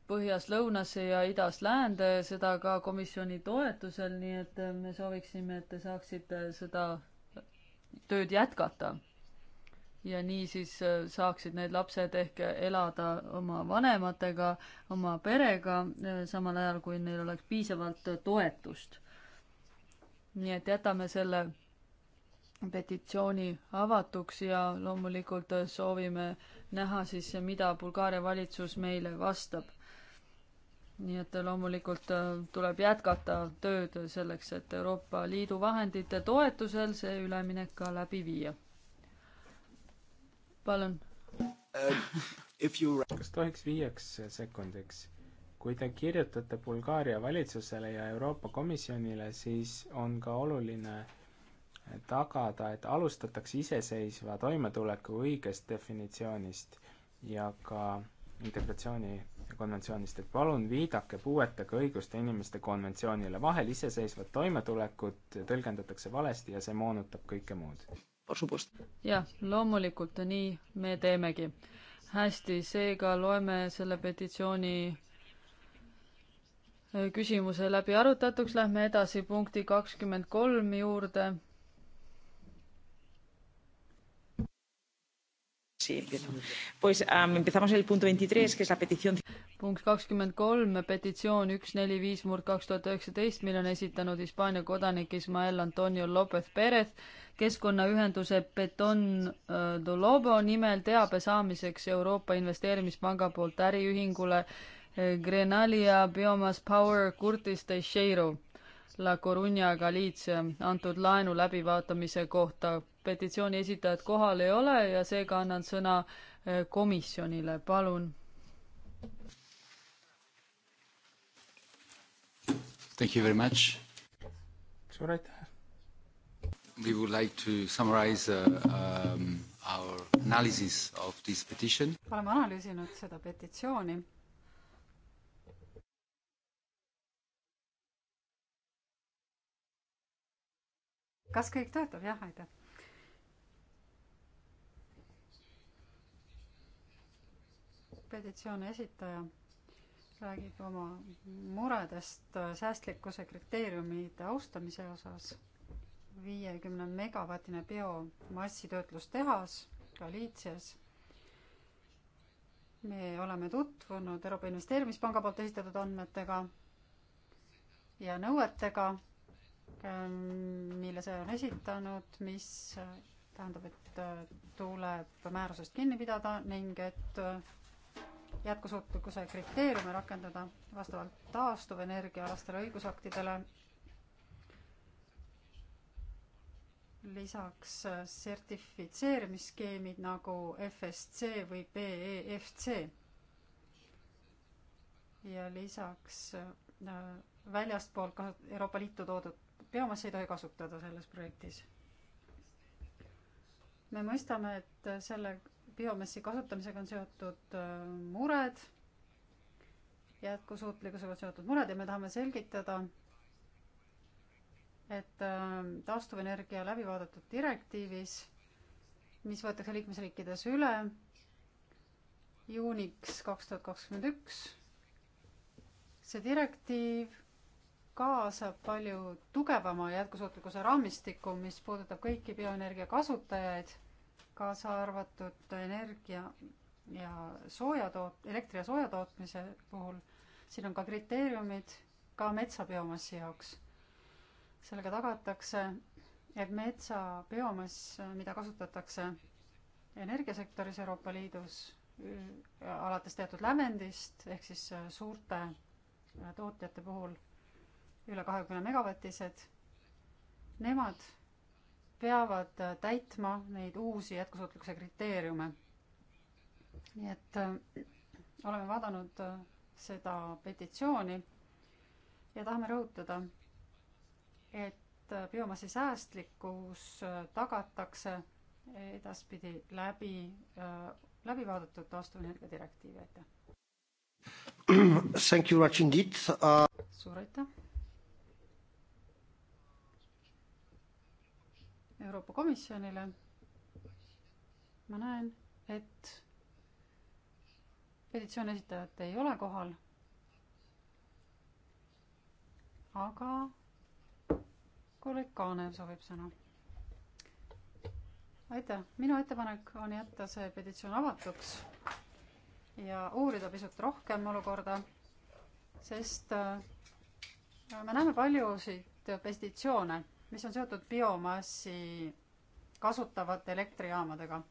S3: põhjas lõunasse ja idast läände, seda ka komisjoni toetusel, nii et me sooviksime, et te saaksite seda tööd jätkata. ja niisiis äh, saaksid need lapsed ehk elada oma vanematega, oma perega, äh, samal ajal kui neil oleks piisavalt äh, toetust. nii et jätame selle petitsiooni avatuks ja loomulikult soovime näha siis, mida Bulgaaria valitsus meile vastab nii et loomulikult äh, tuleb jätkata tööd selleks, et Euroopa Liidu vahendite toetusel see üleminek ka läbi viia. palun
S2: uh, kas tohiks viieks sekundiks? kui te kirjutate Bulgaaria valitsusele ja Euroopa Komisjonile, siis on ka oluline tagada, et alustatakse iseseisva toimetuleku õigest definitsioonist ja ka integratsiooni konventsioonist, et palun viidake puuetega õiguste inimeste konventsioonile, vahel iseseisvat toimetulekut tõlgendatakse valesti ja see moonutab kõike muud.
S3: jah, loomulikult nii me teemegi. hästi, seega loeme selle petitsiooni äh, küsimuse läbi arutatuks, lähme edasi punkti kakskümmend kolm juurde
S1: Sí, empiezo. Pues um, empezamos el punto 23, que es la petición.
S3: punkt kakskümmend kolm, petitsioon üks neli viis murd kaks tuhat üheksateist, mille on esitanud Hispaania kodanik Ismael Antonio Lopez Perez keskkonnaühenduse Beton äh, do Lobo nimel teabe saamiseks Euroopa Investeerimispanga poolt äriühingule äh, Grenalia Biomass Power Curtis Teixeiro La Coruñaga liits antud laenu läbivaatamise kohta petitsiooni esitajat kohal ei ole ja seega annan sõna eh, komisjonile, palun.
S2: Thank you very much. suur aitäh. We would like to summarize uh, um, our analysis of this petition.
S5: oleme analüüsinud seda petitsiooni kas kõik töötab, jah, aitäh. petitsiooni esitaja räägib oma muredest äh, säästlikkuse kriteeriumide austamise osas. viiekümne megavatine biomassitöötlustehas Galiitsias. me oleme tutvunud Euroopa Investeerimispanga poolt esitatud andmetega ja nõuetega, ähm, mille see on esitanud, mis äh, tähendab, et äh, tuleb määrusest kinni pidada ning et jätkusuutlikkuse kriteeriume rakendada vastavalt taastuvenergiaalastele õigusaktidele. lisaks sertifitseerimisskeemid nagu FSC või BEFC. ja lisaks äh, väljastpoolt Euroopa Liitu toodud biomassi ei tohi kasutada selles projektis. me mõistame, et selle biomassi kasutamisega on seotud äh, mured, jätkusuutlikkusega seotud mured ja me tahame selgitada, et äh, taastuvenergia läbivaadatud direktiivis, mis võetakse liikmesriikides üle juuniks kaks tuhat kakskümmend üks, see direktiiv kaasab palju tugevama jätkusuutlikkuse raamistiku, mis puudutab kõiki bioenergia kasutajaid kaasa arvatud energia ja soojatoot-, elektri ja sooja tootmise puhul. siin on ka kriteeriumid ka metsabiomassi jaoks. sellega tagatakse, et metsabiomass, mida kasutatakse energiasektoris Euroopa Liidus alates teatud lävendist ehk siis äh, suurte äh, tootjate puhul üle kahekümne megavatised, nemad peavad äh, täitma neid uusi jätkusuutlikkuse kriteeriume. nii et äh, oleme vaadanud äh, seda petitsiooni ja tahame rõhutada, et biomassi säästlikkus tagatakse edaspidi läbi, läbi vaadatud taastuvenergia direktiivi, aitäh! Thank you much indeed uh.... suur aitäh! Euroopa Komisjonile. ma näen, et petitsiooni esitajat ei ole kohal. aga kolleeg Kaanev soovib sõna. aitäh, minu ettepanek on jätta see petitsioon avatuks ja uurida pisut rohkem olukorda, sest äh, me näeme paljusid petitsioone mis on seotud biomassi kasutavate elektrijaamadega.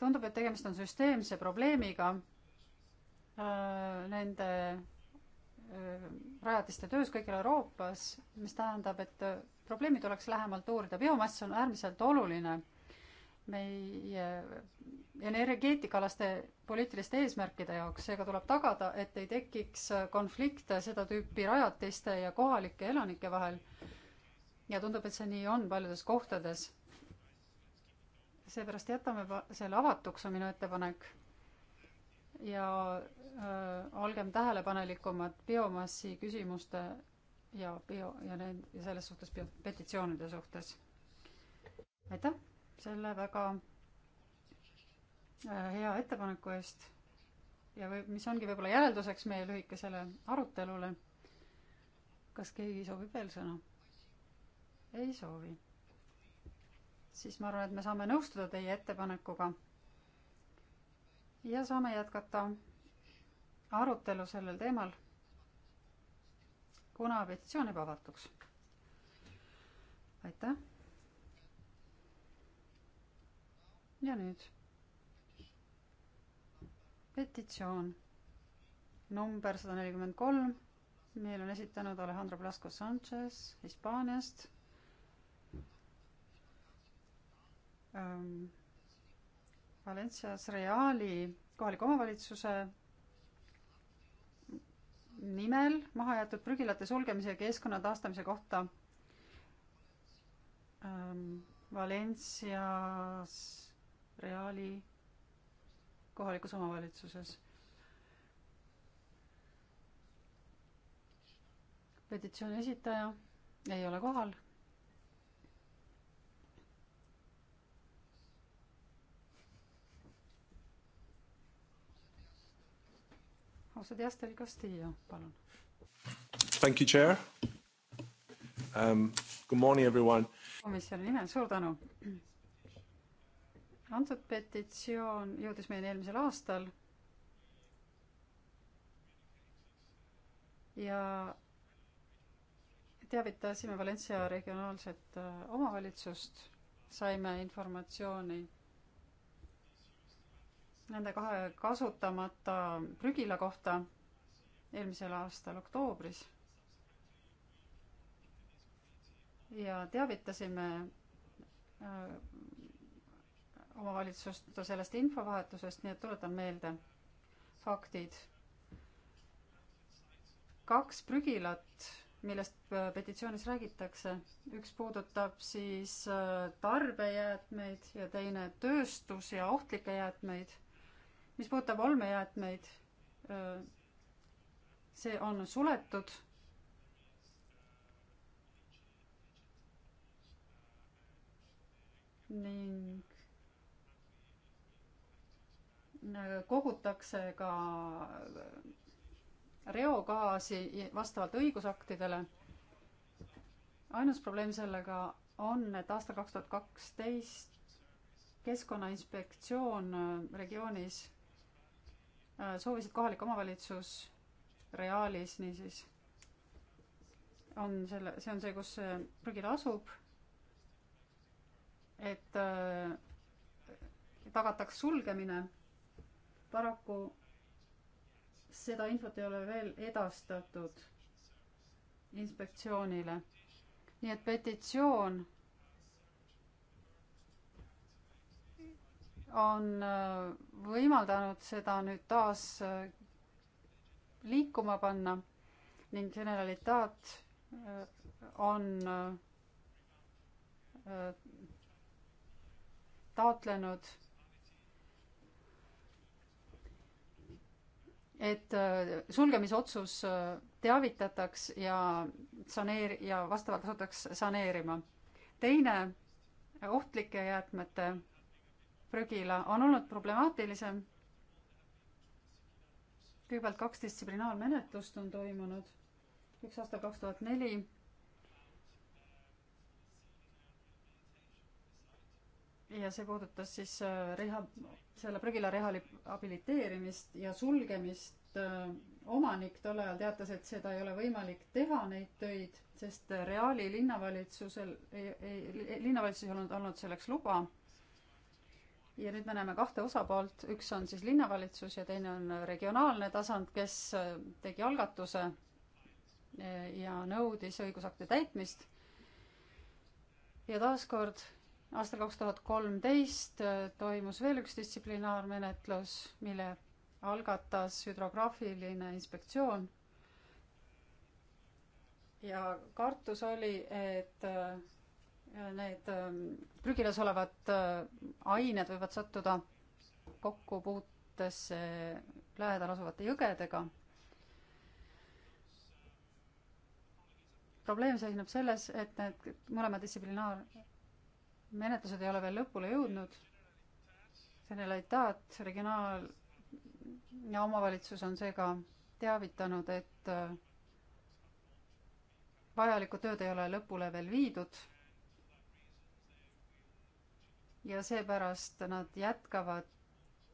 S5: tundub, et tegemist on süsteemse probleemiga äh, nende äh, rajatiste töös kõigil Euroopas, mis tähendab, et äh, probleemi tuleks lähemalt uurida. biomass on äärmiselt oluline meie energeetikaalaste poliitiliste eesmärkide jaoks, seega tuleb tagada, et ei tekiks konflikte seda tüüpi rajatiste ja kohalike elanike vahel ja tundub, et see nii on paljudes kohtades. seepärast jätame selle avatuks, on minu ettepanek. ja äh, olgem tähelepanelikumad biomassi küsimuste ja bio ja need ja selles suhtes bio, petitsioonide suhtes. aitäh selle väga äh, hea ettepaneku eest ja või mis ongi võib-olla järelduseks meie lühikesele arutelule. kas keegi soovib veel sõna? ei soovi. siis ma arvan, et me saame nõustuda teie ettepanekuga. ja saame jätkata arutelu sellel teemal, kuna petitsioon jääb avatuks. aitäh. ja nüüd petitsioon number sada nelikümmend kolm, meil on esitanud Alejandro Blasco Sanchez Hispaaniast ähm, Valencias Reali kohaliku omavalitsuse nimel mahajäetud prügilate sulgemise ja keskkonna taastamise kohta ähm, Valencias Reali kohalikus omavalitsuses. petitsiooni esitaja ei ole kohal Osadjas del Castillo, palun.
S1: Thank you, chair um,. Good morning, everyone.
S5: komisjoni nimel suur tänu. antud petitsioon jõudis meieni eelmisel aastal. ja teavitasime Valencia regionaalset äh, omavalitsust, saime informatsiooni nende kahe kasutamata prügila kohta eelmisel aastal oktoobris. ja teavitasime äh, omavalitsust sellest infovahetusest, nii et tuletan meelde faktid. kaks prügilat, millest äh, petitsioonis räägitakse, üks puudutab siis äh, tarbejäätmeid ja teine tööstus ja ohtlikke jäätmeid mis puudutab olmejäätmeid, see on suletud. ning kogutakse ka reogaasi vastavalt õigusaktidele. ainus probleem sellega on, et aastal kaks tuhat kaksteist Keskkonnainspektsioon regioonis Äh, soovisid kohalik omavalitsus Reaalis niisiis on selle, see on see, kus see prügila asub, et äh, tagataks sulgemine. paraku seda infot ei ole veel edastatud inspektsioonile. nii et petitsioon on äh, võimaldanud seda nüüd taas äh, liikuma panna ning generalitaat äh, on taotlenud, et sulgemisotsus teavitataks ja saneer- ja vastavalt asutaks saneerima. teine ohtlike jäätmete prügila on olnud problemaatilisem. kõigepealt kaks distsiplinaarmenetlust on toimunud, üks aastal kaks tuhat neli. ja see puudutas siis äh, reha, selle prügila rehabiliteerimist ja sulgemist. Äh, omanik tol ajal teatas, et seda ei ole võimalik teha, neid töid, sest äh, Reali linnavalitsusel, linnavalitsusel ei olnud, olnud selleks luba ja nüüd me näeme kahte osapoolt, üks on siis linnavalitsus ja teine on regionaalne tasand, kes äh, tegi algatuse äh, ja nõudis õigusakti täitmist. ja taaskord aastal kaks tuhat kolmteist äh, toimus veel üks distsiplinaarmenetlus, mille algatas hüdrograafiline inspektsioon. ja kartus oli, et need ähm, prügilas olevad äh, ained võivad sattuda kokkupuutesse lähedal asuvate jõgedega. probleem seisneb selles, et need mõlemad distsiplinaarmenetlused ei ole veel lõpule jõudnud. Senelaitat, regionaal- ja omavalitsus on seega teavitanud, et äh, vajalikku tööd ei ole lõpule veel viidud ja seepärast nad jätkavad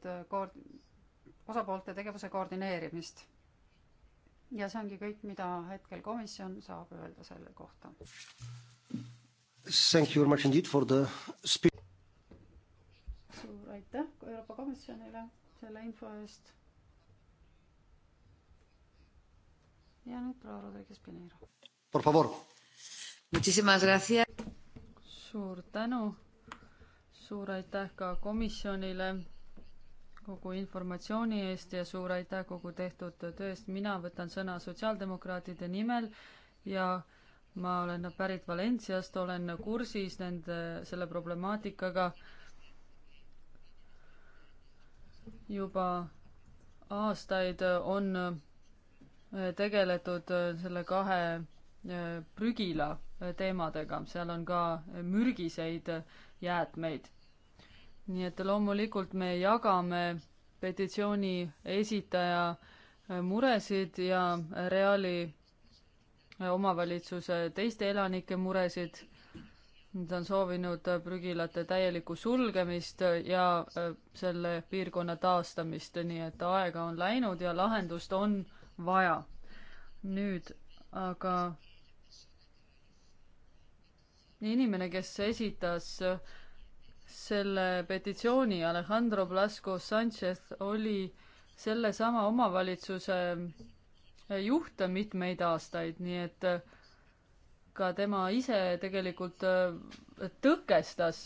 S5: äh, koord-, osapoolte tegevuse koordineerimist. ja see ongi kõik, mida hetkel komisjon saab öelda selle kohta. Thank you very much indeed for the speech. suur aitäh Euroopa Komisjonile selle info eest. ja nüüd proua Rodriguez Pinheiro. Por favor. Muchísimas gracias. suur tänu
S3: suur aitäh ka komisjonile kogu informatsiooni eest ja suur aitäh kogu tehtud töö eest. mina võtan sõna sotsiaaldemokraatide nimel ja ma olen pärit Valentsiast, olen kursis nende, selle problemaatikaga juba aastaid on tegeletud selle kahe e, prügila teemadega, seal on ka mürgiseid jäätmeid nii et loomulikult me jagame petitsiooni esitaja äh, muresid ja Reali äh, omavalitsuse teiste elanike muresid. Nad on soovinud äh, prügilate täielikku sulgemist ja selle piirkonna taastamist, nii et aega on läinud ja lahendust on vaja. nüüd aga inimene, kes esitas selle petitsiooni Alejandro Blasco Sanchez oli sellesama omavalitsuse eh, juht mitmeid aastaid, nii et eh, ka tema ise tegelikult eh, tõkestas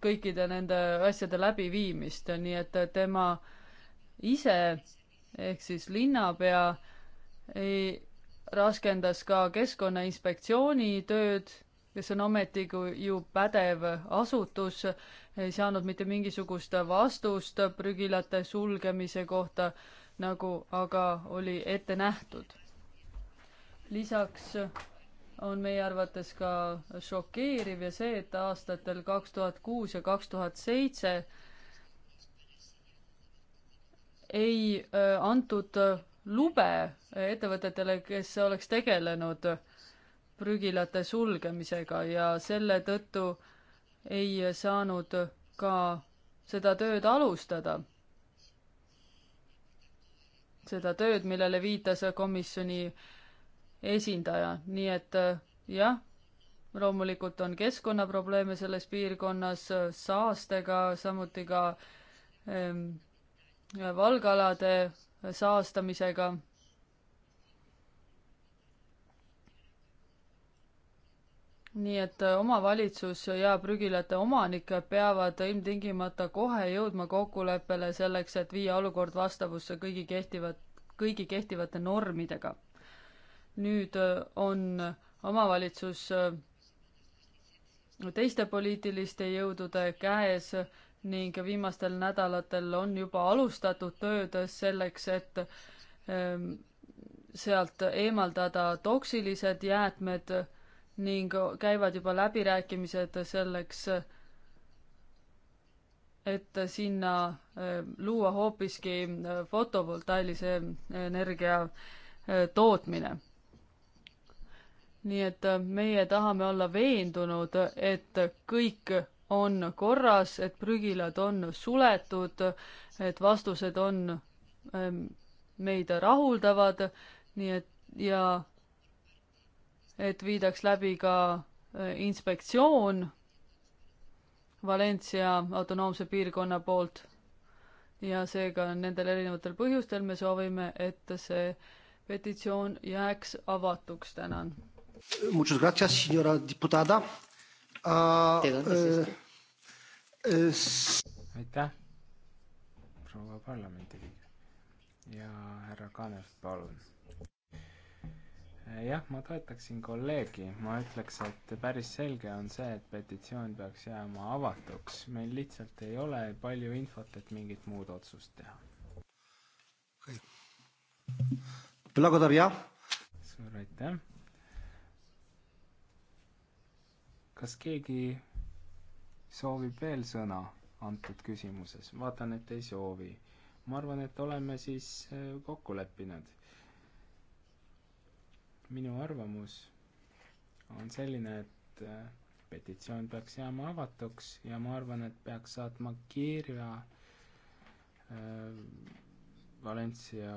S3: kõikide nende asjade läbiviimist, nii et tema ise ehk siis linnapea ei raskendas ka Keskkonnainspektsiooni tööd kes on ometiga ju pädev asutus, ei saanud mitte mingisugust vastust prügilate sulgemise kohta, nagu aga oli ette nähtud. lisaks on meie arvates ka šokeeriv ja see, et aastatel kaks tuhat kuus ja kaks tuhat seitse ei äh, antud lube ettevõtetele, kes oleks tegelenud prügilate sulgemisega ja selle tõttu ei saanud ka seda tööd alustada. seda tööd, millele viitas komisjoni esindaja, nii et äh, jah, loomulikult on keskkonnaprobleeme selles piirkonnas, saastega, samuti ka ähm, valgalade saastamisega nii et äh, omavalitsus ja prügilate omanik peavad ilmtingimata kohe jõudma kokkuleppele selleks, et viia olukord vastavusse kõigi kehtivat, kõigi kehtivate normidega. nüüd äh, on omavalitsus äh, teiste poliitiliste jõudude käes ning viimastel nädalatel on juba alustatud tööd selleks, et ähm, sealt eemaldada toksilised jäätmed ning käivad juba läbirääkimised selleks, et sinna äh, luua hoopiski äh, fotovoltailise äh, energia tootmine. nii et meie tahame olla veendunud, et kõik on korras, et prügilad on suletud, et vastused on ähm, meid rahuldavad, nii et ja et viidaks läbi ka äh, inspektsioon Valencia autonoomse piirkonna poolt ja seega nendel erinevatel põhjustel me soovime, et see petitsioon jääks avatuks, tänan.
S5: Muchas gracias, senora diputada uh,. Uh,
S2: uh, aitäh, proua parlamendiliige ja härra Kaanep, palun Eh, jah, ma toetaksin kolleegi, ma ütleks, et päris selge on see, et petitsioon peaks jääma avatuks, meil lihtsalt ei ole palju infot, et mingit muud otsust teha. suur aitäh. kas keegi soovib veel sõna antud küsimuses? vaatan, et ei soovi. ma arvan, et oleme siis eh, kokku leppinud minu arvamus on selline, et äh, petitsioon peaks jääma avatuks ja ma arvan, et peaks saatma kirja äh, Valencia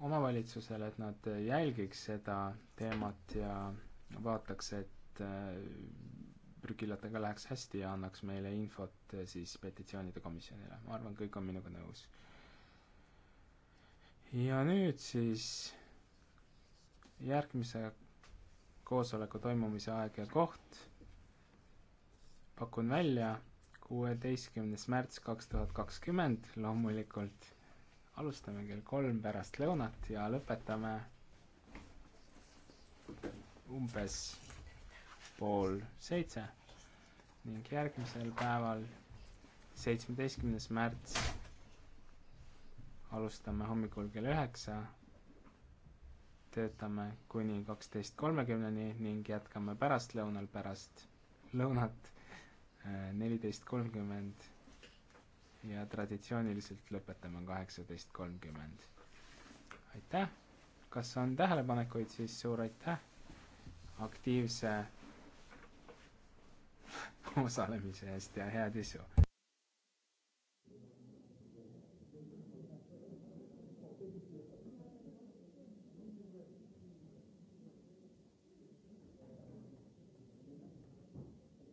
S2: omavalitsusele, et nad jälgiks seda teemat ja vaataks, et äh, prügilatega läheks hästi ja annaks meile infot äh, siis petitsioonide komisjonile. ma arvan, kõik on minuga nõus. ja nüüd siis järgmise koosoleku toimumise aeg ja koht pakun välja kuueteistkümnes märts kaks tuhat kakskümmend, loomulikult alustame kell kolm pärast lõunat ja lõpetame umbes pool seitse ning järgmisel päeval, seitsmeteistkümnes märts, alustame hommikul kell üheksa töötame kuni kaksteist kolmekümneni ning jätkame pärastlõunal pärast lõunat äh, neliteist kolmkümmend ja traditsiooniliselt lõpetame kaheksateist kolmkümmend. aitäh, kas on tähelepanekuid, siis suur aitäh aktiivse osalemise eest ja head isu!